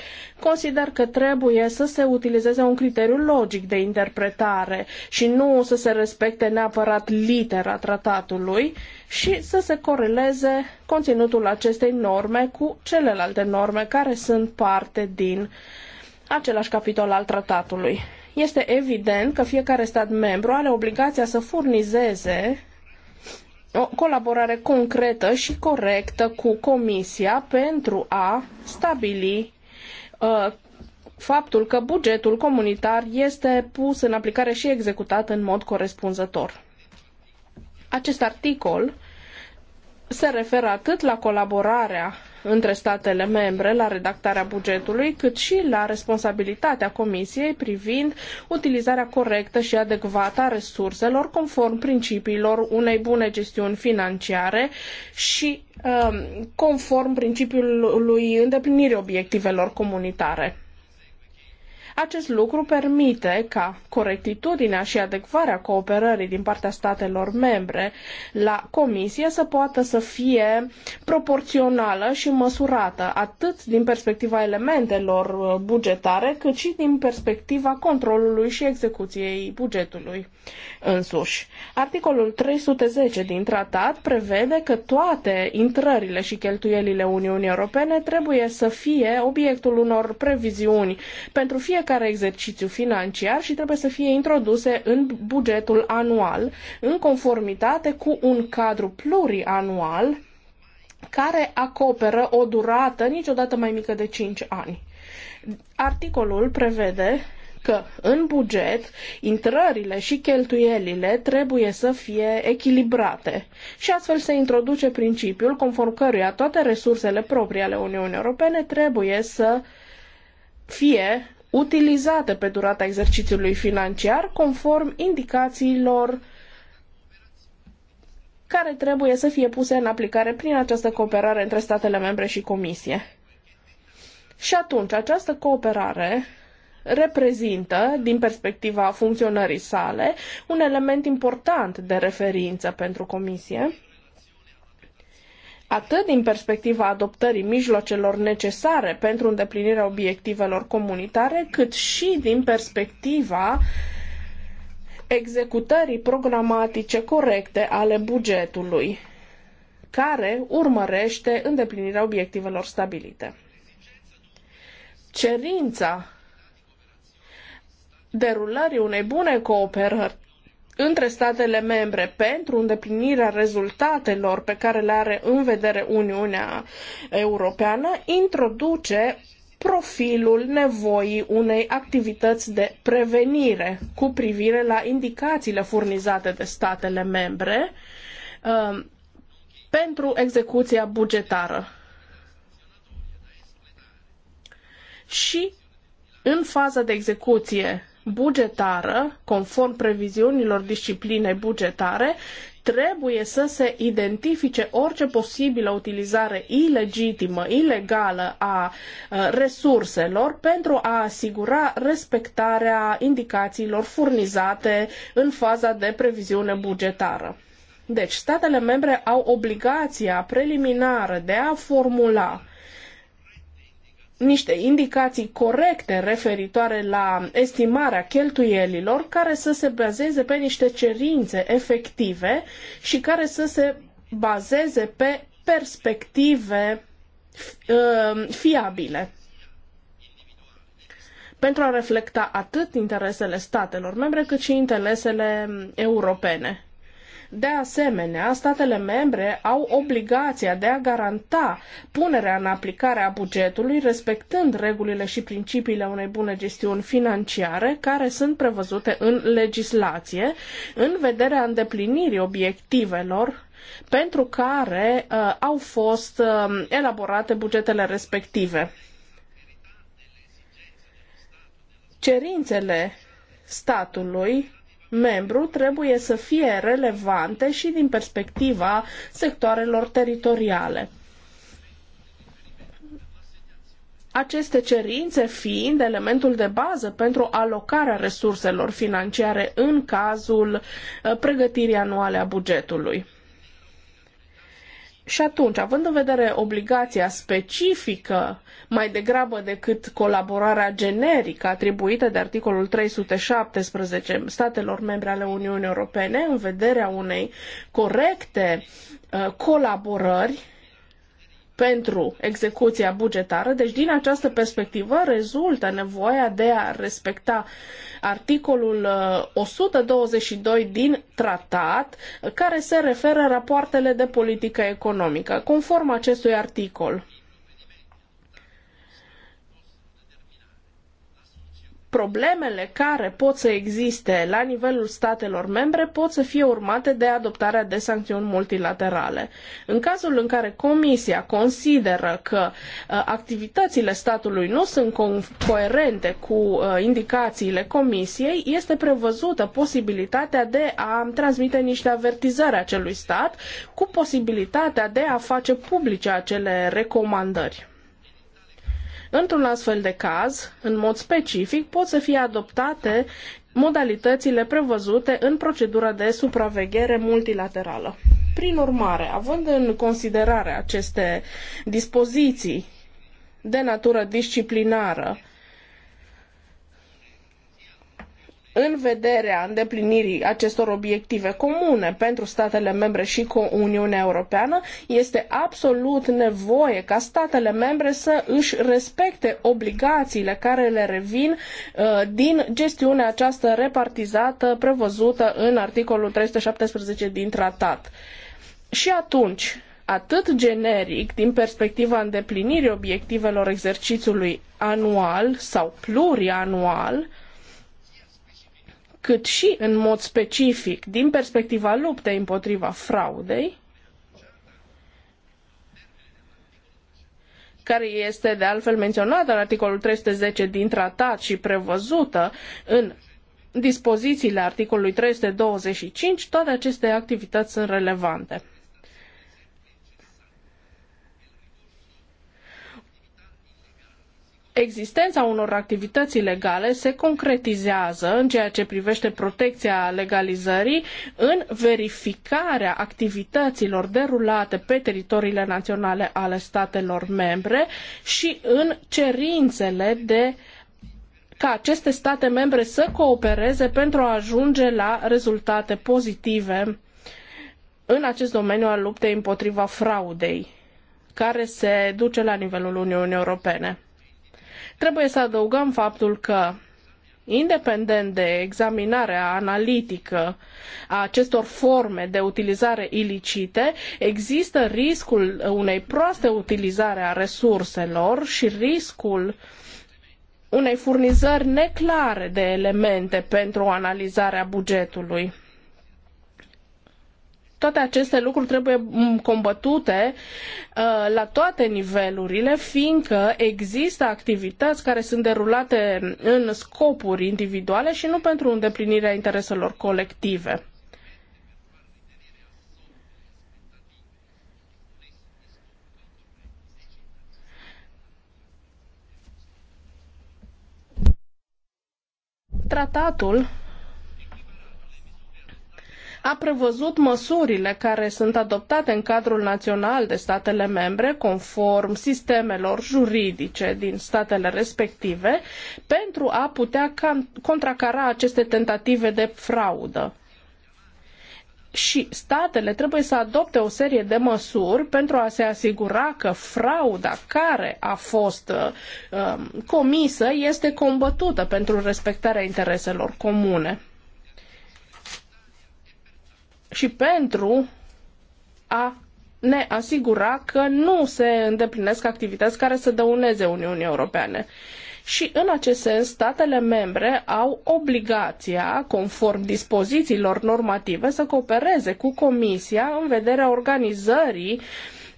consider că trebuie să se utilizeze un criteriu logic de interpretare și nu să se respecte neapărat litera tratatului și să se coreleze conținutul acestei norme cu celelalte norme care sunt parte din același capitol al tratatului. Este evident că fiecare stat membru are obligația să furnizeze o colaborare concretă și corectă cu Comisia pentru a stabili uh, faptul că bugetul comunitar este pus în aplicare și executat în mod corespunzător. Acest articol se referă atât la colaborarea între statele membre la redactarea bugetului, cât și la responsabilitatea Comisiei privind utilizarea corectă și adecvată a resurselor conform principiilor unei bune gestiuni financiare și um, conform principiului îndeplinirii obiectivelor comunitare. Acest lucru permite ca corectitudinea și adecvarea cooperării din partea statelor membre la comisie să poată să fie proporțională și măsurată atât din perspectiva elementelor uh, bugetare, cât și din perspectiva controlului și execuției bugetului însuși. Articolul 310 din tratat prevede că toate intrările și cheltuielile Uniunii Europene trebuie să fie obiectul unor previziuni pentru fiecare fiecare exercițiu financiar și trebuie să fie introduse în bugetul anual, în conformitate cu un cadru plurianual care acoperă o durată niciodată mai mică de 5 ani. Articolul prevede că în buget intrările și cheltuielile trebuie să fie echilibrate și astfel se introduce principiul conform căruia toate resursele proprii ale Uniunii Europene trebuie să fie utilizate pe durata exercițiului financiar conform indicațiilor care trebuie să fie puse în aplicare prin această cooperare între statele membre și Comisie. Și atunci, această cooperare reprezintă, din perspectiva funcționării sale, un element important de referință pentru Comisie atât din perspectiva adoptării mijloacelor necesare pentru îndeplinirea obiectivelor comunitare, cât și din perspectiva executării programatice corecte ale bugetului, care urmărește îndeplinirea obiectivelor stabilite. Cerința derulării unei bune cooperări între statele membre pentru îndeplinirea rezultatelor pe care le are în vedere Uniunea Europeană introduce profilul nevoii unei activități de prevenire cu privire la indicațiile furnizate de statele membre um, pentru execuția bugetară. Și în faza de execuție bugetară, conform previziunilor disciplinei bugetare, trebuie să se identifice orice posibilă utilizare ilegitimă, ilegală a resurselor pentru a asigura respectarea indicațiilor furnizate în faza de previziune bugetară. Deci, statele membre au obligația preliminară de a formula niște indicații corecte referitoare la estimarea cheltuielilor care să se bazeze pe niște cerințe efective și care să se bazeze pe perspective uh, fiabile pentru a reflecta atât interesele statelor membre cât și interesele europene. De asemenea, statele membre au obligația de a garanta punerea în aplicare a bugetului, respectând regulile și principiile unei bune gestiuni financiare care sunt prevăzute în legislație, în vederea îndeplinirii obiectivelor pentru care uh, au fost uh, elaborate bugetele respective. Cerințele statului membru trebuie să fie relevante și din perspectiva sectoarelor teritoriale. aceste cerințe fiind elementul de bază pentru alocarea resurselor financiare în cazul uh, pregătirii anuale a bugetului. Și atunci, având în vedere obligația specifică, mai degrabă decât colaborarea generică atribuită de articolul 317 statelor membre ale Uniunii Europene, în vederea unei corecte uh, colaborări pentru execuția bugetară, deci din această perspectivă rezultă nevoia de a respecta articolul 122 uh, din tratat, care se referă rapoartele de politică economică. Conform acestui articol, problemele care pot să existe la nivelul statelor membre pot să fie urmate de adoptarea de sancțiuni multilaterale. În cazul în care Comisia consideră că uh, activitățile statului nu sunt coerente cu uh, indicațiile Comisiei, este prevăzută posibilitatea de a transmite niște avertizări acelui stat cu posibilitatea de a face publice acele recomandări. Într-un astfel de caz, în mod specific, pot să fie adoptate modalitățile prevăzute în procedura de supraveghere multilaterală. Prin urmare, având în considerare aceste dispoziții de natură disciplinară în vederea îndeplinirii acestor obiective comune pentru statele membre și cu Uniunea Europeană, este absolut nevoie ca statele membre să își respecte obligațiile care le revin uh, din gestiunea aceasta repartizată prevăzută în articolul 317 din tratat. Și atunci, atât generic din perspectiva îndeplinirii obiectivelor exercițiului anual sau plurianual, cât și în mod specific din perspectiva luptei împotriva fraudei, care este de altfel menționată în articolul 310 din tratat și prevăzută în dispozițiile articolului 325, toate aceste activități sunt relevante. existența unor activități ilegale se concretizează în ceea ce privește protecția legalizării în verificarea activităților derulate pe teritoriile naționale ale statelor membre și în cerințele de ca aceste state membre să coopereze pentru a ajunge la rezultate pozitive în acest domeniu al luptei împotriva fraudei care se duce la nivelul Uniunii Europene. Trebuie să adăugăm faptul că independent de examinarea analitică a acestor forme de utilizare ilicite, există riscul unei proaste utilizare a resurselor și riscul unei furnizări neclare de elemente pentru analizarea bugetului toate aceste lucruri trebuie mm, combătute uh, la toate nivelurile, fiindcă există activități care sunt derulate în scopuri individuale și nu pentru îndeplinirea intereselor colective. Tratatul a prevăzut măsurile care sunt adoptate în cadrul național de statele membre, conform sistemelor juridice din statele respective, pentru a putea contracara aceste tentative de fraudă și statele trebuie să adopte o serie de măsuri pentru a se asigura că frauda care a fost uh, um, comisă este combătută pentru respectarea intereselor comune și pentru a ne asigura că nu se îndeplinesc activități care să dăuneze Uniunii Europene. Și în acest sens, statele membre au obligația, conform dispozițiilor normative, să coopereze cu Comisia în vederea organizării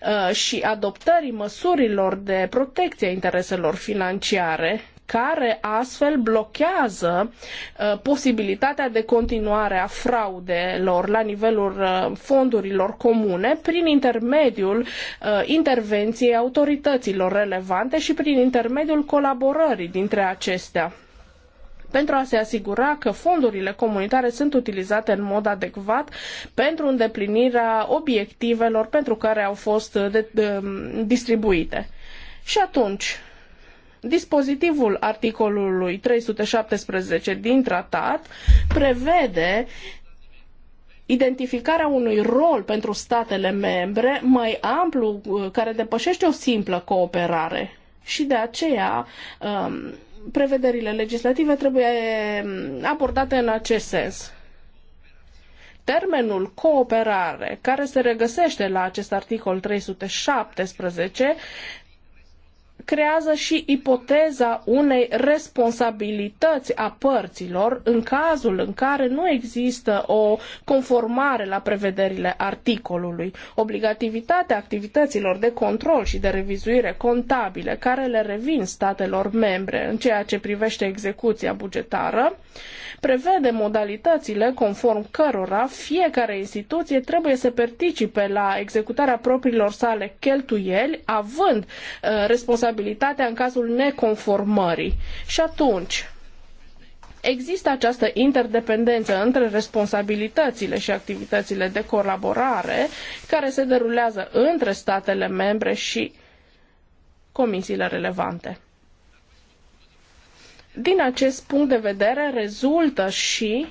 uh, și adoptării măsurilor de protecție a intereselor financiare care astfel blochează uh, posibilitatea de continuare a fraudelor la nivelul uh, fondurilor comune prin intermediul uh, intervenției autorităților relevante și prin intermediul colaborării dintre acestea pentru a se asigura că fondurile comunitare sunt utilizate în mod adecvat pentru îndeplinirea obiectivelor pentru care au fost uh, de, de, um, distribuite. Și atunci, Dispozitivul articolului 317 din tratat prevede identificarea unui rol pentru statele membre mai amplu, uh, care depășește o simplă cooperare. Și de aceea um, prevederile legislative trebuie um, abordate în acest sens. Termenul cooperare, care se regăsește la acest articol 317, creează și ipoteza unei responsabilități a părților în cazul în care nu există o conformare la prevederile articolului. Obligativitatea activităților de control și de revizuire contabile care le revin statelor membre în ceea ce privește execuția bugetară prevede modalitățile conform cărora fiecare instituție trebuie să participe la executarea propriilor sale cheltuieli, având uh, responsabilitatea responsabilitatea în cazul neconformării. Și atunci, Există această interdependență între responsabilitățile și activitățile de colaborare care se derulează între statele membre și comisiile relevante. Din acest punct de vedere rezultă și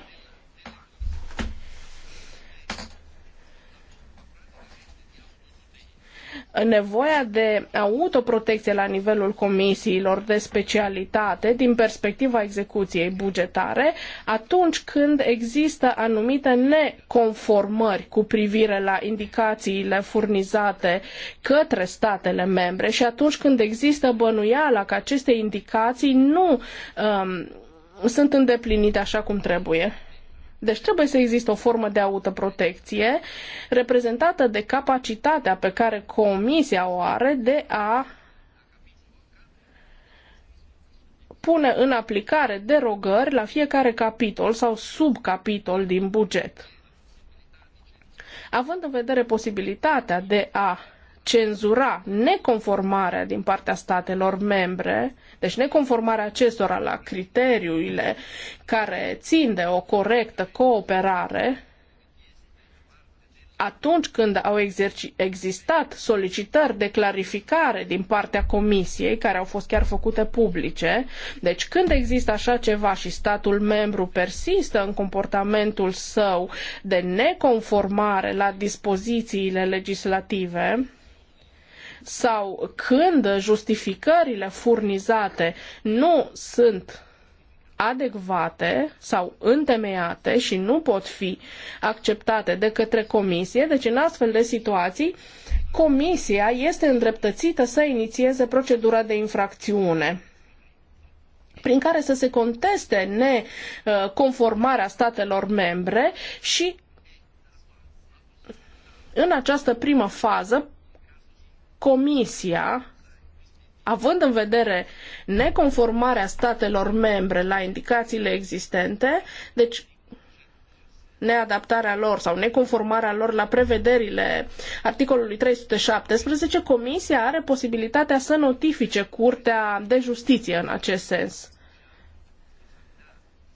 nevoia de autoprotecție la nivelul comisiilor de specialitate din perspectiva execuției bugetare atunci când există anumite neconformări cu privire la indicațiile furnizate către statele membre și atunci când există bănuiala că aceste indicații nu um, sunt îndeplinite așa cum trebuie. Deci trebuie să existe o formă de autoprotecție reprezentată de capacitatea pe care comisia o are de a pune în aplicare derogări la fiecare capitol sau subcapitol din buget. Având în vedere posibilitatea de a cenzura neconformarea din partea statelor membre, deci neconformarea acestora la criteriile care țin de o corectă cooperare, atunci când au existat solicitări de clarificare din partea comisiei, care au fost chiar făcute publice, deci când există așa ceva și statul membru persistă în comportamentul său de neconformare la dispozițiile legislative, sau când justificările furnizate nu sunt adecvate sau întemeiate și nu pot fi acceptate de către comisie. Deci, în astfel de situații, comisia este îndreptățită să inițieze procedura de infracțiune prin care să se conteste neconformarea statelor membre și în această primă fază Comisia, având în vedere neconformarea statelor membre la indicațiile existente, deci neadaptarea lor sau neconformarea lor la prevederile articolului 317, Comisia are posibilitatea să notifice Curtea de Justiție în acest sens.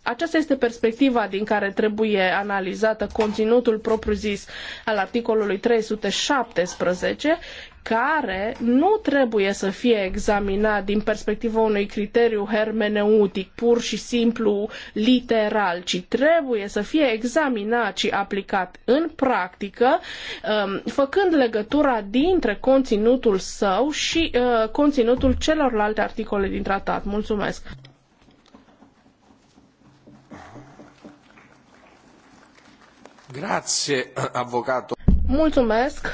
Aceasta este perspectiva din care trebuie analizată conținutul propriu-zis al articolului 317 care nu trebuie să fie examinat din perspectiva unui criteriu hermeneutic, pur și simplu literal, ci trebuie să fie examinat și aplicat în practică, um, făcând legătura dintre conținutul său și uh, conținutul celorlalte articole din tratat. Mulțumesc! Grazie, Mulțumesc,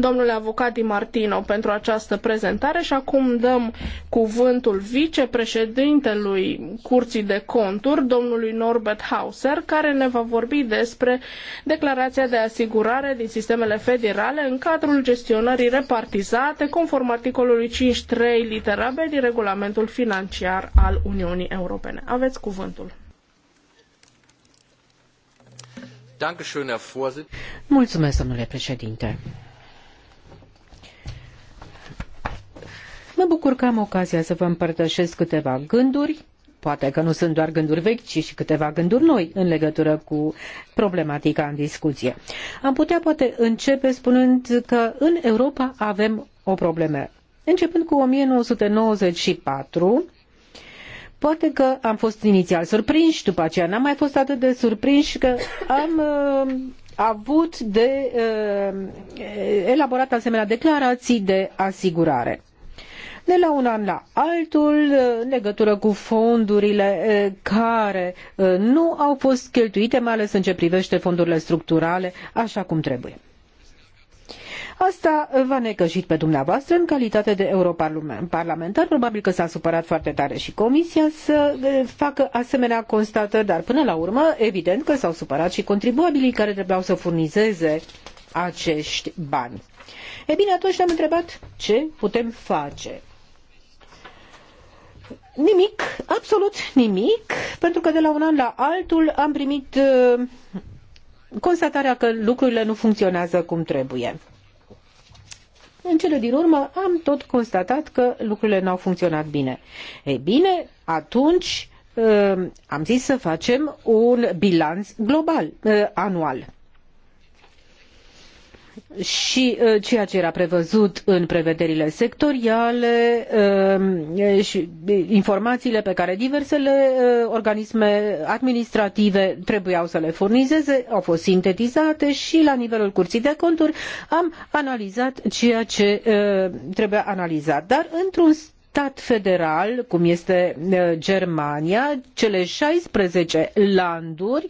domnule avocat Di Martino pentru această prezentare și acum dăm cuvântul vicepreședintelui Curții de Conturi, domnului Norbert Hauser, care ne va vorbi despre declarația de asigurare din sistemele federale în cadrul gestionării repartizate conform articolului 5.3 litera B din regulamentul financiar al Uniunii Europene. Aveți cuvântul. Mulțumesc, domnule președinte. Mă bucur că am ocazia să vă împărtășesc câteva gânduri, poate că nu sunt doar gânduri vechi, ci și câteva gânduri noi în legătură cu problematica în discuție. Am putea poate începe spunând că în Europa avem o problemă. Începând cu 1994, Poate că am fost inițial surprinși, după aceea n-am mai fost atât de surprinși că am uh, avut de uh, elaborat asemenea declarații de asigurare de la un an la altul în legătură cu fondurile eh, care eh, nu au fost cheltuite, mai ales în ce privește fondurile structurale, așa cum trebuie. Asta v-a necăjit pe dumneavoastră în calitate de europarlamentar. Probabil că s-a supărat foarte tare și Comisia să eh, facă asemenea constatări, dar până la urmă, evident că s-au supărat și contribuabilii care trebuiau să furnizeze acești bani. E bine, atunci ne-am întrebat ce putem face. Nimic, absolut nimic, pentru că de la un an la altul am primit uh, constatarea că lucrurile nu funcționează cum trebuie. În cele din urmă am tot constatat că lucrurile nu au funcționat bine. Ei bine, atunci uh, am zis să facem un bilanț global, uh, anual și uh, ceea ce era prevăzut în prevederile sectoriale uh, și uh, informațiile pe care diversele organisme administrative trebuiau să le furnizeze au fost sintetizate și la nivelul curții de conturi am analizat ceea ce trebuia analizat. Dar într-un stat federal, cum este uh, Germania, cele 16 landuri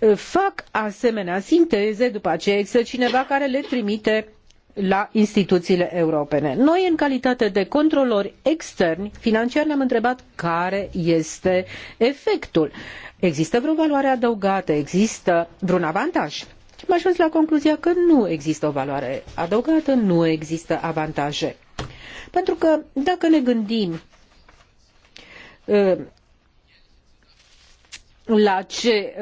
uh, fac asemenea sinteze, după aceea există cineva care le trimite la instituțiile europene. Noi, în calitate de controlori externi financiari, ne-am întrebat care este efectul. Există vreo valoare adăugată? Există vreun avantaj? Și am ajuns la concluzia că nu există o valoare adăugată, nu există avantaje. Pentru că dacă ne gândim uh, la ce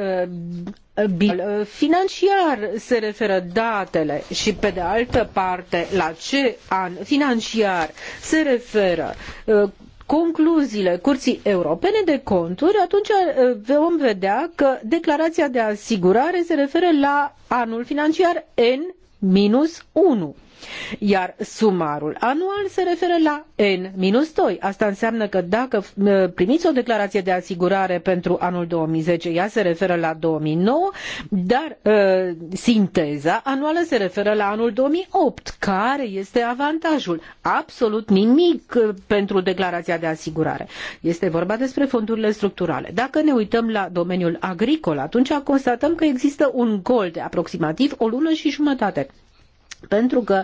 uh, uh, financiar se referă datele și pe de altă parte la ce an financiar se referă concluziile Curții Europene de Conturi, atunci vom vedea că declarația de asigurare se referă la anul financiar N-1. Iar sumarul anual se referă la N-2. Asta înseamnă că dacă primiți o declarație de asigurare pentru anul 2010, ea se referă la 2009, dar uh, sinteza anuală se referă la anul 2008. Care este avantajul? Absolut nimic uh, pentru declarația de asigurare. Este vorba despre fondurile structurale. Dacă ne uităm la domeniul agricol, atunci constatăm că există un gol de aproximativ o lună și jumătate pentru că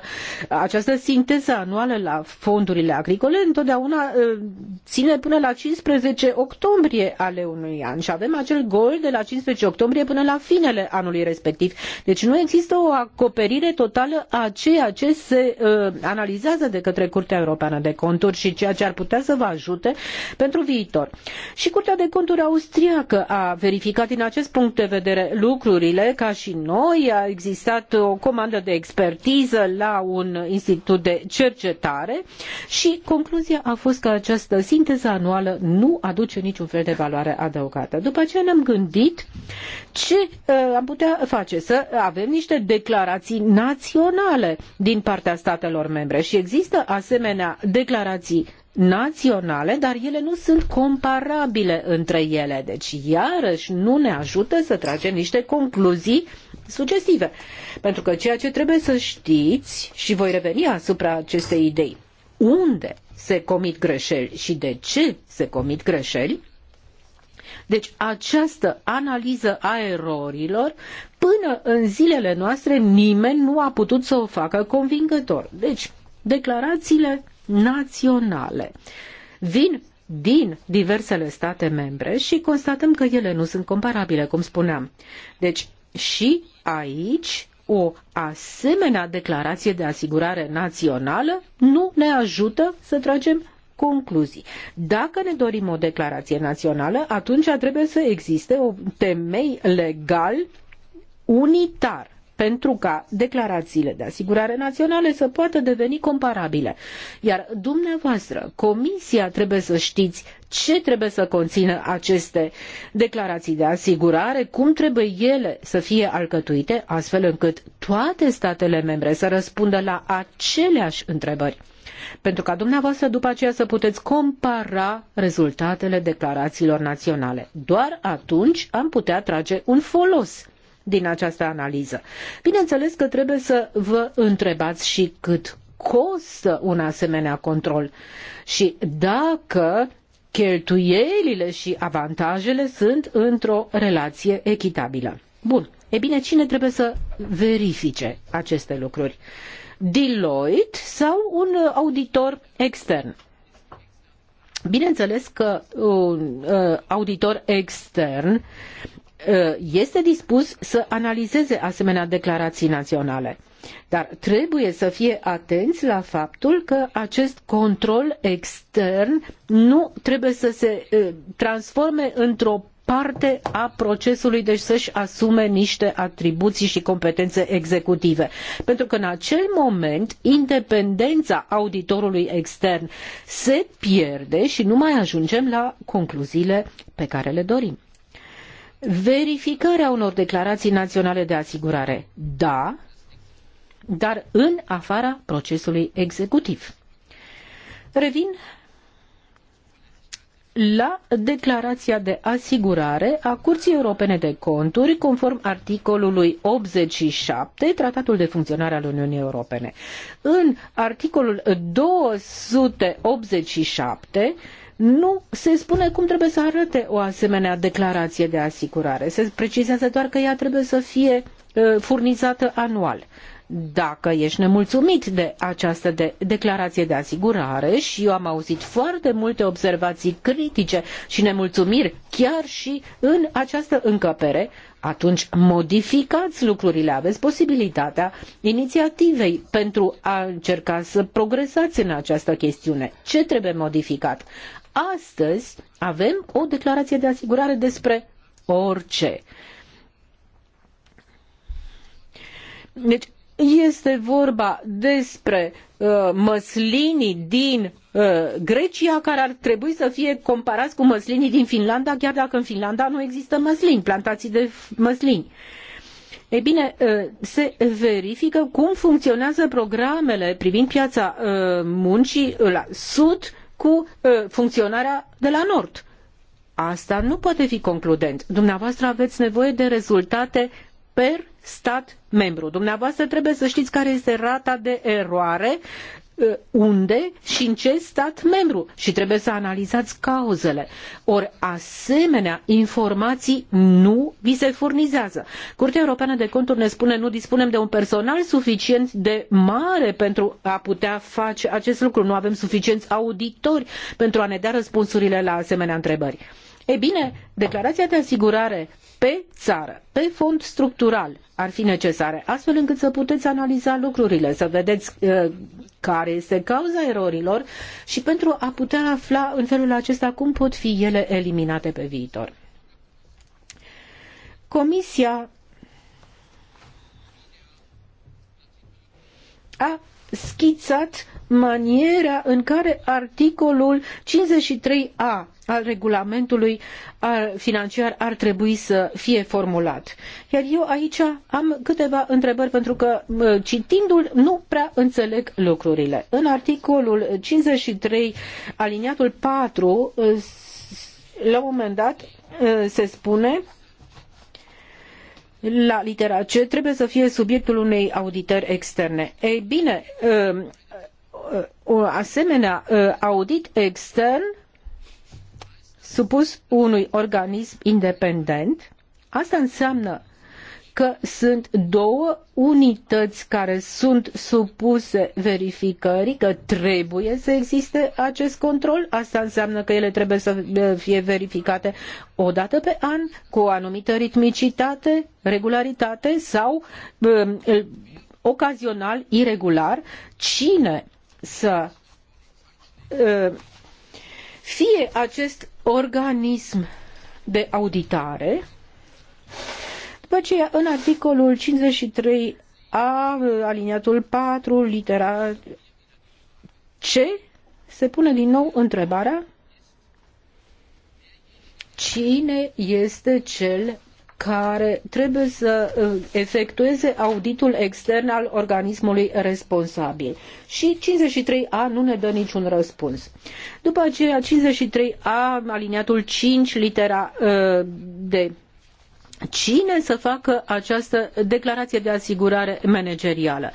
această sinteză anuală la fondurile agricole întotdeauna ă, ține până la 15 octombrie ale unui an și avem acel gol de la 15 octombrie până la finele anului respectiv. Deci nu există o acoperire totală a ceea ce se uh, analizează de către Curtea Europeană de Conturi și ceea ce ar putea să vă ajute pentru viitor. Și Curtea de Conturi austriacă a verificat din acest punct de vedere lucrurile ca și noi, a existat o comandă de expertiză expertiză la un institut de cercetare și concluzia a fost că această sinteză anuală nu aduce niciun fel de valoare adăugată. După aceea ne-am gândit ce uh, am putea face, să avem niște declarații naționale din partea statelor membre și există asemenea declarații naționale, dar ele nu sunt comparabile între ele. Deci, iarăși, nu ne ajută să tragem niște concluzii sugestive. Pentru că ceea ce trebuie să știți, și voi reveni asupra acestei idei, unde se comit greșeli și de ce se comit greșeli, deci această analiză a erorilor, până în zilele noastre, nimeni nu a putut să o facă convingător. Deci, declarațiile naționale vin din diversele state membre și constatăm că ele nu sunt comparabile, cum spuneam. Deci, și aici o asemenea declarație de asigurare națională nu ne ajută să tragem concluzii. Dacă ne dorim o declarație națională, atunci trebuie să existe un temei legal unitar pentru ca declarațiile de asigurare naționale să poată deveni comparabile. Iar dumneavoastră, Comisia trebuie să știți ce trebuie să conțină aceste declarații de asigurare, cum trebuie ele să fie alcătuite, astfel încât toate statele membre să răspundă la aceleași întrebări pentru ca dumneavoastră după aceea să puteți compara rezultatele declarațiilor naționale. Doar atunci am putea trage un folos din această analiză. Bineînțeles că trebuie să vă întrebați și cât costă un asemenea control și dacă cheltuielile și avantajele sunt într-o relație echitabilă. Bun. E bine, cine trebuie să verifice aceste lucruri? Deloitte sau un auditor extern? Bineînțeles că un uh, auditor extern Uh, este dispus să analizeze asemenea declarații naționale. Dar trebuie să fie atenți la faptul că acest control extern nu trebuie să se uh, transforme într-o parte a procesului, deci să-și asume niște atribuții și competențe executive. Pentru că în acel moment independența auditorului extern se pierde și nu mai ajungem la concluziile pe care le dorim verificarea unor declarații naționale de asigurare. Da, dar în afara procesului executiv. Revin la declarația de asigurare a Curții Europene de Conturi, conform articolului 87, Tratatul de Funcționare al Uniunii Europene. În articolul 287 nu se spune cum trebuie să arate o asemenea declarație de asigurare. Se precizează doar că ea trebuie să fie uh, furnizată anual. Dacă ești nemulțumit de această de declarație de asigurare și eu am auzit foarte multe observații critice și nemulțumiri chiar și în această încăpere, atunci modificați lucrurile, aveți posibilitatea inițiativei pentru a încerca să progresați în această chestiune. Ce trebuie modificat? Astăzi avem o declarație de asigurare despre orice. Deci este vorba despre uh, măslinii din uh, Grecia care ar trebui să fie comparați cu măslinii din Finlanda, chiar dacă în Finlanda nu există măslini, plantații de măslini. Ei bine, uh, se verifică cum funcționează programele privind piața uh, muncii la sud cu uh, funcționarea de la Nord. Asta nu poate fi concludent. Dumneavoastră aveți nevoie de rezultate per stat membru. Dumneavoastră trebuie să știți care este rata de eroare Uh, unde și în ce stat membru și trebuie să analizați cauzele. Ori asemenea informații nu vi se furnizează. Curtea Europeană de Conturi ne spune nu dispunem de un personal suficient de mare pentru a putea face acest lucru. Nu avem suficienți auditori pentru a ne da răspunsurile la asemenea întrebări. E bine, declarația de asigurare pe țară, pe fond structural, ar fi necesară, astfel încât să puteți analiza lucrurile, să vedeți uh, care este cauza erorilor și pentru a putea afla în felul acesta cum pot fi ele eliminate pe viitor. Comisia a schițat maniera în care articolul 53A al regulamentului financiar ar trebui să fie formulat. Iar eu aici am câteva întrebări pentru că citindu-l nu prea înțeleg lucrurile. În articolul 53, aliniatul 4, ă, la un moment dat ă, se spune la litera C trebuie să fie subiectul unei auditări externe. Ei bine, ă, o asemenea ă, audit extern supus unui organism independent, asta înseamnă că sunt două unități care sunt supuse verificării, că trebuie să existe acest control. Asta înseamnă că ele trebuie să ă, fie verificate o dată pe an, cu o anumită ritmicitate, regularitate sau ă, ocazional, iregular. Cine să ă, fie acest organism de auditare. După aceea, în articolul 53a, aliniatul 4, litera C, se pune din nou întrebarea cine este cel care trebuie să uh, efectueze auditul extern al organismului responsabil. Și 53A nu ne dă niciun răspuns. După aceea, 53A, aliniatul 5, litera uh, D cine să facă această declarație de asigurare managerială.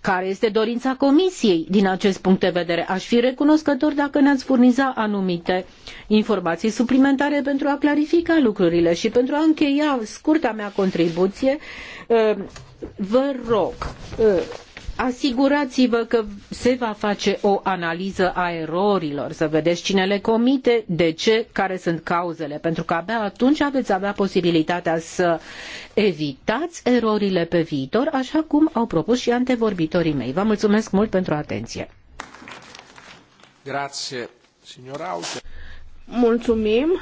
Care este dorința comisiei din acest punct de vedere? Aș fi recunoscător dacă ne-ați furniza anumite informații suplimentare pentru a clarifica lucrurile și pentru a încheia scurta mea contribuție. Vă rog, asigurați-vă că se va face o analiză a erorilor, să vedeți cine le comite, de ce, care sunt cauzele, pentru că abia atunci aveți avea posibilitatea să evitați erorile pe viitor, așa cum au propus și antevorbitorii mei. Vă mulțumesc mult pentru atenție. Grazie, Mulțumim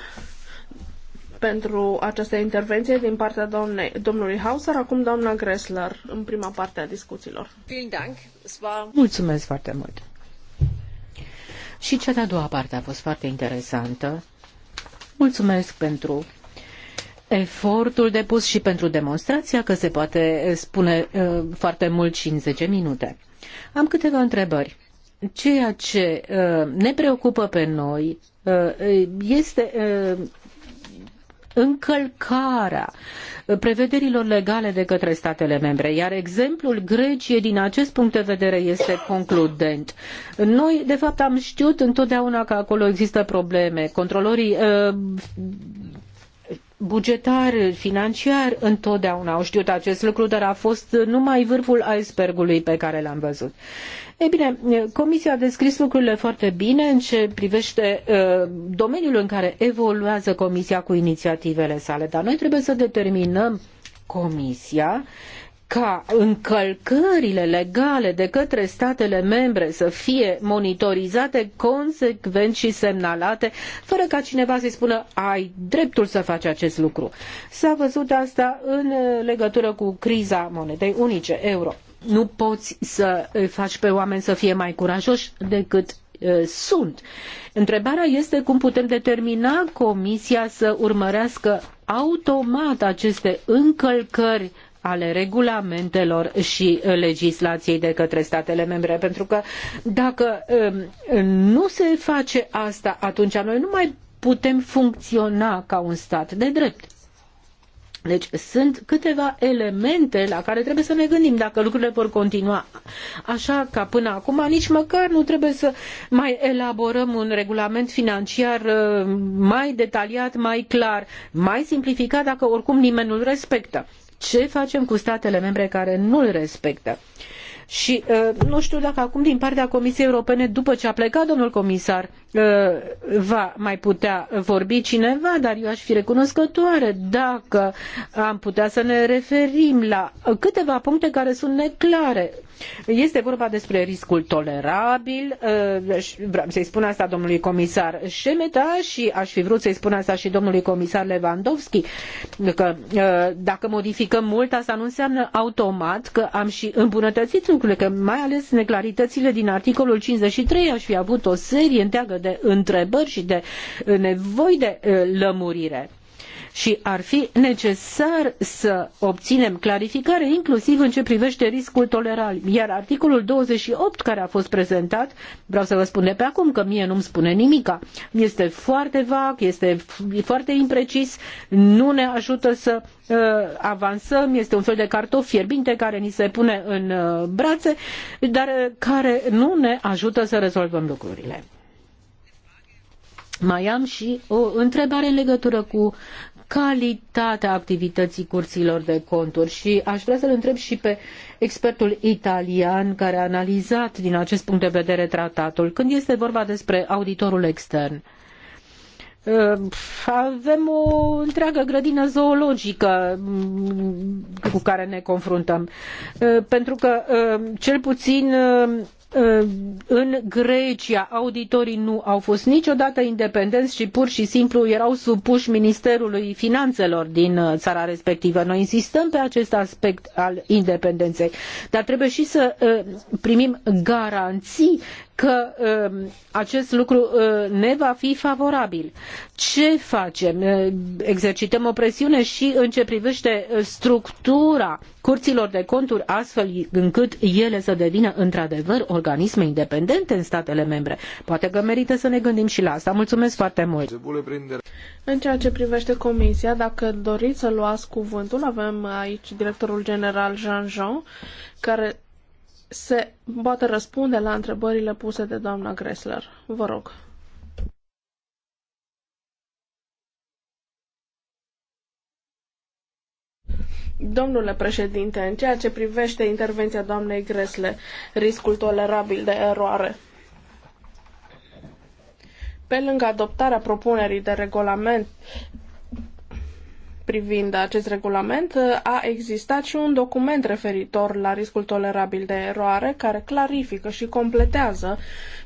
pentru această intervenție din partea doamnei, domnului Hauser, acum doamna Gressler, în prima parte a discuțiilor. Mulțumesc foarte mult! Și cea de-a doua parte a fost foarte interesantă. Mulțumesc pentru efortul depus și pentru demonstrația că se poate spune uh, foarte mult și în 10 minute. Am câteva întrebări. Ceea ce uh, ne preocupă pe noi uh, este uh, încălcarea prevederilor legale de către statele membre. Iar exemplul Greciei din acest punct de vedere este concludent. Noi, de fapt, am știut întotdeauna că acolo există probleme. Controlorii uh, bugetar, financiar, întotdeauna au știut acest lucru, dar a fost numai vârful icebergului pe care l-am văzut. Ei bine, Comisia a descris lucrurile foarte bine în ce privește uh, domeniul în care evoluează Comisia cu inițiativele sale, dar noi trebuie să determinăm Comisia ca încălcările legale de către statele membre să fie monitorizate consecvent și semnalate, fără ca cineva să-i spună ai dreptul să faci acest lucru. S-a văzut asta în uh, legătură cu criza monedei unice, euro. Nu poți să faci pe oameni să fie mai curajoși decât uh, sunt. Întrebarea este cum putem determina Comisia să urmărească automat aceste încălcări ale regulamentelor și uh, legislației de către statele membre. Pentru că dacă um, nu se face asta, atunci noi nu mai putem funcționa ca un stat de drept. Deci sunt câteva elemente la care trebuie să ne gândim dacă lucrurile vor continua așa ca până acum, nici măcar nu trebuie să mai elaborăm un regulament financiar uh, mai detaliat, mai clar, mai simplificat, dacă oricum nimeni nu-l respectă ce facem cu statele membre care nu îl respectă. Și uh, nu știu dacă acum din partea Comisiei Europene, după ce a plecat domnul comisar, uh, va mai putea vorbi cineva, dar eu aș fi recunoscătoare dacă am putea să ne referim la câteva puncte care sunt neclare este vorba despre riscul tolerabil, eh, vreau să-i spun asta domnului comisar Șemeta și aș fi vrut să-i spun asta și domnului comisar Lewandowski, că eh, dacă modificăm mult, asta nu înseamnă automat că am și îmbunătățit lucrurile, că mai ales neclaritățile din articolul 53 aș fi avut o serie întreagă de întrebări și de nevoi de eh, lămurire și ar fi necesar să obținem clarificare inclusiv în ce privește riscul toleral. Iar articolul 28 care a fost prezentat, vreau să vă spun de pe acum că mie nu-mi spune nimica, este foarte vag, este foarte imprecis, nu ne ajută să uh, avansăm, este un fel de cartof fierbinte care ni se pune în uh, brațe, dar uh, care nu ne ajută să rezolvăm lucrurile. Mai am și o întrebare în legătură cu calitatea activității curților de conturi și aș vrea să-l întreb și pe expertul italian care a analizat din acest punct de vedere tratatul când este vorba despre auditorul extern. Avem o întreagă grădină zoologică mm, cu care ne confruntăm. Pentru că, mm, cel puțin mm, Uh, în Grecia auditorii nu au fost niciodată independenți și pur și simplu erau supuși Ministerului Finanțelor din uh, țara respectivă. Noi insistăm pe acest aspect al independenței, dar trebuie și să uh, primim garanții că um, acest lucru uh, ne va fi favorabil. Ce facem? Uh, exercităm o presiune și în ce privește uh, structura curților de conturi astfel încât ele să devină într-adevăr organisme independente în statele membre. Poate că merită să ne gândim și la asta. Mulțumesc foarte mult! În ceea ce privește comisia, dacă doriți să luați cuvântul, avem aici directorul general Jean Jean, care se poată răspunde la întrebările puse de doamna Gressler. Vă rog. Domnule președinte, în ceea ce privește intervenția doamnei Gresle, riscul tolerabil de eroare. Pe lângă adoptarea propunerii de regulament privind acest regulament, a existat și un document referitor la riscul tolerabil de eroare, care clarifică și completează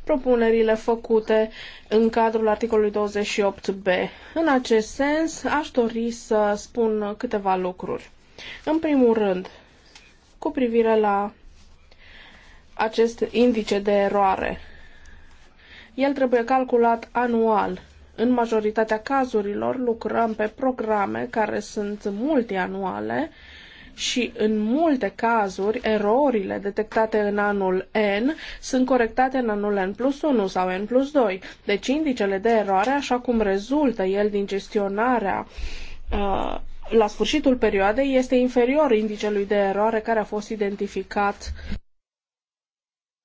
propunerile făcute în cadrul articolului 28b. În acest sens, aș dori să spun câteva lucruri. În primul rând, cu privire la acest indice de eroare, el trebuie calculat anual în majoritatea cazurilor lucrăm pe programe care sunt multianuale și în multe cazuri erorile detectate în anul N sunt corectate în anul N plus 1 sau N plus 2. Deci indicele de eroare, așa cum rezultă el din gestionarea uh, la sfârșitul perioadei, este inferior indicelui de eroare care a fost identificat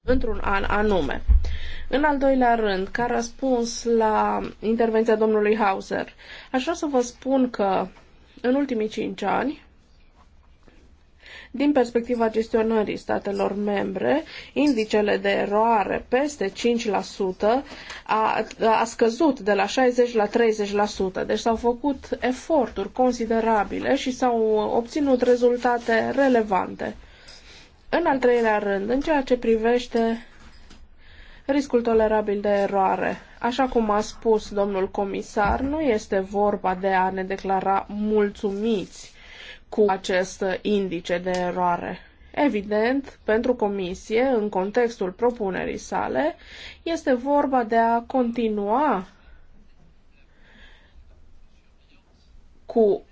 într-un an anume. În al doilea rând, ca răspuns la intervenția domnului Hauser, aș vrea să vă spun că în ultimii cinci ani, din perspectiva gestionării statelor membre, indicele de eroare peste 5% a, a scăzut de la 60 la 30%. Deci s-au făcut eforturi considerabile și s-au obținut rezultate relevante. În al treilea rând, în ceea ce privește riscul tolerabil de eroare, așa cum a spus domnul comisar, nu este vorba de a ne declara mulțumiți cu acest indice de eroare. Evident, pentru comisie, în contextul propunerii sale, este vorba de a continua cu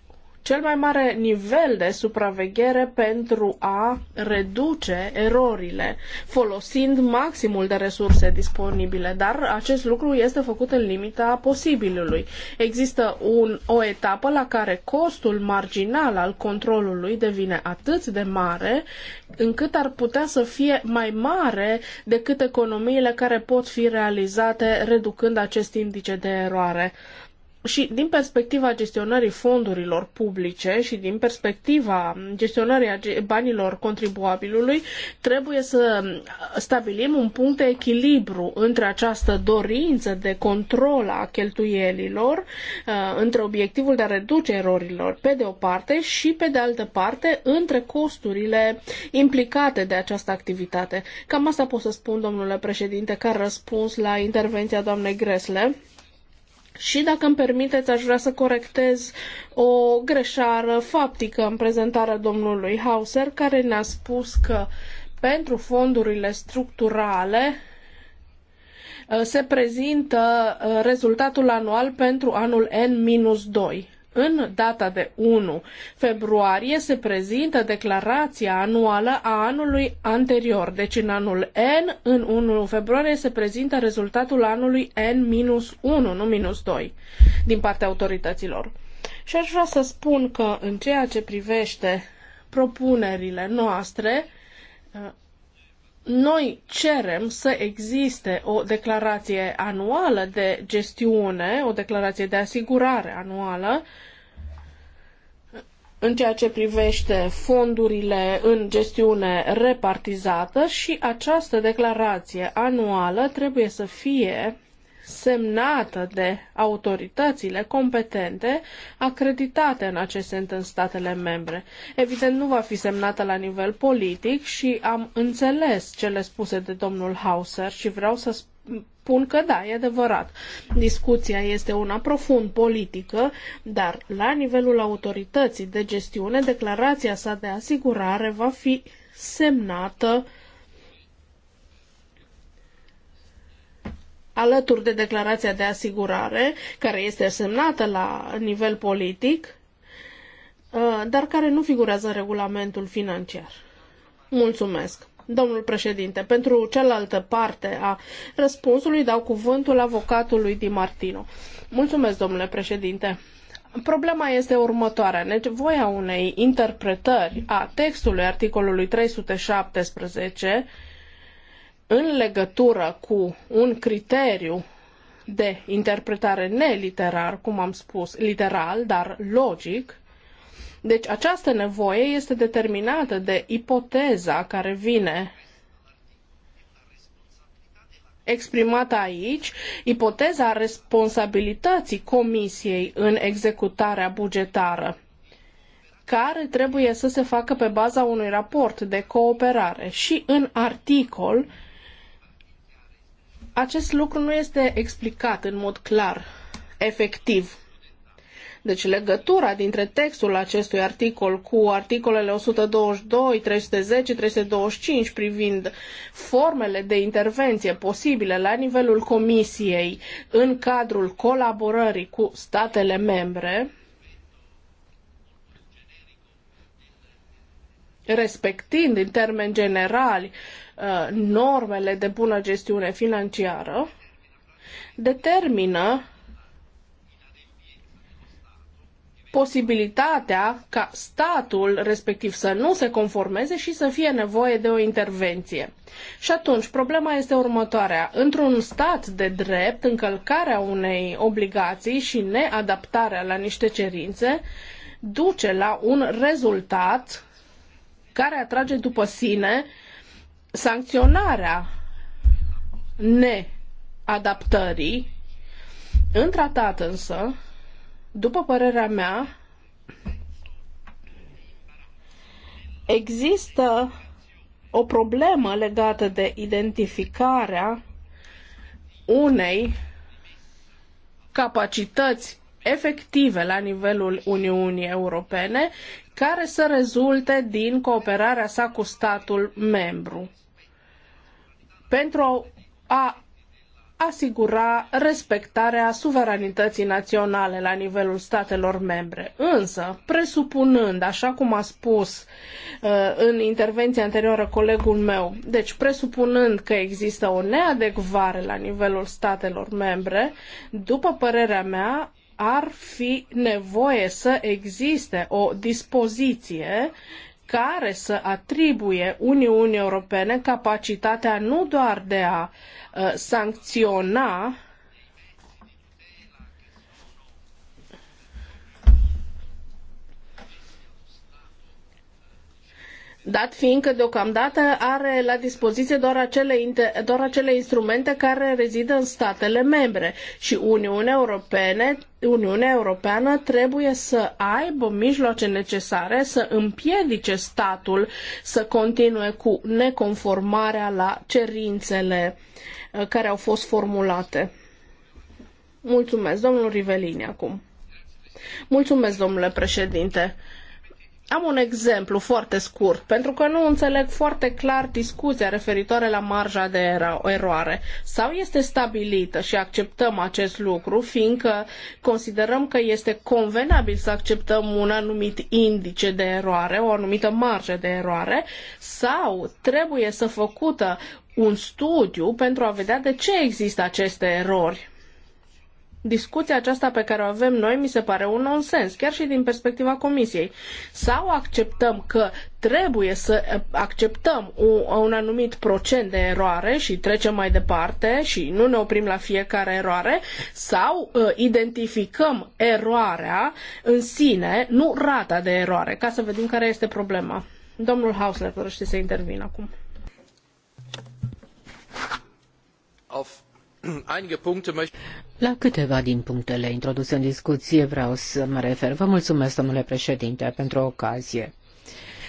cel mai mare nivel de supraveghere pentru a reduce erorile, folosind maximul de resurse disponibile, dar acest lucru este făcut în limita posibilului. Există un, o etapă la care costul marginal al controlului devine atât de mare încât ar putea să fie mai mare decât economiile care pot fi realizate reducând acest indice de eroare. Și din perspectiva gestionării fondurilor publice și din perspectiva gestionării banilor contribuabilului, trebuie să stabilim un punct de echilibru între această dorință de control a cheltuielilor, uh, între obiectivul de a reduce erorilor pe de o parte și pe de altă parte între costurile implicate de această activitate. Cam asta pot să spun, domnule președinte, ca răspuns la intervenția doamnei Gresle și dacă îmi permiteți, aș vrea să corectez o greșeală faptică în prezentarea domnului Hauser, care ne-a spus că pentru fondurile structurale uh, se prezintă uh, rezultatul anual pentru anul N-2. În data de 1 februarie se prezintă declarația anuală a anului anterior. Deci în anul N, în 1 februarie se prezintă rezultatul anului N-1, nu minus 2, din partea autorităților. Și aș vrea să spun că în ceea ce privește propunerile noastre, noi cerem să existe o declarație anuală de gestiune, o declarație de asigurare anuală în ceea ce privește fondurile în gestiune repartizată și această declarație anuală trebuie să fie semnată de autoritățile competente acreditate în acest sens în statele membre. Evident, nu va fi semnată la nivel politic și am înțeles cele spuse de domnul Hauser și vreau să spun că da, e adevărat. Discuția este una profund politică, dar la nivelul autorității de gestiune, declarația sa de asigurare va fi semnată uh, alături de declarația de asigurare, care este semnată la nivel politic, uh, dar care nu figurează în regulamentul financiar. Mulțumesc. Domnul președinte, pentru cealaltă parte a răspunsului dau cuvântul avocatului Di Martino. Mulțumesc, domnule președinte. Problema este următoarea. Nevoia deci, unei interpretări a textului articolului 317 în legătură cu un criteriu de interpretare neliterar, cum am spus, literal, dar logic. Deci această nevoie este determinată de ipoteza care vine exprimată aici, ipoteza responsabilității comisiei în executarea bugetară care trebuie să se facă pe baza unui raport de cooperare. Și în articol acest lucru nu este explicat în mod clar, efectiv. Deci legătura dintre textul acestui articol cu articolele 122, 310, 325 privind formele de intervenție posibile la nivelul Comisiei în cadrul colaborării cu statele membre, respectind în termeni generali Uh, normele de bună gestiune financiară determină posibilitatea ca statul respectiv să nu se conformeze și să fie nevoie de o intervenție. Și atunci, problema este următoarea. Într-un stat de drept, încălcarea unei obligații și neadaptarea la niște cerințe duce la un rezultat care atrage după sine sancționarea neadaptării în tratat însă, după părerea mea, există o problemă legată de identificarea unei capacități efective la nivelul Uniunii Europene care să rezulte din cooperarea sa cu statul membru pentru a asigura respectarea suveranității naționale la nivelul statelor membre. Însă, presupunând, așa cum a spus uh, în intervenția anterioară colegul meu, deci presupunând că există o neadecvare la nivelul statelor membre, după părerea mea, ar fi nevoie să existe o dispoziție care să atribuie Uniunii Europene capacitatea nu doar de a uh, sancționa dat fiind că deocamdată are la dispoziție doar acele, doar acele instrumente care rezidă în statele membre și Uniunea, Uniunea Europeană trebuie să aibă mijloace necesare să împiedice statul să continue cu neconformarea la cerințele uh, care au fost formulate. Mulțumesc, domnul Rivelini, acum. Mulțumesc, domnule președinte. Am un exemplu foarte scurt, pentru că nu înțeleg foarte clar discuția referitoare la marja de eroare. Sau este stabilită și acceptăm acest lucru, fiindcă considerăm că este convenabil să acceptăm un anumit indice de eroare, o anumită marjă de eroare, sau trebuie să făcută un studiu pentru a vedea de ce există aceste erori Discuția aceasta pe care o avem noi mi se pare un nonsens, chiar și din perspectiva Comisiei. Sau acceptăm că trebuie să acceptăm un anumit procent de eroare și trecem mai departe și nu ne oprim la fiecare eroare, sau ă, identificăm eroarea în sine, nu rata de eroare, ca să vedem care este problema. Domnul Hausler dorește să intervină acum. Auf La câteva din punctele introduse în discuție vreau să mă refer. Vă mulțumesc, domnule președinte, pentru ocazie.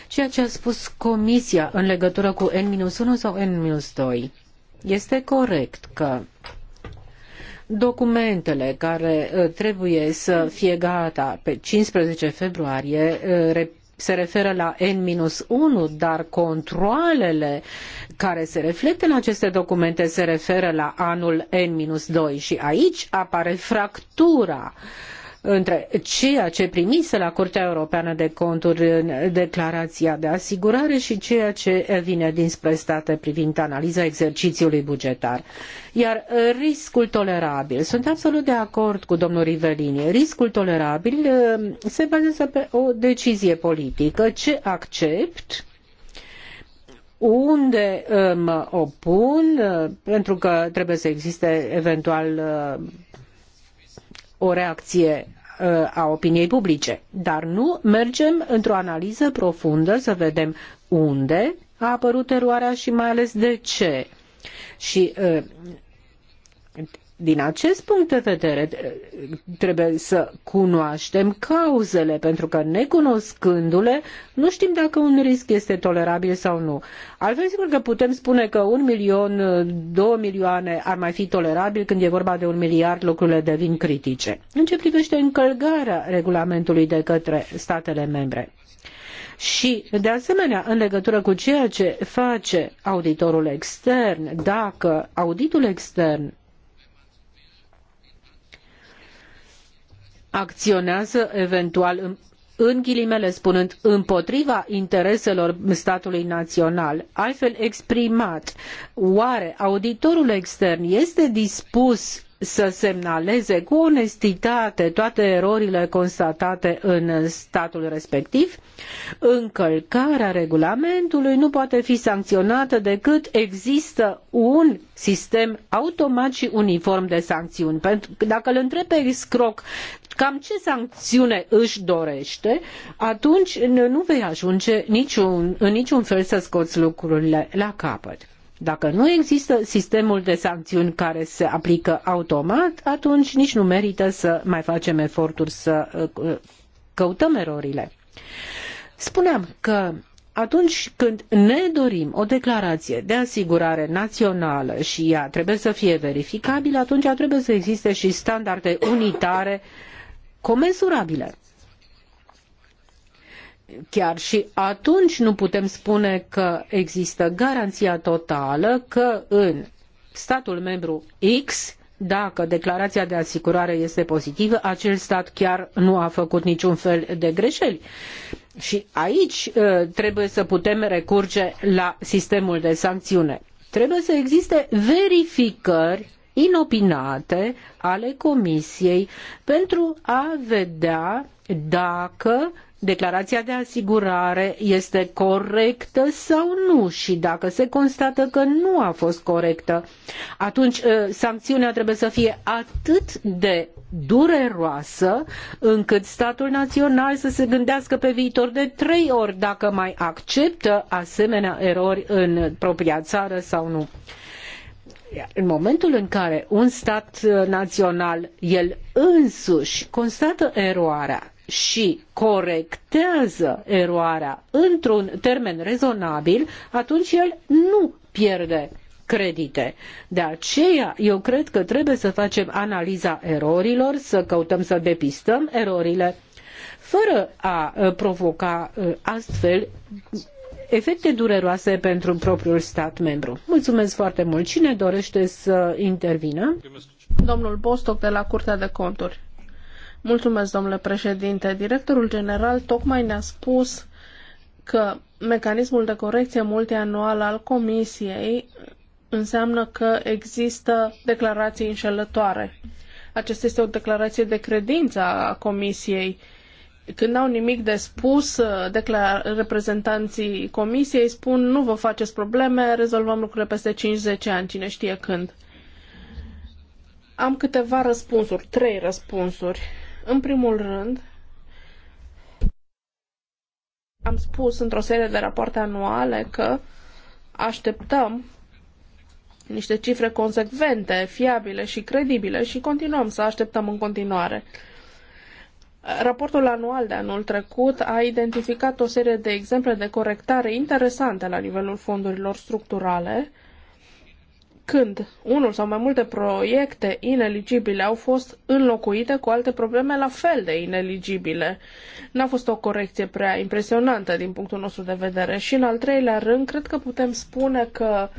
Ceea ce a spus Comisia în legătură cu N-1 sau N-2 este corect că documentele care uh, trebuie să fie gata pe 15 februarie uh, se referă la N-1, dar controalele care se reflectă în aceste documente se referă la anul N-2 și aici apare fractura uh, între ceea ce primise la Curtea Europeană de Conturi în declarația de asigurare și ceea ce vine dinspre state privind analiza exercițiului bugetar. Iar uh, riscul tolerabil, sunt absolut de acord cu domnul Rivelini, riscul tolerabil uh, se bazează pe o decizie politică, ce accept unde uh, mă opun, pentru că trebuie să existe eventual o reacție uh, a opiniei publice, dar nu mergem într-o analiză profundă să vedem unde a apărut eroarea și mai ales de ce. Și uh, din acest punct de vedere, trebuie să cunoaștem cauzele, pentru că necunoscându-le, nu știm dacă un risc este tolerabil sau nu. Altfel, sigur că putem spune că un milion, două milioane ar mai fi tolerabil, când e vorba de un miliard, lucrurile devin critice. În ce privește încălgarea regulamentului de către statele membre? Și, de asemenea, în legătură cu ceea ce face auditorul extern, dacă auditul extern acionează eventual în ghilimele spunând împotriva intereselor statului național, altfel exprimat, oare auditorul extern este dispus să semnaleze cu onestitate toate erorile constatate în statul respectiv, încălcarea regulamentului nu poate fi sancționată decât există un sistem automat și uniform de sancțiuni. Pentru că dacă îl întreb pe Scroc cam ce sancțiune își dorește, atunci nu vei ajunge niciun, în niciun fel să scoți lucrurile la capăt. Dacă nu există sistemul de sancțiuni care se aplică automat, atunci nici nu merită să mai facem eforturi să uh, căutăm erorile. Spuneam că atunci când ne dorim o declarație de asigurare națională și ea trebuie să fie verificabilă, atunci trebuie să existe și standarde unitare comensurabile. Chiar și atunci nu putem spune că există garanția totală că în statul membru X dacă declarația de asigurare este pozitivă, acel stat chiar nu a făcut niciun fel de greșeli. Și aici uh, trebuie să putem recurge la sistemul de sancțiune. Trebuie să existe verificări inopinate ale Comisiei pentru a vedea dacă declarația de asigurare este corectă sau nu și dacă se constată că nu a fost corectă, atunci ă, sancțiunea trebuie să fie atât de dureroasă încât statul național să se gândească pe viitor de trei ori dacă mai acceptă asemenea erori în propria țară sau nu. În momentul în care un stat uh, național, el însuși, constată eroarea și corectează eroarea într-un termen rezonabil, atunci el nu pierde credite. De aceea, eu cred că trebuie să facem analiza erorilor, să căutăm să depistăm erorile, fără a uh, provoca uh, astfel efecte dureroase pentru propriul stat membru. Mulțumesc foarte mult. Cine dorește să intervină? Domnul Bostock de la Curtea de Conturi. Mulțumesc, domnule președinte. Directorul general tocmai ne-a spus că mecanismul de corecție multianual al Comisiei înseamnă că există declarații înșelătoare. Aceasta este o declarație de credință a Comisiei uh, când n-au nimic de spus, uh, declar reprezentanții comisiei, spun nu vă faceți probleme, rezolvăm lucrurile peste 5-10 ani, cine știe când. Am câteva răspunsuri, trei răspunsuri. În primul rând, am spus într-o serie de rapoarte anuale că așteptăm niște cifre consecvente, fiabile și credibile și continuăm să așteptăm în continuare. Raportul anual de anul trecut a identificat o serie de exemple de corectare interesante la nivelul fondurilor structurale, când unul sau mai multe proiecte ineligibile au fost înlocuite cu alte probleme la fel de ineligibile. N-a fost o corecție prea impresionantă din punctul nostru de vedere și în al treilea rând, cred că putem spune că uh,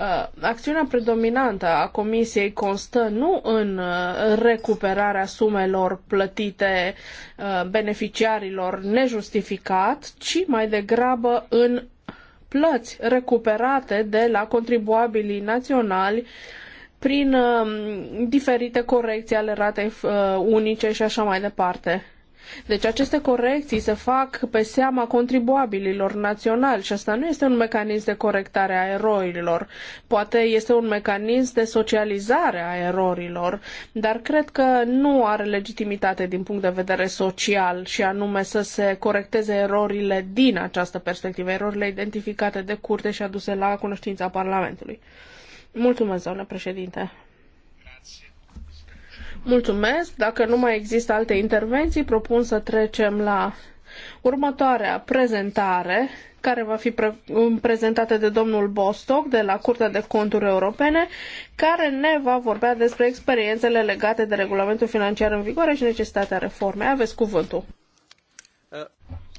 Uh, acțiunea predominantă a Comisiei constă nu în uh, recuperarea sumelor plătite uh, beneficiarilor nejustificat, ci mai degrabă în plăți recuperate de la contribuabilii naționali prin um, diferite corecții ale ratei unice și așa mai departe. Deci aceste corecții se fac pe seama contribuabililor naționali și asta nu este un mecanism de corectare a erorilor. Poate este un mecanism de socializare a erorilor, dar cred că nu are legitimitate din punct de vedere social și anume să se corecteze erorile din această perspectivă, erorile identificate de curte și aduse la cunoștința Parlamentului. Mulțumesc, doamnă președinte. Mulțumesc. Dacă nu mai există alte intervenții, propun să trecem la următoarea prezentare, care va fi pre- prezentată de domnul Bostock de la Curtea de Conturi Europene, care ne va vorbea despre experiențele legate de regulamentul financiar în vigoare și necesitatea reformei. Aveți cuvântul.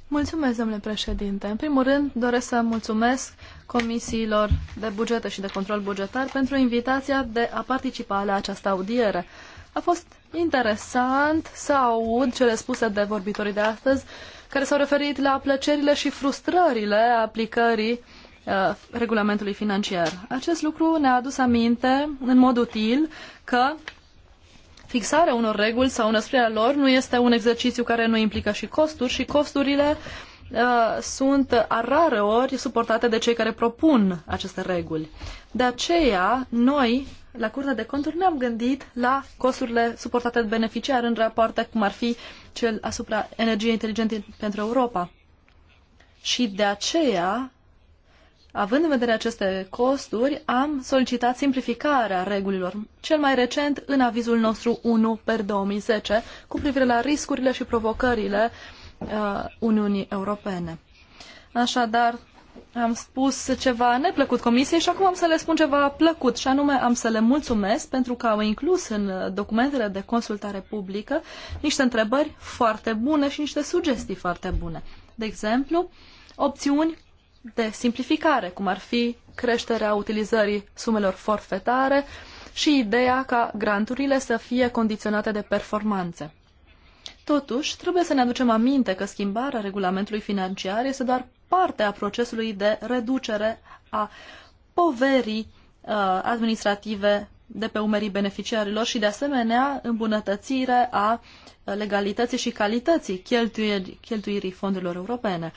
Mulțumesc, domnule președinte. În primul rând, doresc să mulțumesc comisiilor de bugete și de control bugetar pentru invitația de a participa la această audiere. A fost interesant să aud cele spuse de vorbitorii de astăzi, care s-au referit la plăcerile și frustrările aplicării uh, regulamentului financiar. Acest lucru ne-a adus aminte, în mod util, că fixarea unor reguli sau înăsprirea lor nu este un exercițiu care nu implică și costuri și costurile uh, sunt sunt rare ori suportate de cei care propun aceste reguli. De aceea, noi la Curtea de Conturi, ne-am gândit la costurile suportate de beneficiar în rapoarte cum ar fi cel asupra energiei inteligente pentru Europa. Și de aceea, având în vedere aceste costuri, am solicitat simplificarea regulilor, cel mai recent în avizul nostru 1 per 2010, cu privire la riscurile și provocările uh, Uniunii Europene. Așadar, am spus ceva neplăcut comisiei și acum am să le spun ceva plăcut și anume am să le mulțumesc pentru că au inclus în documentele de consultare publică niște întrebări foarte bune și niște sugestii foarte bune. De exemplu, opțiuni de simplificare, cum ar fi creșterea utilizării sumelor forfetare și ideea ca granturile să fie condiționate de performanțe. Totuși, trebuie să ne aducem aminte că schimbarea regulamentului financiar este doar parte a procesului de reducere a poverii uh, administrative de pe umerii beneficiarilor și, de asemenea, îmbunătățire a legalității și calității cheltuirii, cheltuirii fondurilor europene.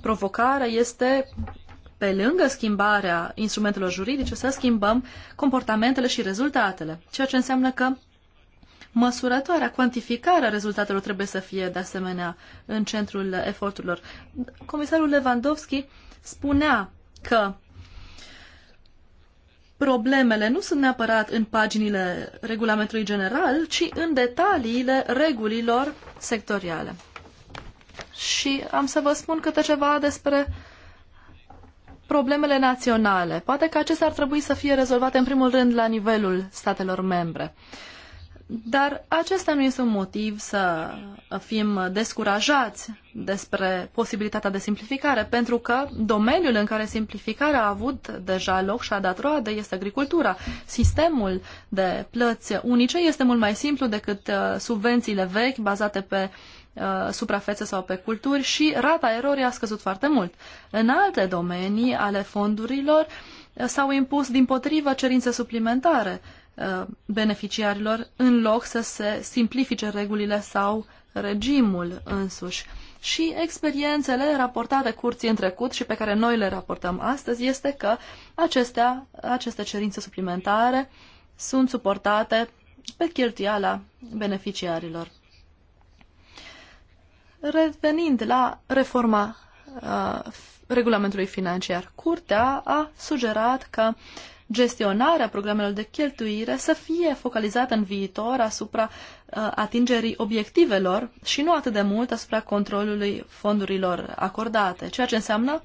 Provocarea este, pe lângă schimbarea instrumentelor juridice, să schimbăm comportamentele și rezultatele, ceea ce înseamnă că măsurătoarea, cuantificarea rezultatelor trebuie să fie de asemenea în centrul eforturilor. Comisarul Lewandowski spunea că problemele nu sunt neapărat în paginile regulamentului general, ci în detaliile regulilor sectoriale. Și am să vă spun câte ceva despre problemele naționale. Poate că acestea ar trebui să fie rezolvate în primul rând la nivelul statelor membre. Uh, dar acesta nu este un motiv să fim descurajați despre posibilitatea de simplificare, pentru că domeniul în care simplificarea a avut deja loc și a dat roade este agricultura. Sistemul de plăți unice este mult mai simplu decât uh, subvențiile vechi bazate pe uh, suprafețe sau pe culturi și rata erorii a scăzut foarte mult. În alte domenii ale fondurilor uh, s-au impus din potrivă cerințe suplimentare Uh, beneficiarilor în loc să se simplifice regulile sau regimul însuși. Și experiențele raportate curții în trecut și pe care noi le raportăm astăzi este că acestea, aceste cerințe suplimentare sunt suportate pe cheltuiala beneficiarilor. Revenind la reforma uh, regulamentului financiar, Curtea a sugerat că uh, gestionarea programelor de cheltuire să fie focalizată în viitor asupra uh, atingerii obiectivelor și nu atât de mult asupra controlului fondurilor acordate, ceea ce înseamnă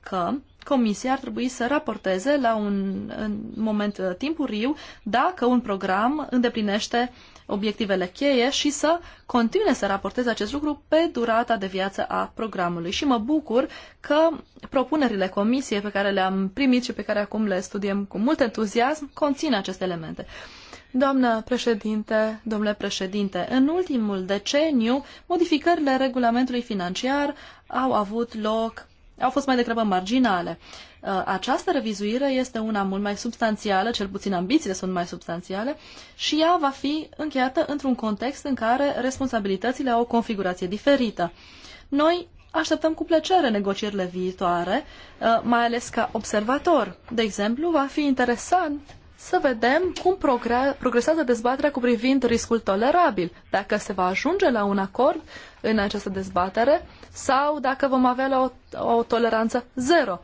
că Comisia ar trebui să raporteze la un în moment uh, timpuriu dacă un program îndeplinește obiectivele cheie și să continue să raporteze acest lucru pe durata de viață a programului. Și mă bucur că propunerile comisiei pe care le-am primit și pe care acum le studiem cu mult entuziasm conțin aceste elemente. Doamnă președinte, domnule președinte, în ultimul deceniu, modificările regulamentului financiar au avut loc au fost mai degrabă marginale. Uh, această revizuire este una mult mai substanțială, cel puțin ambițiile sunt mai substanțiale, și ea va fi încheiată într-un context în care responsabilitățile au o configurație diferită. Noi așteptăm cu plăcere negocierile viitoare, uh, mai ales ca observator. De exemplu, va fi interesant să vedem cum progresează dezbaterea cu privind riscul tolerabil, dacă se va ajunge la un acord în această dezbatere sau dacă vom avea la o, o toleranță zero.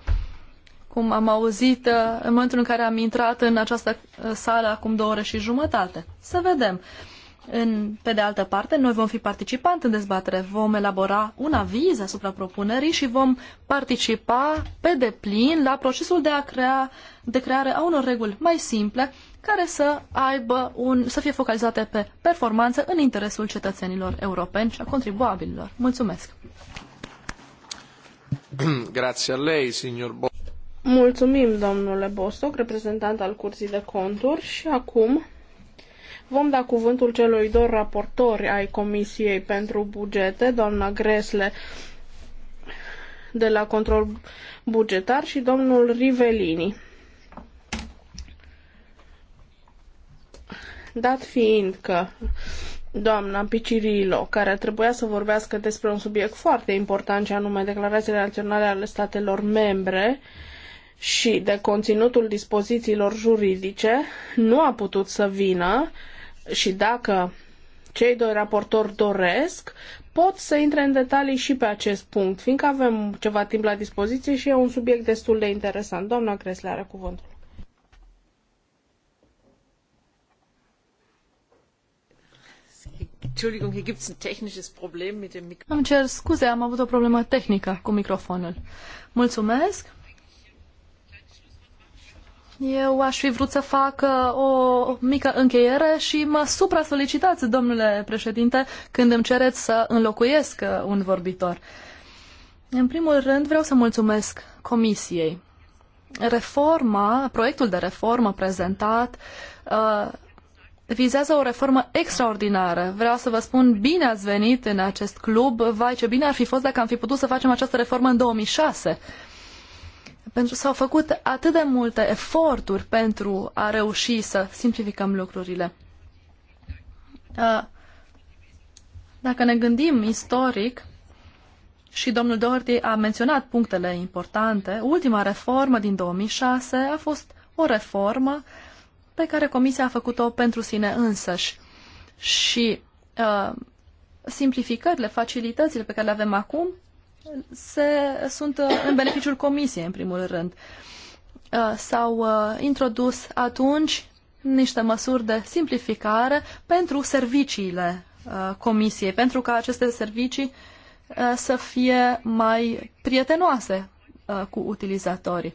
Cum am auzit uh, în momentul în care am intrat în această uh, sală acum două ore și jumătate. Să vedem. Uh, în, pe de altă parte, noi vom fi participanți în dezbatere, vom elabora un aviz asupra propunerii și vom participa pe deplin la procesul de, a crea, de creare a unor reguli mai simple care să aibă un, să fie focalizate pe performanță în interesul cetățenilor europeni și a contribuabililor. Mulțumesc! Grazie a lei, signor Mulțumim, domnule Bostock, reprezentant al Curții de Conturi și acum Vom da cuvântul celor doi raportori ai Comisiei pentru Bugete, doamna Gresle de la Control Bugetar și domnul Rivelini. Dat fiind că doamna Picirilo, care trebuia să vorbească despre un subiect foarte important, și anume declarațiile naționale ale statelor membre, și de conținutul dispozițiilor juridice, nu a putut să vină, uh, și dacă cei doi raportori doresc, pot să intre în detalii și pe acest punct, fiindcă avem ceva timp la dispoziție și e un subiect destul de interesant. Doamna Cresle are cuvântul. Am cer scuze, am avut o problemă tehnică cu microfonul. Mulțumesc. Eu aș fi vrut să fac uh, o mică încheiere și mă supra-solicitați, domnule președinte, când îmi cereți să înlocuiesc uh, un vorbitor. În primul rând, vreau să mulțumesc Comisiei. Reforma, proiectul de reformă prezentat uh, vizează o reformă extraordinară. Vreau să vă spun, bine ați venit în acest club. Vai, ce bine ar fi fost dacă am fi putut să facem această reformă în 2006 pentru că s-au făcut atât de multe eforturi pentru a reuși să simplificăm lucrurile. Uh, dacă ne gândim istoric, și domnul Doherty a menționat punctele importante, ultima reformă din 2006 a fost o reformă pe care Comisia a făcut-o pentru sine însăși. Și uh, simplificările, facilitățile pe care le avem acum se, sunt uh, în beneficiul comisiei, în primul rând. Uh, s-au uh, introdus atunci niște măsuri de simplificare pentru serviciile comisiei, pentru ca aceste servicii să fie mai prietenoase cu utilizatorii.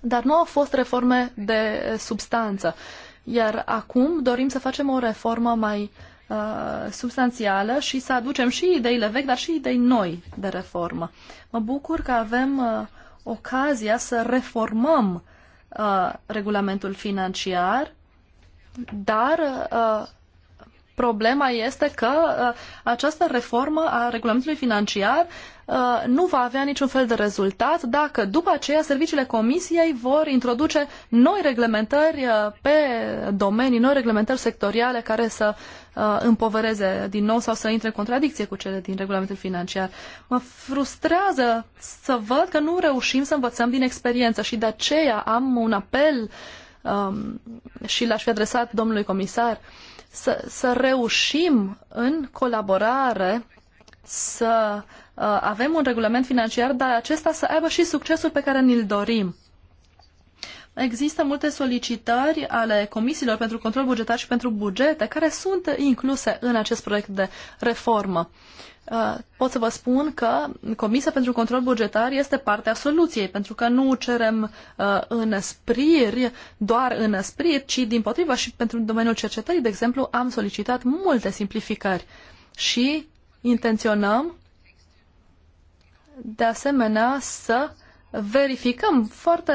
Dar nu au fost reforme de substanță. Iar acum dorim să facem o reformă mai Uh, substanțială și să aducem și ideile vechi, dar și idei noi de reformă. Mă bucur că avem uh, ocazia să reformăm uh, regulamentul financiar, dar uh, problema este că uh, această reformă a regulamentului financiar uh, nu va avea niciun fel de rezultat dacă după aceea serviciile comisiei vor introduce noi reglementări uh, pe domenii, noi reglementări sectoriale care să uh, împovăreze din nou sau să intre în contradicție cu cele din regulamentul financiar. Mă frustrează să văd că nu reușim să învățăm din experiență și de aceea am un apel um, și l-aș fi adresat domnului comisar să, să reușim în colaborare să uh, avem un regulament financiar, dar acesta să aibă și succesul pe care ni-l dorim există multe solicitări ale comisiilor pentru control bugetar și pentru bugete care sunt incluse în acest proiect de reformă. Uh, pot să vă spun că Comisia pentru Control Bugetar este partea soluției, pentru că nu cerem uh, înăspriri, doar înăspriri, ci din potriva și pentru domeniul cercetării, de exemplu, am solicitat multe simplificări și intenționăm de asemenea să uh, verificăm foarte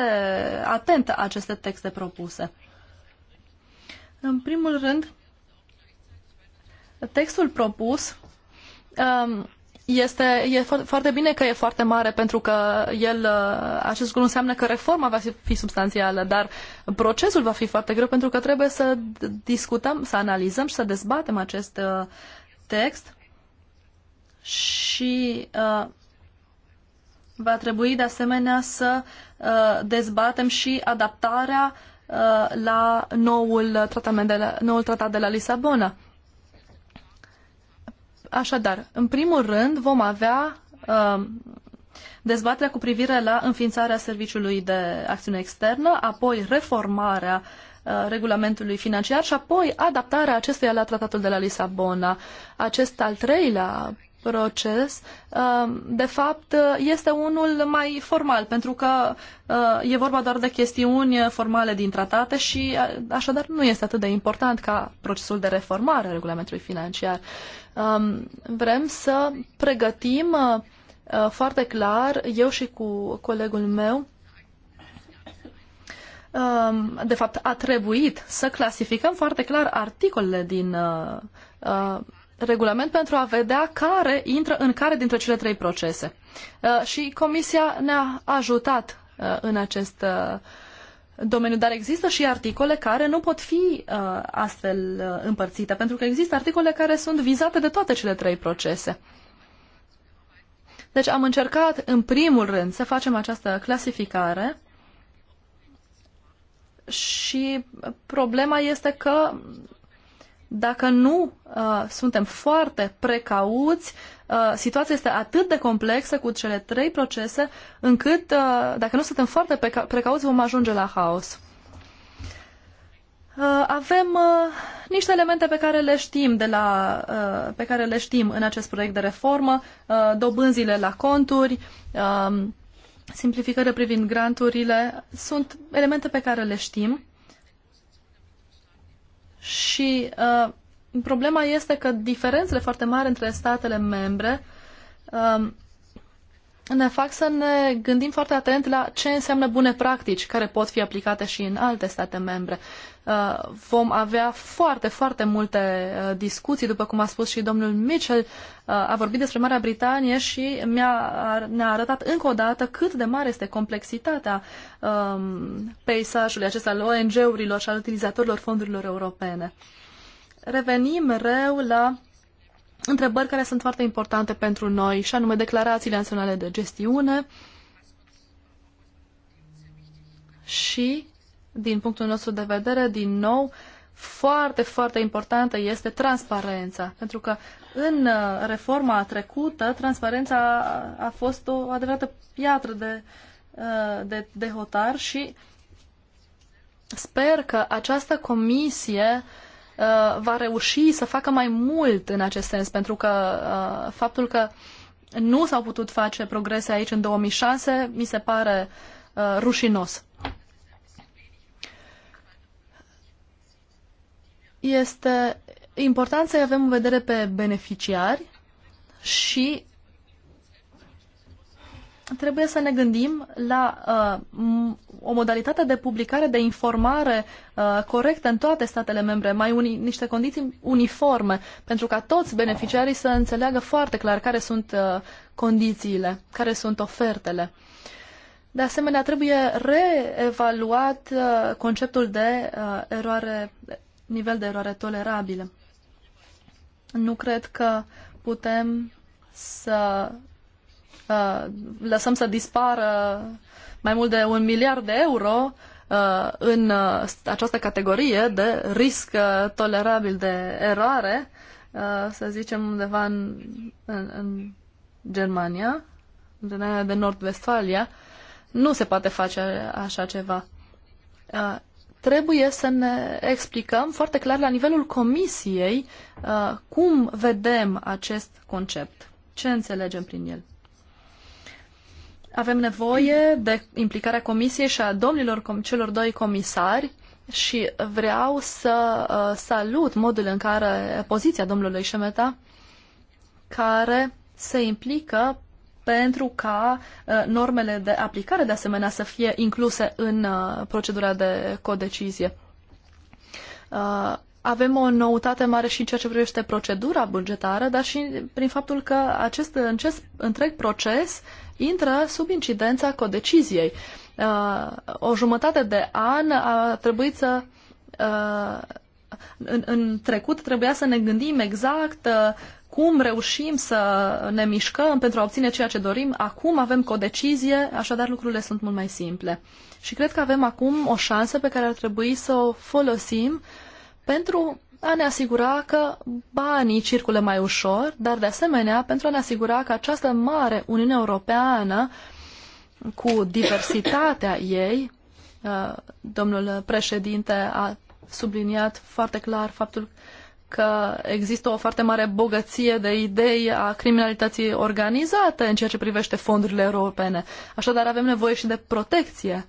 atent aceste texte propuse. În primul rând, textul propus um, este e foarte bine că e foarte mare pentru că el, uh, acest lucru înseamnă că reforma va fi substanțială, dar procesul va fi foarte greu pentru că trebuie să discutăm, să analizăm și să dezbatem acest uh, text și uh, Va trebui de asemenea să uh, dezbatem și adaptarea uh, la noul, tratament de la, noul tratat de la Lisabona. Așadar, în primul rând vom avea uh, dezbaterea cu privire la înființarea Serviciului de Acțiune Externă, apoi reformarea regulamentului financiar și apoi adaptarea acestuia la tratatul de la Lisabona. Acest al treilea proces, uh, de fapt, uh, este unul mai formal, pentru că uh, e vorba doar de chestiuni formale din tratate și așadar nu este atât de important ca procesul de reformare a regulamentului financiar. Um, vrem să pregătim foarte clar, eu și cu colegul meu, um, de fapt, a trebuit să clasificăm foarte clar articolele din regulament pentru a vedea care intră în care dintre cele trei procese. Uh, și Comisia ne-a ajutat uh, în acest uh, domeniu, dar există și articole care nu pot fi astfel împărțite, pentru că există articole care sunt vizate de toate cele trei procese. Deci am încercat în primul rând să facem această clasificare și problema este că dacă nu uh, suntem foarte precauți, uh, situația este atât de complexă cu cele trei procese, încât uh, dacă nu suntem foarte preca- precauți, vom ajunge la haos. Uh, avem uh, niște elemente pe care le știm de la, uh, pe care le știm în acest proiect de reformă, uh, dobânzile la conturi, uh, simplificările privind granturile, sunt elemente pe care le știm și uh, problema este că diferențele foarte mari între statele membre uh, ne fac să ne gândim foarte atent la ce înseamnă bune practici care pot fi aplicate și în alte state membre. Uh, vom avea foarte, foarte multe uh, discuții, după cum a spus și domnul Mitchell, uh, a vorbit despre Marea Britanie și mi-a, ne-a arătat încă o dată cât de mare este complexitatea um, peisajului acesta al ONG-urilor și al utilizatorilor fondurilor europene. Revenim mereu la întrebări care sunt foarte importante pentru noi, și anume declarațiile naționale de gestiune și, din punctul nostru de vedere, din nou, foarte, foarte importantă este transparența, pentru că în uh, reforma trecută, transparența a fost o adevărată piatră de, uh, de, de hotar și sper că această comisie Uh, va reuși să facă mai mult în acest sens, pentru că uh, faptul că nu s-au putut face progrese aici în 2006 mi se pare uh, rușinos. Este important să avem în vedere pe beneficiari și trebuie să ne gândim la uh, o modalitate de publicare, de informare uh, corectă în toate statele membre, mai uni, niște condiții uniforme, pentru ca toți beneficiarii să înțeleagă foarte clar care sunt uh, condițiile, care sunt ofertele. De asemenea, trebuie reevaluat uh, conceptul de uh, eroare, nivel de eroare tolerabilă. Nu cred că putem să Uh, lăsăm să dispară mai mult de un miliard de euro uh, în uh, această categorie de risc tolerabil de eroare, să zicem undeva în, în, în Germania, în de Nord-Vestfalia, nu se poate face așa ceva trebuie să ne explicăm foarte clar la nivelul comisiei cum vedem acest concept, ce înțelegem prin el. Avem nevoie de implicarea comisiei și a domnilor celor doi comisari și vreau să uh, salut modul în care poziția domnului Șemeta, care se implică pentru ca uh, normele de aplicare de asemenea să fie incluse în uh, procedura de codecizie. avem o noutate mare și în ceea ce privește procedura bugetară, dar și prin faptul că acest acest întreg proces intră sub incidența codeciziei. Uh, o jumătate de an a trebuit să uh, în, în trecut trebuia să ne gândim exact uh, cum reușim să ne mișcăm pentru a obține ceea ce dorim. Acum avem codecizie, așadar lucrurile sunt mult mai simple. Și cred că avem acum o șansă pe care ar trebui să o folosim pentru a ne asigura că banii circulă mai ușor, dar de asemenea pentru a ne asigura că această mare Uniune Europeană cu diversitatea ei, uh, domnul președinte a subliniat foarte clar faptul că există o foarte mare bogăție de idei a criminalității organizate în ceea ce privește fondurile europene. Așadar avem nevoie și de protecție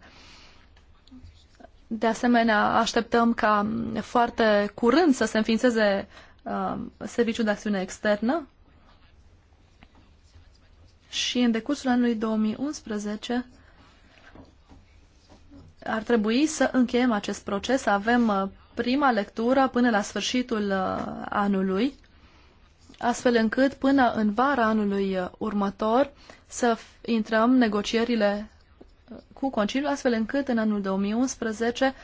de asemenea, așteptăm ca foarte curând să se înființeze uh, Serviciul de Acțiune Externă și în decursul anului 2011 ar trebui să încheiem acest proces. Avem uh, prima lectură până la sfârșitul uh, anului, astfel încât până în vara anului uh, următor să intrăm negocierile cu Conciliu, astfel încât în anul 2011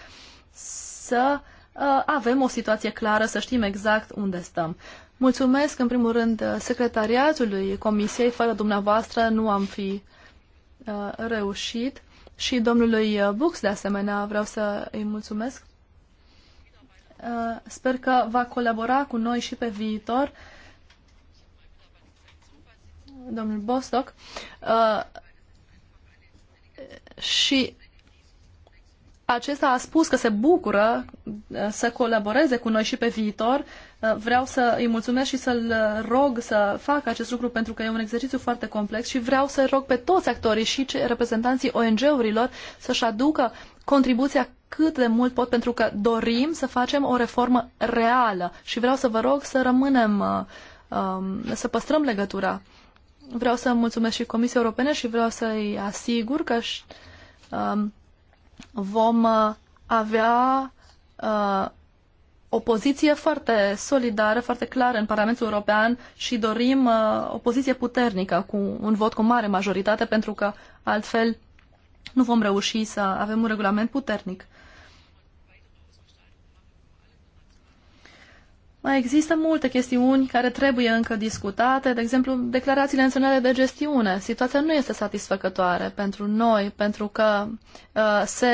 să uh, avem o situație clară, să știm exact unde stăm. Mulțumesc, în primul rând, uh, secretariatului Comisiei. Fără dumneavoastră nu am fi uh, reușit. Și domnului uh, Bux, de asemenea, vreau să îi mulțumesc. sper că va colabora cu noi și pe viitor. Domnul Bostock și acesta a spus că se bucură uh, să colaboreze cu noi și pe viitor. Uh, vreau să îi mulțumesc și să-l rog să facă acest lucru pentru că e un exercițiu foarte complex și vreau să rog pe toți actorii și reprezentanții ONG-urilor să-și aducă contribuția cât de mult pot pentru că dorim să facem o reformă reală și vreau să vă rog să rămânem, uh, um, să păstrăm legătura vreau să mulțumesc și Comisiei Europene și vreau să-i asigur că um, vom uh, avea uh, o poziție foarte solidară, foarte clară în Parlamentul European și dorim uh, o poziție puternică cu un vot cu mare majoritate pentru că altfel nu vom reuși să avem un regulament puternic. Mai există multe chestiuni care trebuie încă discutate, de exemplu, declarațiile naționale de gestiune. Situația nu este satisfăcătoare pentru noi, pentru că uh, se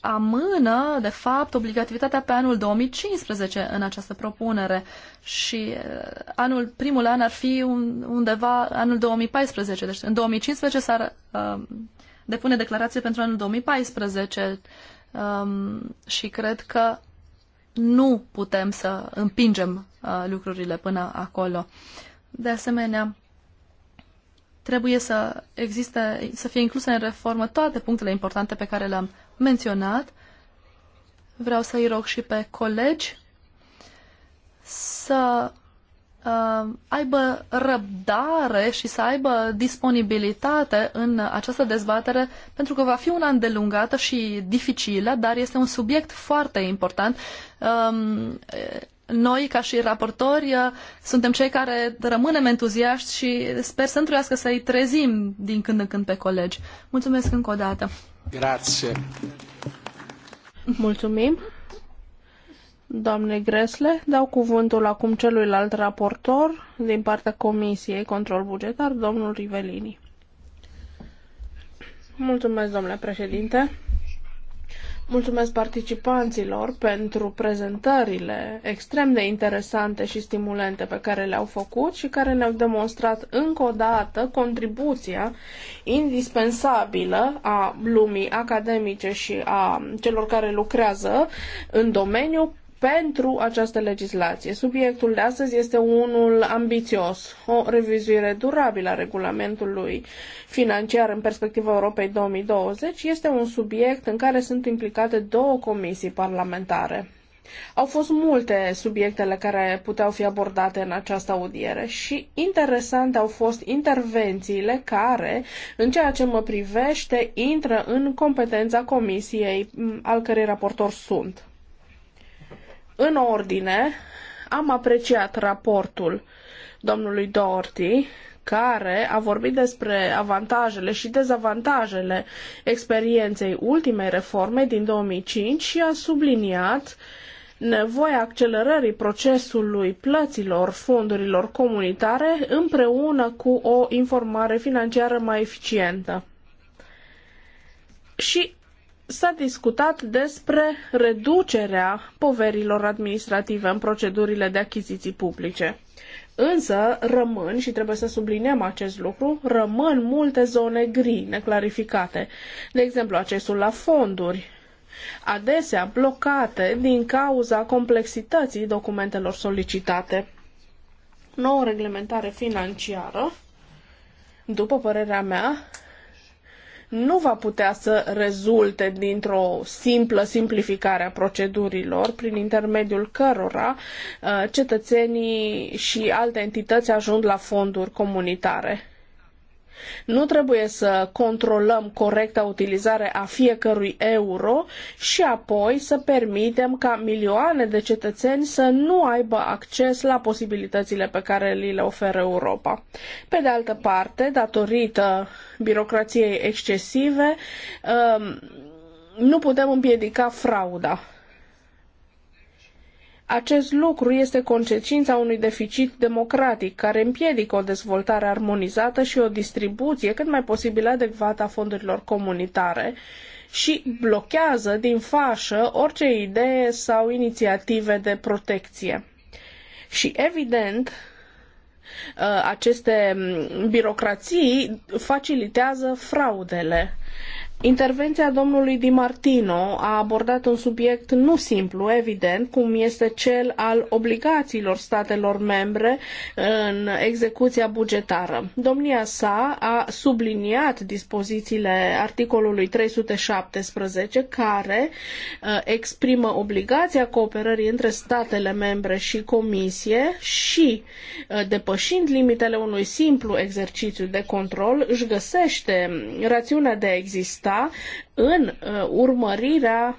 amână, de fapt, obligativitatea pe anul 2015 în această propunere și uh, anul, primul an ar fi un, undeva anul 2014. Deci în 2015 s-ar uh, depune declarație pentru anul 2014 um, și cred că nu putem să împingem uh, lucrurile până acolo. De asemenea, trebuie să existe, să fie incluse în reformă toate punctele importante pe care le-am menționat. Vreau să-i rog și pe colegi să Uh, aibă răbdare și să aibă disponibilitate în această dezbatere, pentru că va fi una îndelungată și dificilă, dar este un subiect foarte important. Um, noi, ca și raportori, uh, suntem cei care rămânem entuziaști și sper să întruiască să-i trezim din când în când pe colegi. Mulțumesc încă o dată. Grazie. Mulțumim. Doamne Gresle, dau cuvântul acum celuilalt raportor din partea Comisiei Control Bugetar, domnul Rivelini. Mulțumesc, domnule președinte. Mulțumesc participanților pentru prezentările extrem de interesante și stimulente pe care le-au făcut și care ne-au demonstrat încă o dată contribuția indispensabilă a lumii academice și a celor care lucrează în domeniu pentru această legislație. Subiectul de astăzi este unul ambițios, o revizuire durabilă a regulamentului financiar în perspectiva Europei 2020 este un subiect în care sunt implicate două comisii parlamentare. Au fost multe subiectele care puteau fi abordate în această audiere și interesante au fost intervențiile care, în ceea ce mă privește, intră în competența comisiei al cărei raportor sunt. În ordine, am apreciat raportul domnului Doherty, care a vorbit despre avantajele și dezavantajele experienței ultimei reforme din 2005 și a subliniat nevoia accelerării procesului plăților fondurilor comunitare împreună cu o informare financiară mai eficientă. Și s-a discutat despre reducerea poverilor administrative în procedurile de achiziții publice. Însă rămân, și trebuie să subliniem acest lucru, rămân multe zone gri neclarificate. De exemplu, accesul la fonduri, adesea blocate din cauza complexității documentelor solicitate. Nouă reglementare financiară, după părerea mea, nu va putea să rezulte dintr-o simplă simplificare a procedurilor prin intermediul cărora uh, cetățenii și alte entități ajung la fonduri comunitare. Nu trebuie să controlăm corecta utilizare a fiecărui euro și apoi să permitem ca milioane de cetățeni să nu aibă acces la posibilitățile pe care li le oferă Europa. Pe de altă parte, datorită birocrației excesive, um, nu putem împiedica frauda acest lucru este consecința unui deficit democratic care împiedică o dezvoltare armonizată și o distribuție cât mai posibil adecvată a fondurilor comunitare și blochează din fașă orice idee sau inițiative de protecție. Și evident, uh, aceste mm, birocrații facilitează fraudele Intervenția domnului Di Martino a abordat un subiect nu simplu, evident, cum este cel al obligațiilor statelor membre în execuția bugetară. Domnia sa a subliniat dispozițiile articolului 317 care uh, exprimă obligația cooperării între statele membre și comisie și, uh, depășind limitele unui simplu exercițiu de control, își găsește rațiunea de a exista ajuta în uh, urmărirea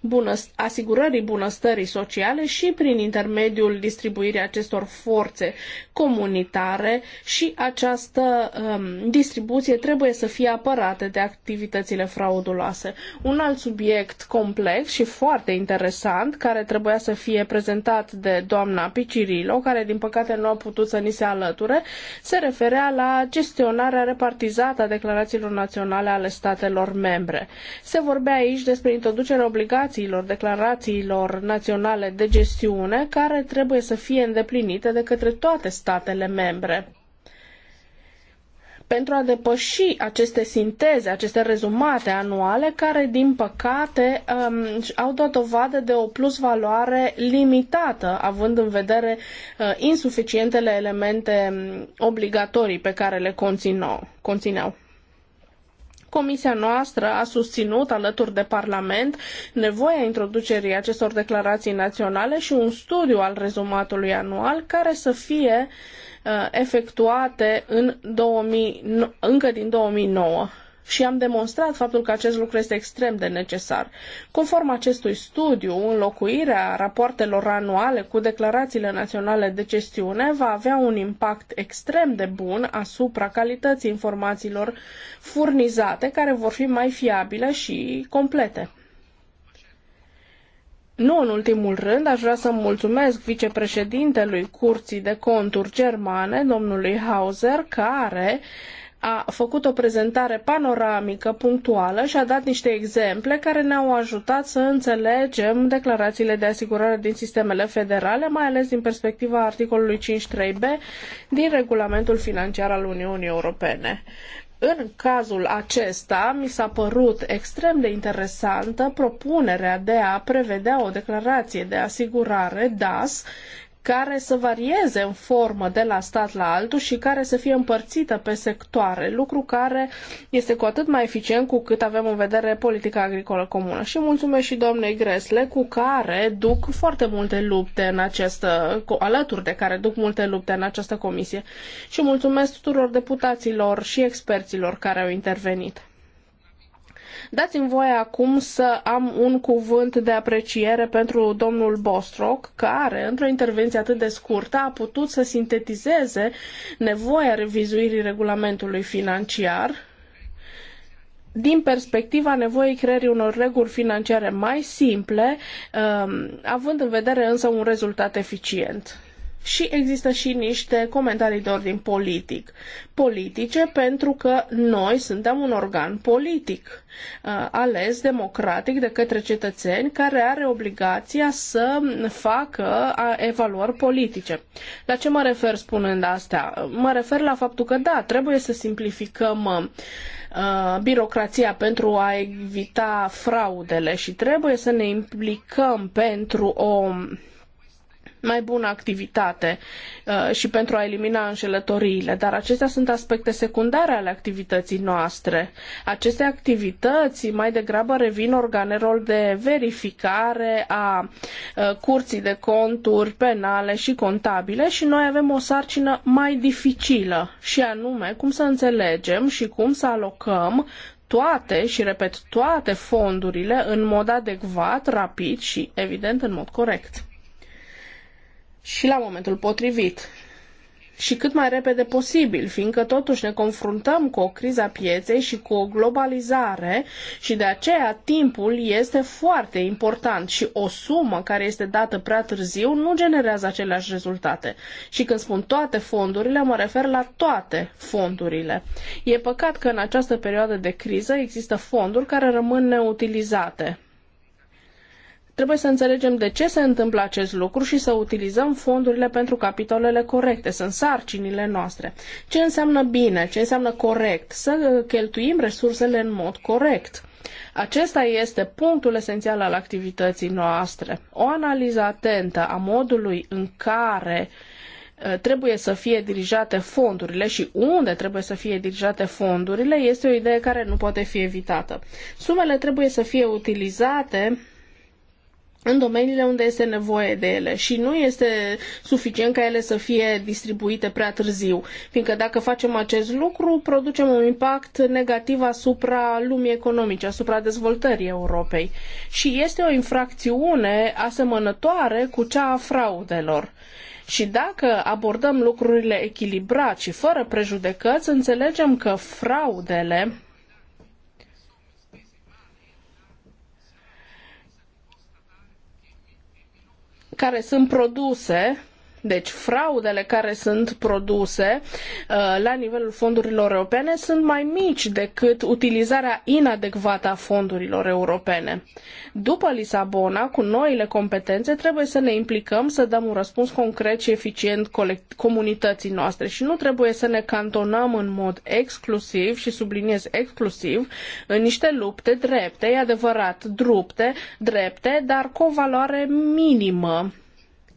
bună, asigurării bunăstării sociale și prin intermediul distribuirii acestor forțe comunitare și această um, distribuție trebuie să fie apărată de activitățile frauduloase. Un alt subiect complex și foarte interesant care trebuia să fie prezentat de doamna Picirilo, care din păcate nu a putut să ni se alăture, se referea la gestionarea repartizată a declarațiilor naționale ale statelor membre. Se vorbea aici despre introducerea obligată obligațiilor, declarațiilor naționale de gestiune care trebuie să fie îndeplinite de către toate statele membre. Pentru a depăși aceste sinteze, aceste rezumate anuale, care, din păcate, um, au dat dovadă de o plusvaloare limitată, având în vedere uh, insuficientele elemente um, obligatorii pe care le conțineau. Comisia noastră a susținut alături de Parlament nevoia introducerii acestor declarații naționale și un studiu al rezumatului anual care să fie uh, efectuate în 2000, încă din 2009 și am demonstrat faptul că acest lucru este extrem de necesar. Conform acestui studiu, înlocuirea rapoartelor anuale cu declarațiile naționale de gestiune va avea un impact extrem de bun asupra calității informațiilor furnizate, care vor fi mai fiabile și complete. Nu în ultimul rând, aș vrea să mulțumesc vicepreședintelui Curții de Conturi Germane, domnului Hauser, care a făcut o prezentare panoramică, punctuală și a dat niște exemple care ne-au ajutat să înțelegem declarațiile de asigurare din sistemele federale, mai ales din perspectiva articolului 5.3b din regulamentul financiar al Uniunii Europene. În cazul acesta, mi s-a părut extrem de interesantă propunerea de a prevedea o declarație de asigurare DAS care să varieze în formă de la stat la altul și care să fie împărțită pe sectoare, lucru care este cu atât mai eficient cu cât avem în vedere politica agricolă comună. Și mulțumesc și doamnei Gresle, cu care duc foarte multe lupte în această, alături de care duc multe lupte în această comisie. Și mulțumesc tuturor deputaților și experților care au intervenit. Dați-mi voie acum să am un cuvânt de apreciere pentru domnul Bostrok, care, într-o intervenție atât de scurtă, a putut să sintetizeze nevoia revizuirii regulamentului financiar, din perspectiva nevoii creării unor reguli financiare mai simple, um, având în vedere însă un rezultat eficient și există și niște comentarii de ordin politic. Politice pentru că noi suntem un organ politic uh, ales democratic de către cetățeni care are obligația să facă uh, evaluări politice. La ce mă refer spunând asta? Mă refer la faptul că da, trebuie să simplificăm uh, birocrația pentru a evita fraudele și trebuie să ne implicăm pentru o mai bună activitate uh, și pentru a elimina înșelătoriile, dar acestea sunt aspecte secundare ale activității noastre. Aceste activități mai degrabă revin organelor de verificare a uh, curții de conturi penale și contabile și noi avem o sarcină mai dificilă și anume cum să înțelegem și cum să alocăm toate, și repet, toate fondurile în mod adecvat, rapid și, evident, în mod corect și la momentul potrivit și cât mai repede posibil, fiindcă totuși ne confruntăm cu o criză a pieței și cu o globalizare și de aceea timpul este foarte important și o sumă care este dată prea târziu nu generează aceleași rezultate. Și când spun toate fondurile, mă refer la toate fondurile. E păcat că în această perioadă de criză există fonduri care rămân neutilizate Trebuie să înțelegem de ce se întâmplă acest lucru și să utilizăm fondurile pentru capitolele corecte. Sunt sarcinile noastre. Ce înseamnă bine? Ce înseamnă corect? Să uh, cheltuim resursele în mod corect. Acesta este punctul esențial al activității noastre. O analiză atentă a modului în care uh, trebuie să fie dirijate fondurile și unde trebuie să fie dirijate fondurile este o idee care nu poate fi evitată. Sumele trebuie să fie utilizate în domeniile unde este nevoie de ele și nu este suficient ca ele să fie distribuite prea târziu, fiindcă dacă facem acest lucru, producem un impact negativ asupra lumii economice, asupra dezvoltării Europei. Și este o infracțiune asemănătoare cu cea a fraudelor. Și dacă abordăm lucrurile echilibrat și fără prejudecăți, înțelegem că fraudele care sunt produse deci fraudele care sunt produse uh, la nivelul fondurilor europene sunt mai mici decât utilizarea inadecvată a fondurilor europene. După Lisabona, cu noile competențe, trebuie să ne implicăm să dăm un răspuns concret și eficient comunității noastre și nu trebuie să ne cantonăm în mod exclusiv și subliniez exclusiv în niște lupte drepte, e adevărat, drupte, drepte, dar cu o valoare minimă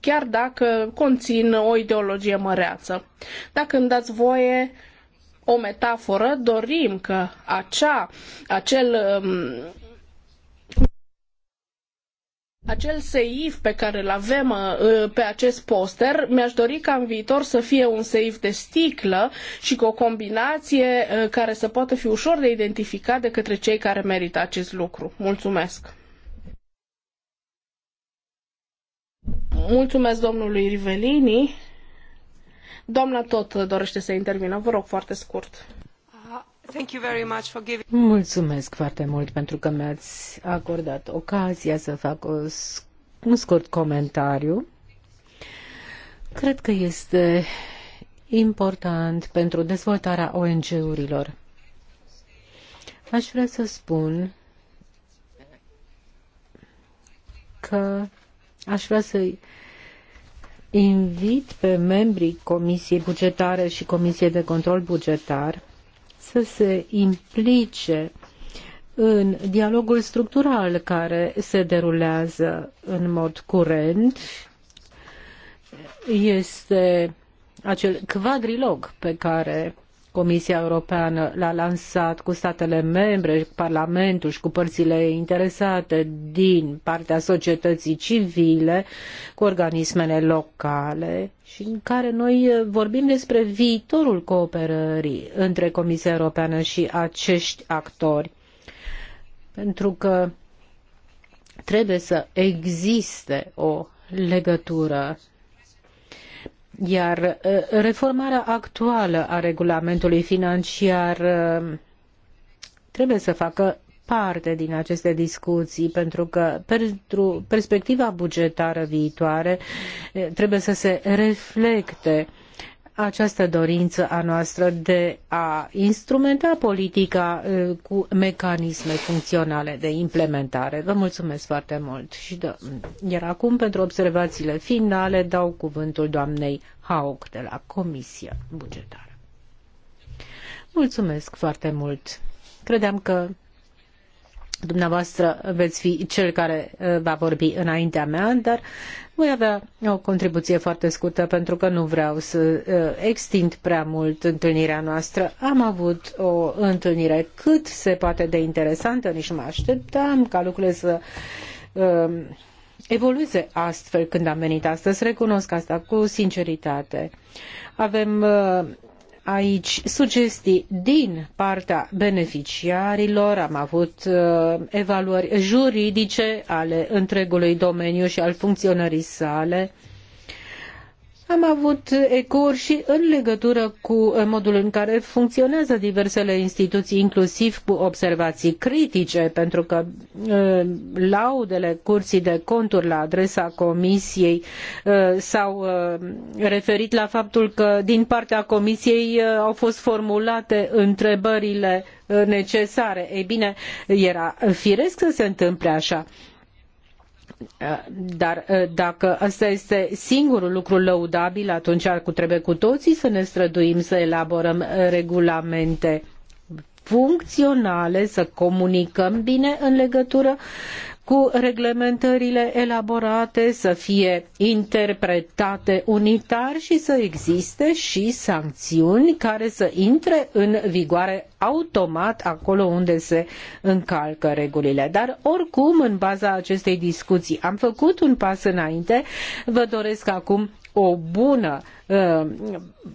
chiar dacă conțin o ideologie măreață. Dacă îmi dați voie o metaforă, dorim că acea, acel um, acel seif pe care îl avem uh, pe acest poster, mi-aș dori ca în viitor să fie un seif de sticlă și cu o combinație uh, care să poată fi ușor de identificat de către cei care merită acest lucru. Mulțumesc! Mulțumesc domnului Rivelini. Doamna tot dorește să intervină. Vă rog foarte scurt. Mulțumesc foarte mult pentru că mi-ați acordat ocazia să fac o, un scurt comentariu. Cred că este important pentru dezvoltarea ONG-urilor. Aș vrea să spun că Aș vrea să-i invit pe membrii Comisiei Bugetare și Comisiei de Control Bugetar să se implice în dialogul structural care se derulează în mod curent. Este acel quadrilog pe care Comisia Europeană l-a lansat cu statele membre, Parlamentul și cu părțile interesate din partea societății civile, cu organismele locale și în care noi vorbim despre viitorul cooperării între Comisia Europeană și acești actori. Pentru că trebuie să existe o legătură iar uh, reformarea actuală a regulamentului financiar uh, trebuie să facă parte din aceste discuții, pentru că pentru perspectiva bugetară viitoare uh, trebuie să se reflecte această dorință a noastră de a instrumenta politica cu mecanisme funcționale de implementare. Vă mulțumesc foarte mult. Și de... Iar acum, pentru observațiile finale, dau cuvântul doamnei Hauk de la Comisia Bugetară. Mulțumesc foarte mult. Credeam că Dumneavoastră veți fi cel care uh, va vorbi înaintea mea, dar voi avea o contribuție foarte scurtă pentru că nu vreau să uh, extind prea mult întâlnirea noastră. Am avut o întâlnire cât se poate de interesantă, nici nu mă așteptam ca lucrurile să um, evolueze astfel când am venit astăzi. Recunosc asta cu sinceritate. Avem uh, aici sugestii din partea beneficiarilor, am avut uh, evaluări juridice ale întregului domeniu și al funcționării sale. Uh, am avut ecouri și în legătură cu modul în care funcționează diversele instituții, inclusiv cu observații critice, pentru că uh, laudele curții de conturi la adresa comisiei uh, s-au uh, referit la faptul că din partea comisiei au fost formulate întrebările necesare. Ei bine, era firesc să se întâmple așa. Dar eh, dacă ăsta este singurul lucru lăudabil, atunci trebuie cu toții să ne străduim să elaborăm eh, regulamente funcționale, să comunicăm bine în legătură cu reglementările elaborate, să fie interpretate unitar și să existe și sancțiuni care să intre în vigoare automat acolo unde se încalcă regulile. Dar oricum, în baza acestei discuții, am făcut un pas înainte. Vă doresc acum o bună uh,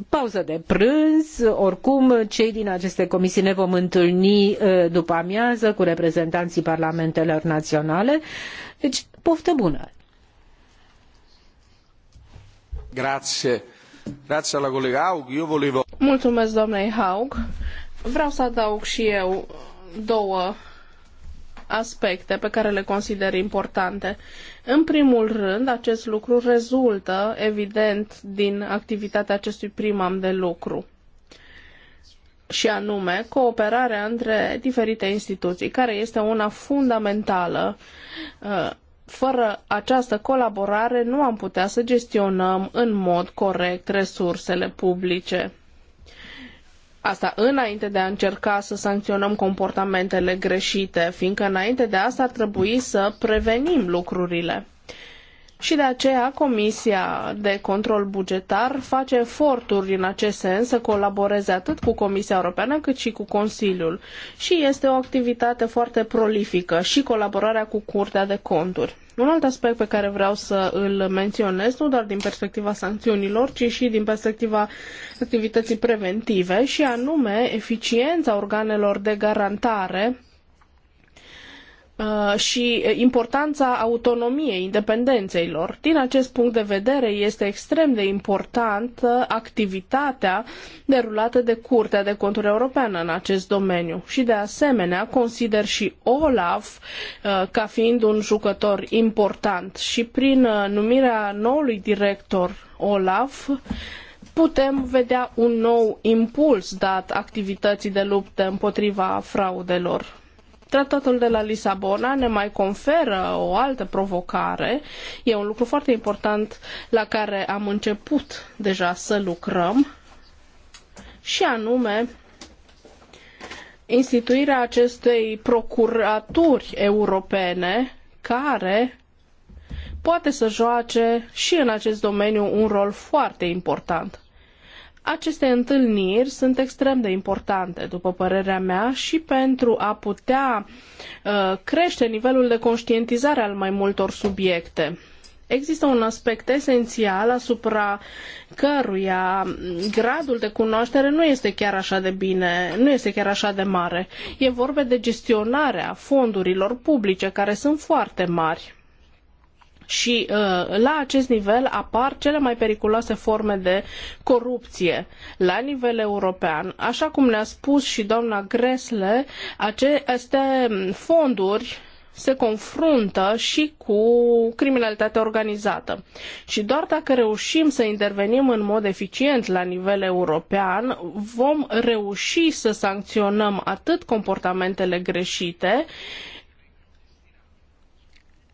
pauză de prânz. Oricum, cei din aceste comisii ne vom întâlni uh, după amiază cu reprezentanții parlamentelor naționale. Deci, poftă bună! Grazie. Grazie alla collega Haug. volevo... Mulțumesc, domnule Haug. Vreau să adaug și eu două aspecte pe care le consider importante. În primul rând, acest lucru rezultă, evident, din activitatea acestui primam de lucru și anume cooperarea între diferite instituții, care este una fundamentală. Uh, fără această colaborare nu am putea să gestionăm în mod corect resursele publice Asta înainte de a încerca să sancționăm comportamentele greșite, fiindcă înainte de asta ar trebui să prevenim lucrurile și de aceea Comisia de Control Bugetar face eforturi în acest sens să colaboreze atât cu Comisia Europeană cât și cu Consiliul și este o activitate foarte prolifică și colaborarea cu Curtea de Conturi. Un alt aspect pe care vreau să îl menționez, nu doar din perspectiva sancțiunilor, ci și din perspectiva activității preventive, și anume eficiența organelor de garantare Uh, și uh, importanța autonomiei, independenței lor. Din acest punct de vedere, este extrem de importantă activitatea derulată de Curtea de Conturi Europeană în acest domeniu. Și, de asemenea, consider și OLAF uh, ca fiind un jucător important și prin numirea noului director OLAF putem vedea un nou impuls dat activității de luptă împotriva fraudelor Tratatul de la Lisabona ne mai conferă o altă provocare. E un lucru foarte important la care am început deja să lucrăm și anume instituirea acestei procuraturi europene care poate să joace și în acest domeniu un rol foarte important. Aceste întâlniri sunt extrem de importante, după părerea mea, și pentru a putea uh, crește nivelul de conștientizare al mai multor subiecte. Există un aspect esențial asupra căruia gradul de cunoaștere nu este chiar așa de bine, nu este chiar așa de mare. E vorba de gestionarea fondurilor publice, care sunt foarte mari și uh, la acest nivel apar cele mai periculoase forme de corupție. La nivel european, așa cum ne-a spus și doamna Gresle, aceste fonduri se confruntă și cu criminalitatea organizată. Și doar dacă reușim să intervenim în mod eficient la nivel european, vom reuși să sancționăm atât comportamentele greșite, uh,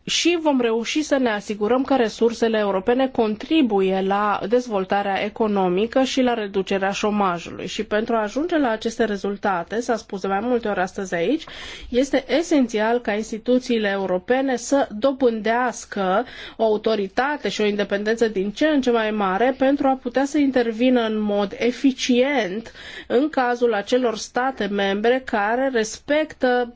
și vom reuși să ne asigurăm că resursele europene contribuie la dezvoltarea economică și la reducerea șomajului. Și pentru a ajunge la aceste rezultate, s-a spus de mai multe ori astăzi aici, este esențial ca instituțiile europene să dobândească o autoritate și o independență din ce în ce mai mare pentru a putea să intervină în mod eficient în cazul acelor state membre care respectă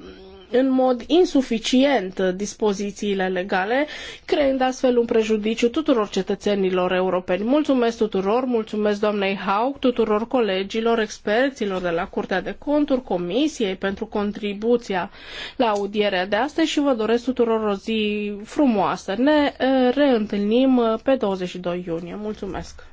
în mod insuficient uh, dispozițiile legale, creând astfel un prejudiciu tuturor cetățenilor europeni. Mulțumesc tuturor, mulțumesc doamnei Haug, tuturor colegilor, experților de la Curtea de Conturi, Comisiei pentru contribuția la audierea de astăzi și vă doresc tuturor o zi frumoasă. Ne uh, reîntâlnim uh, pe 22 iunie. Mulțumesc!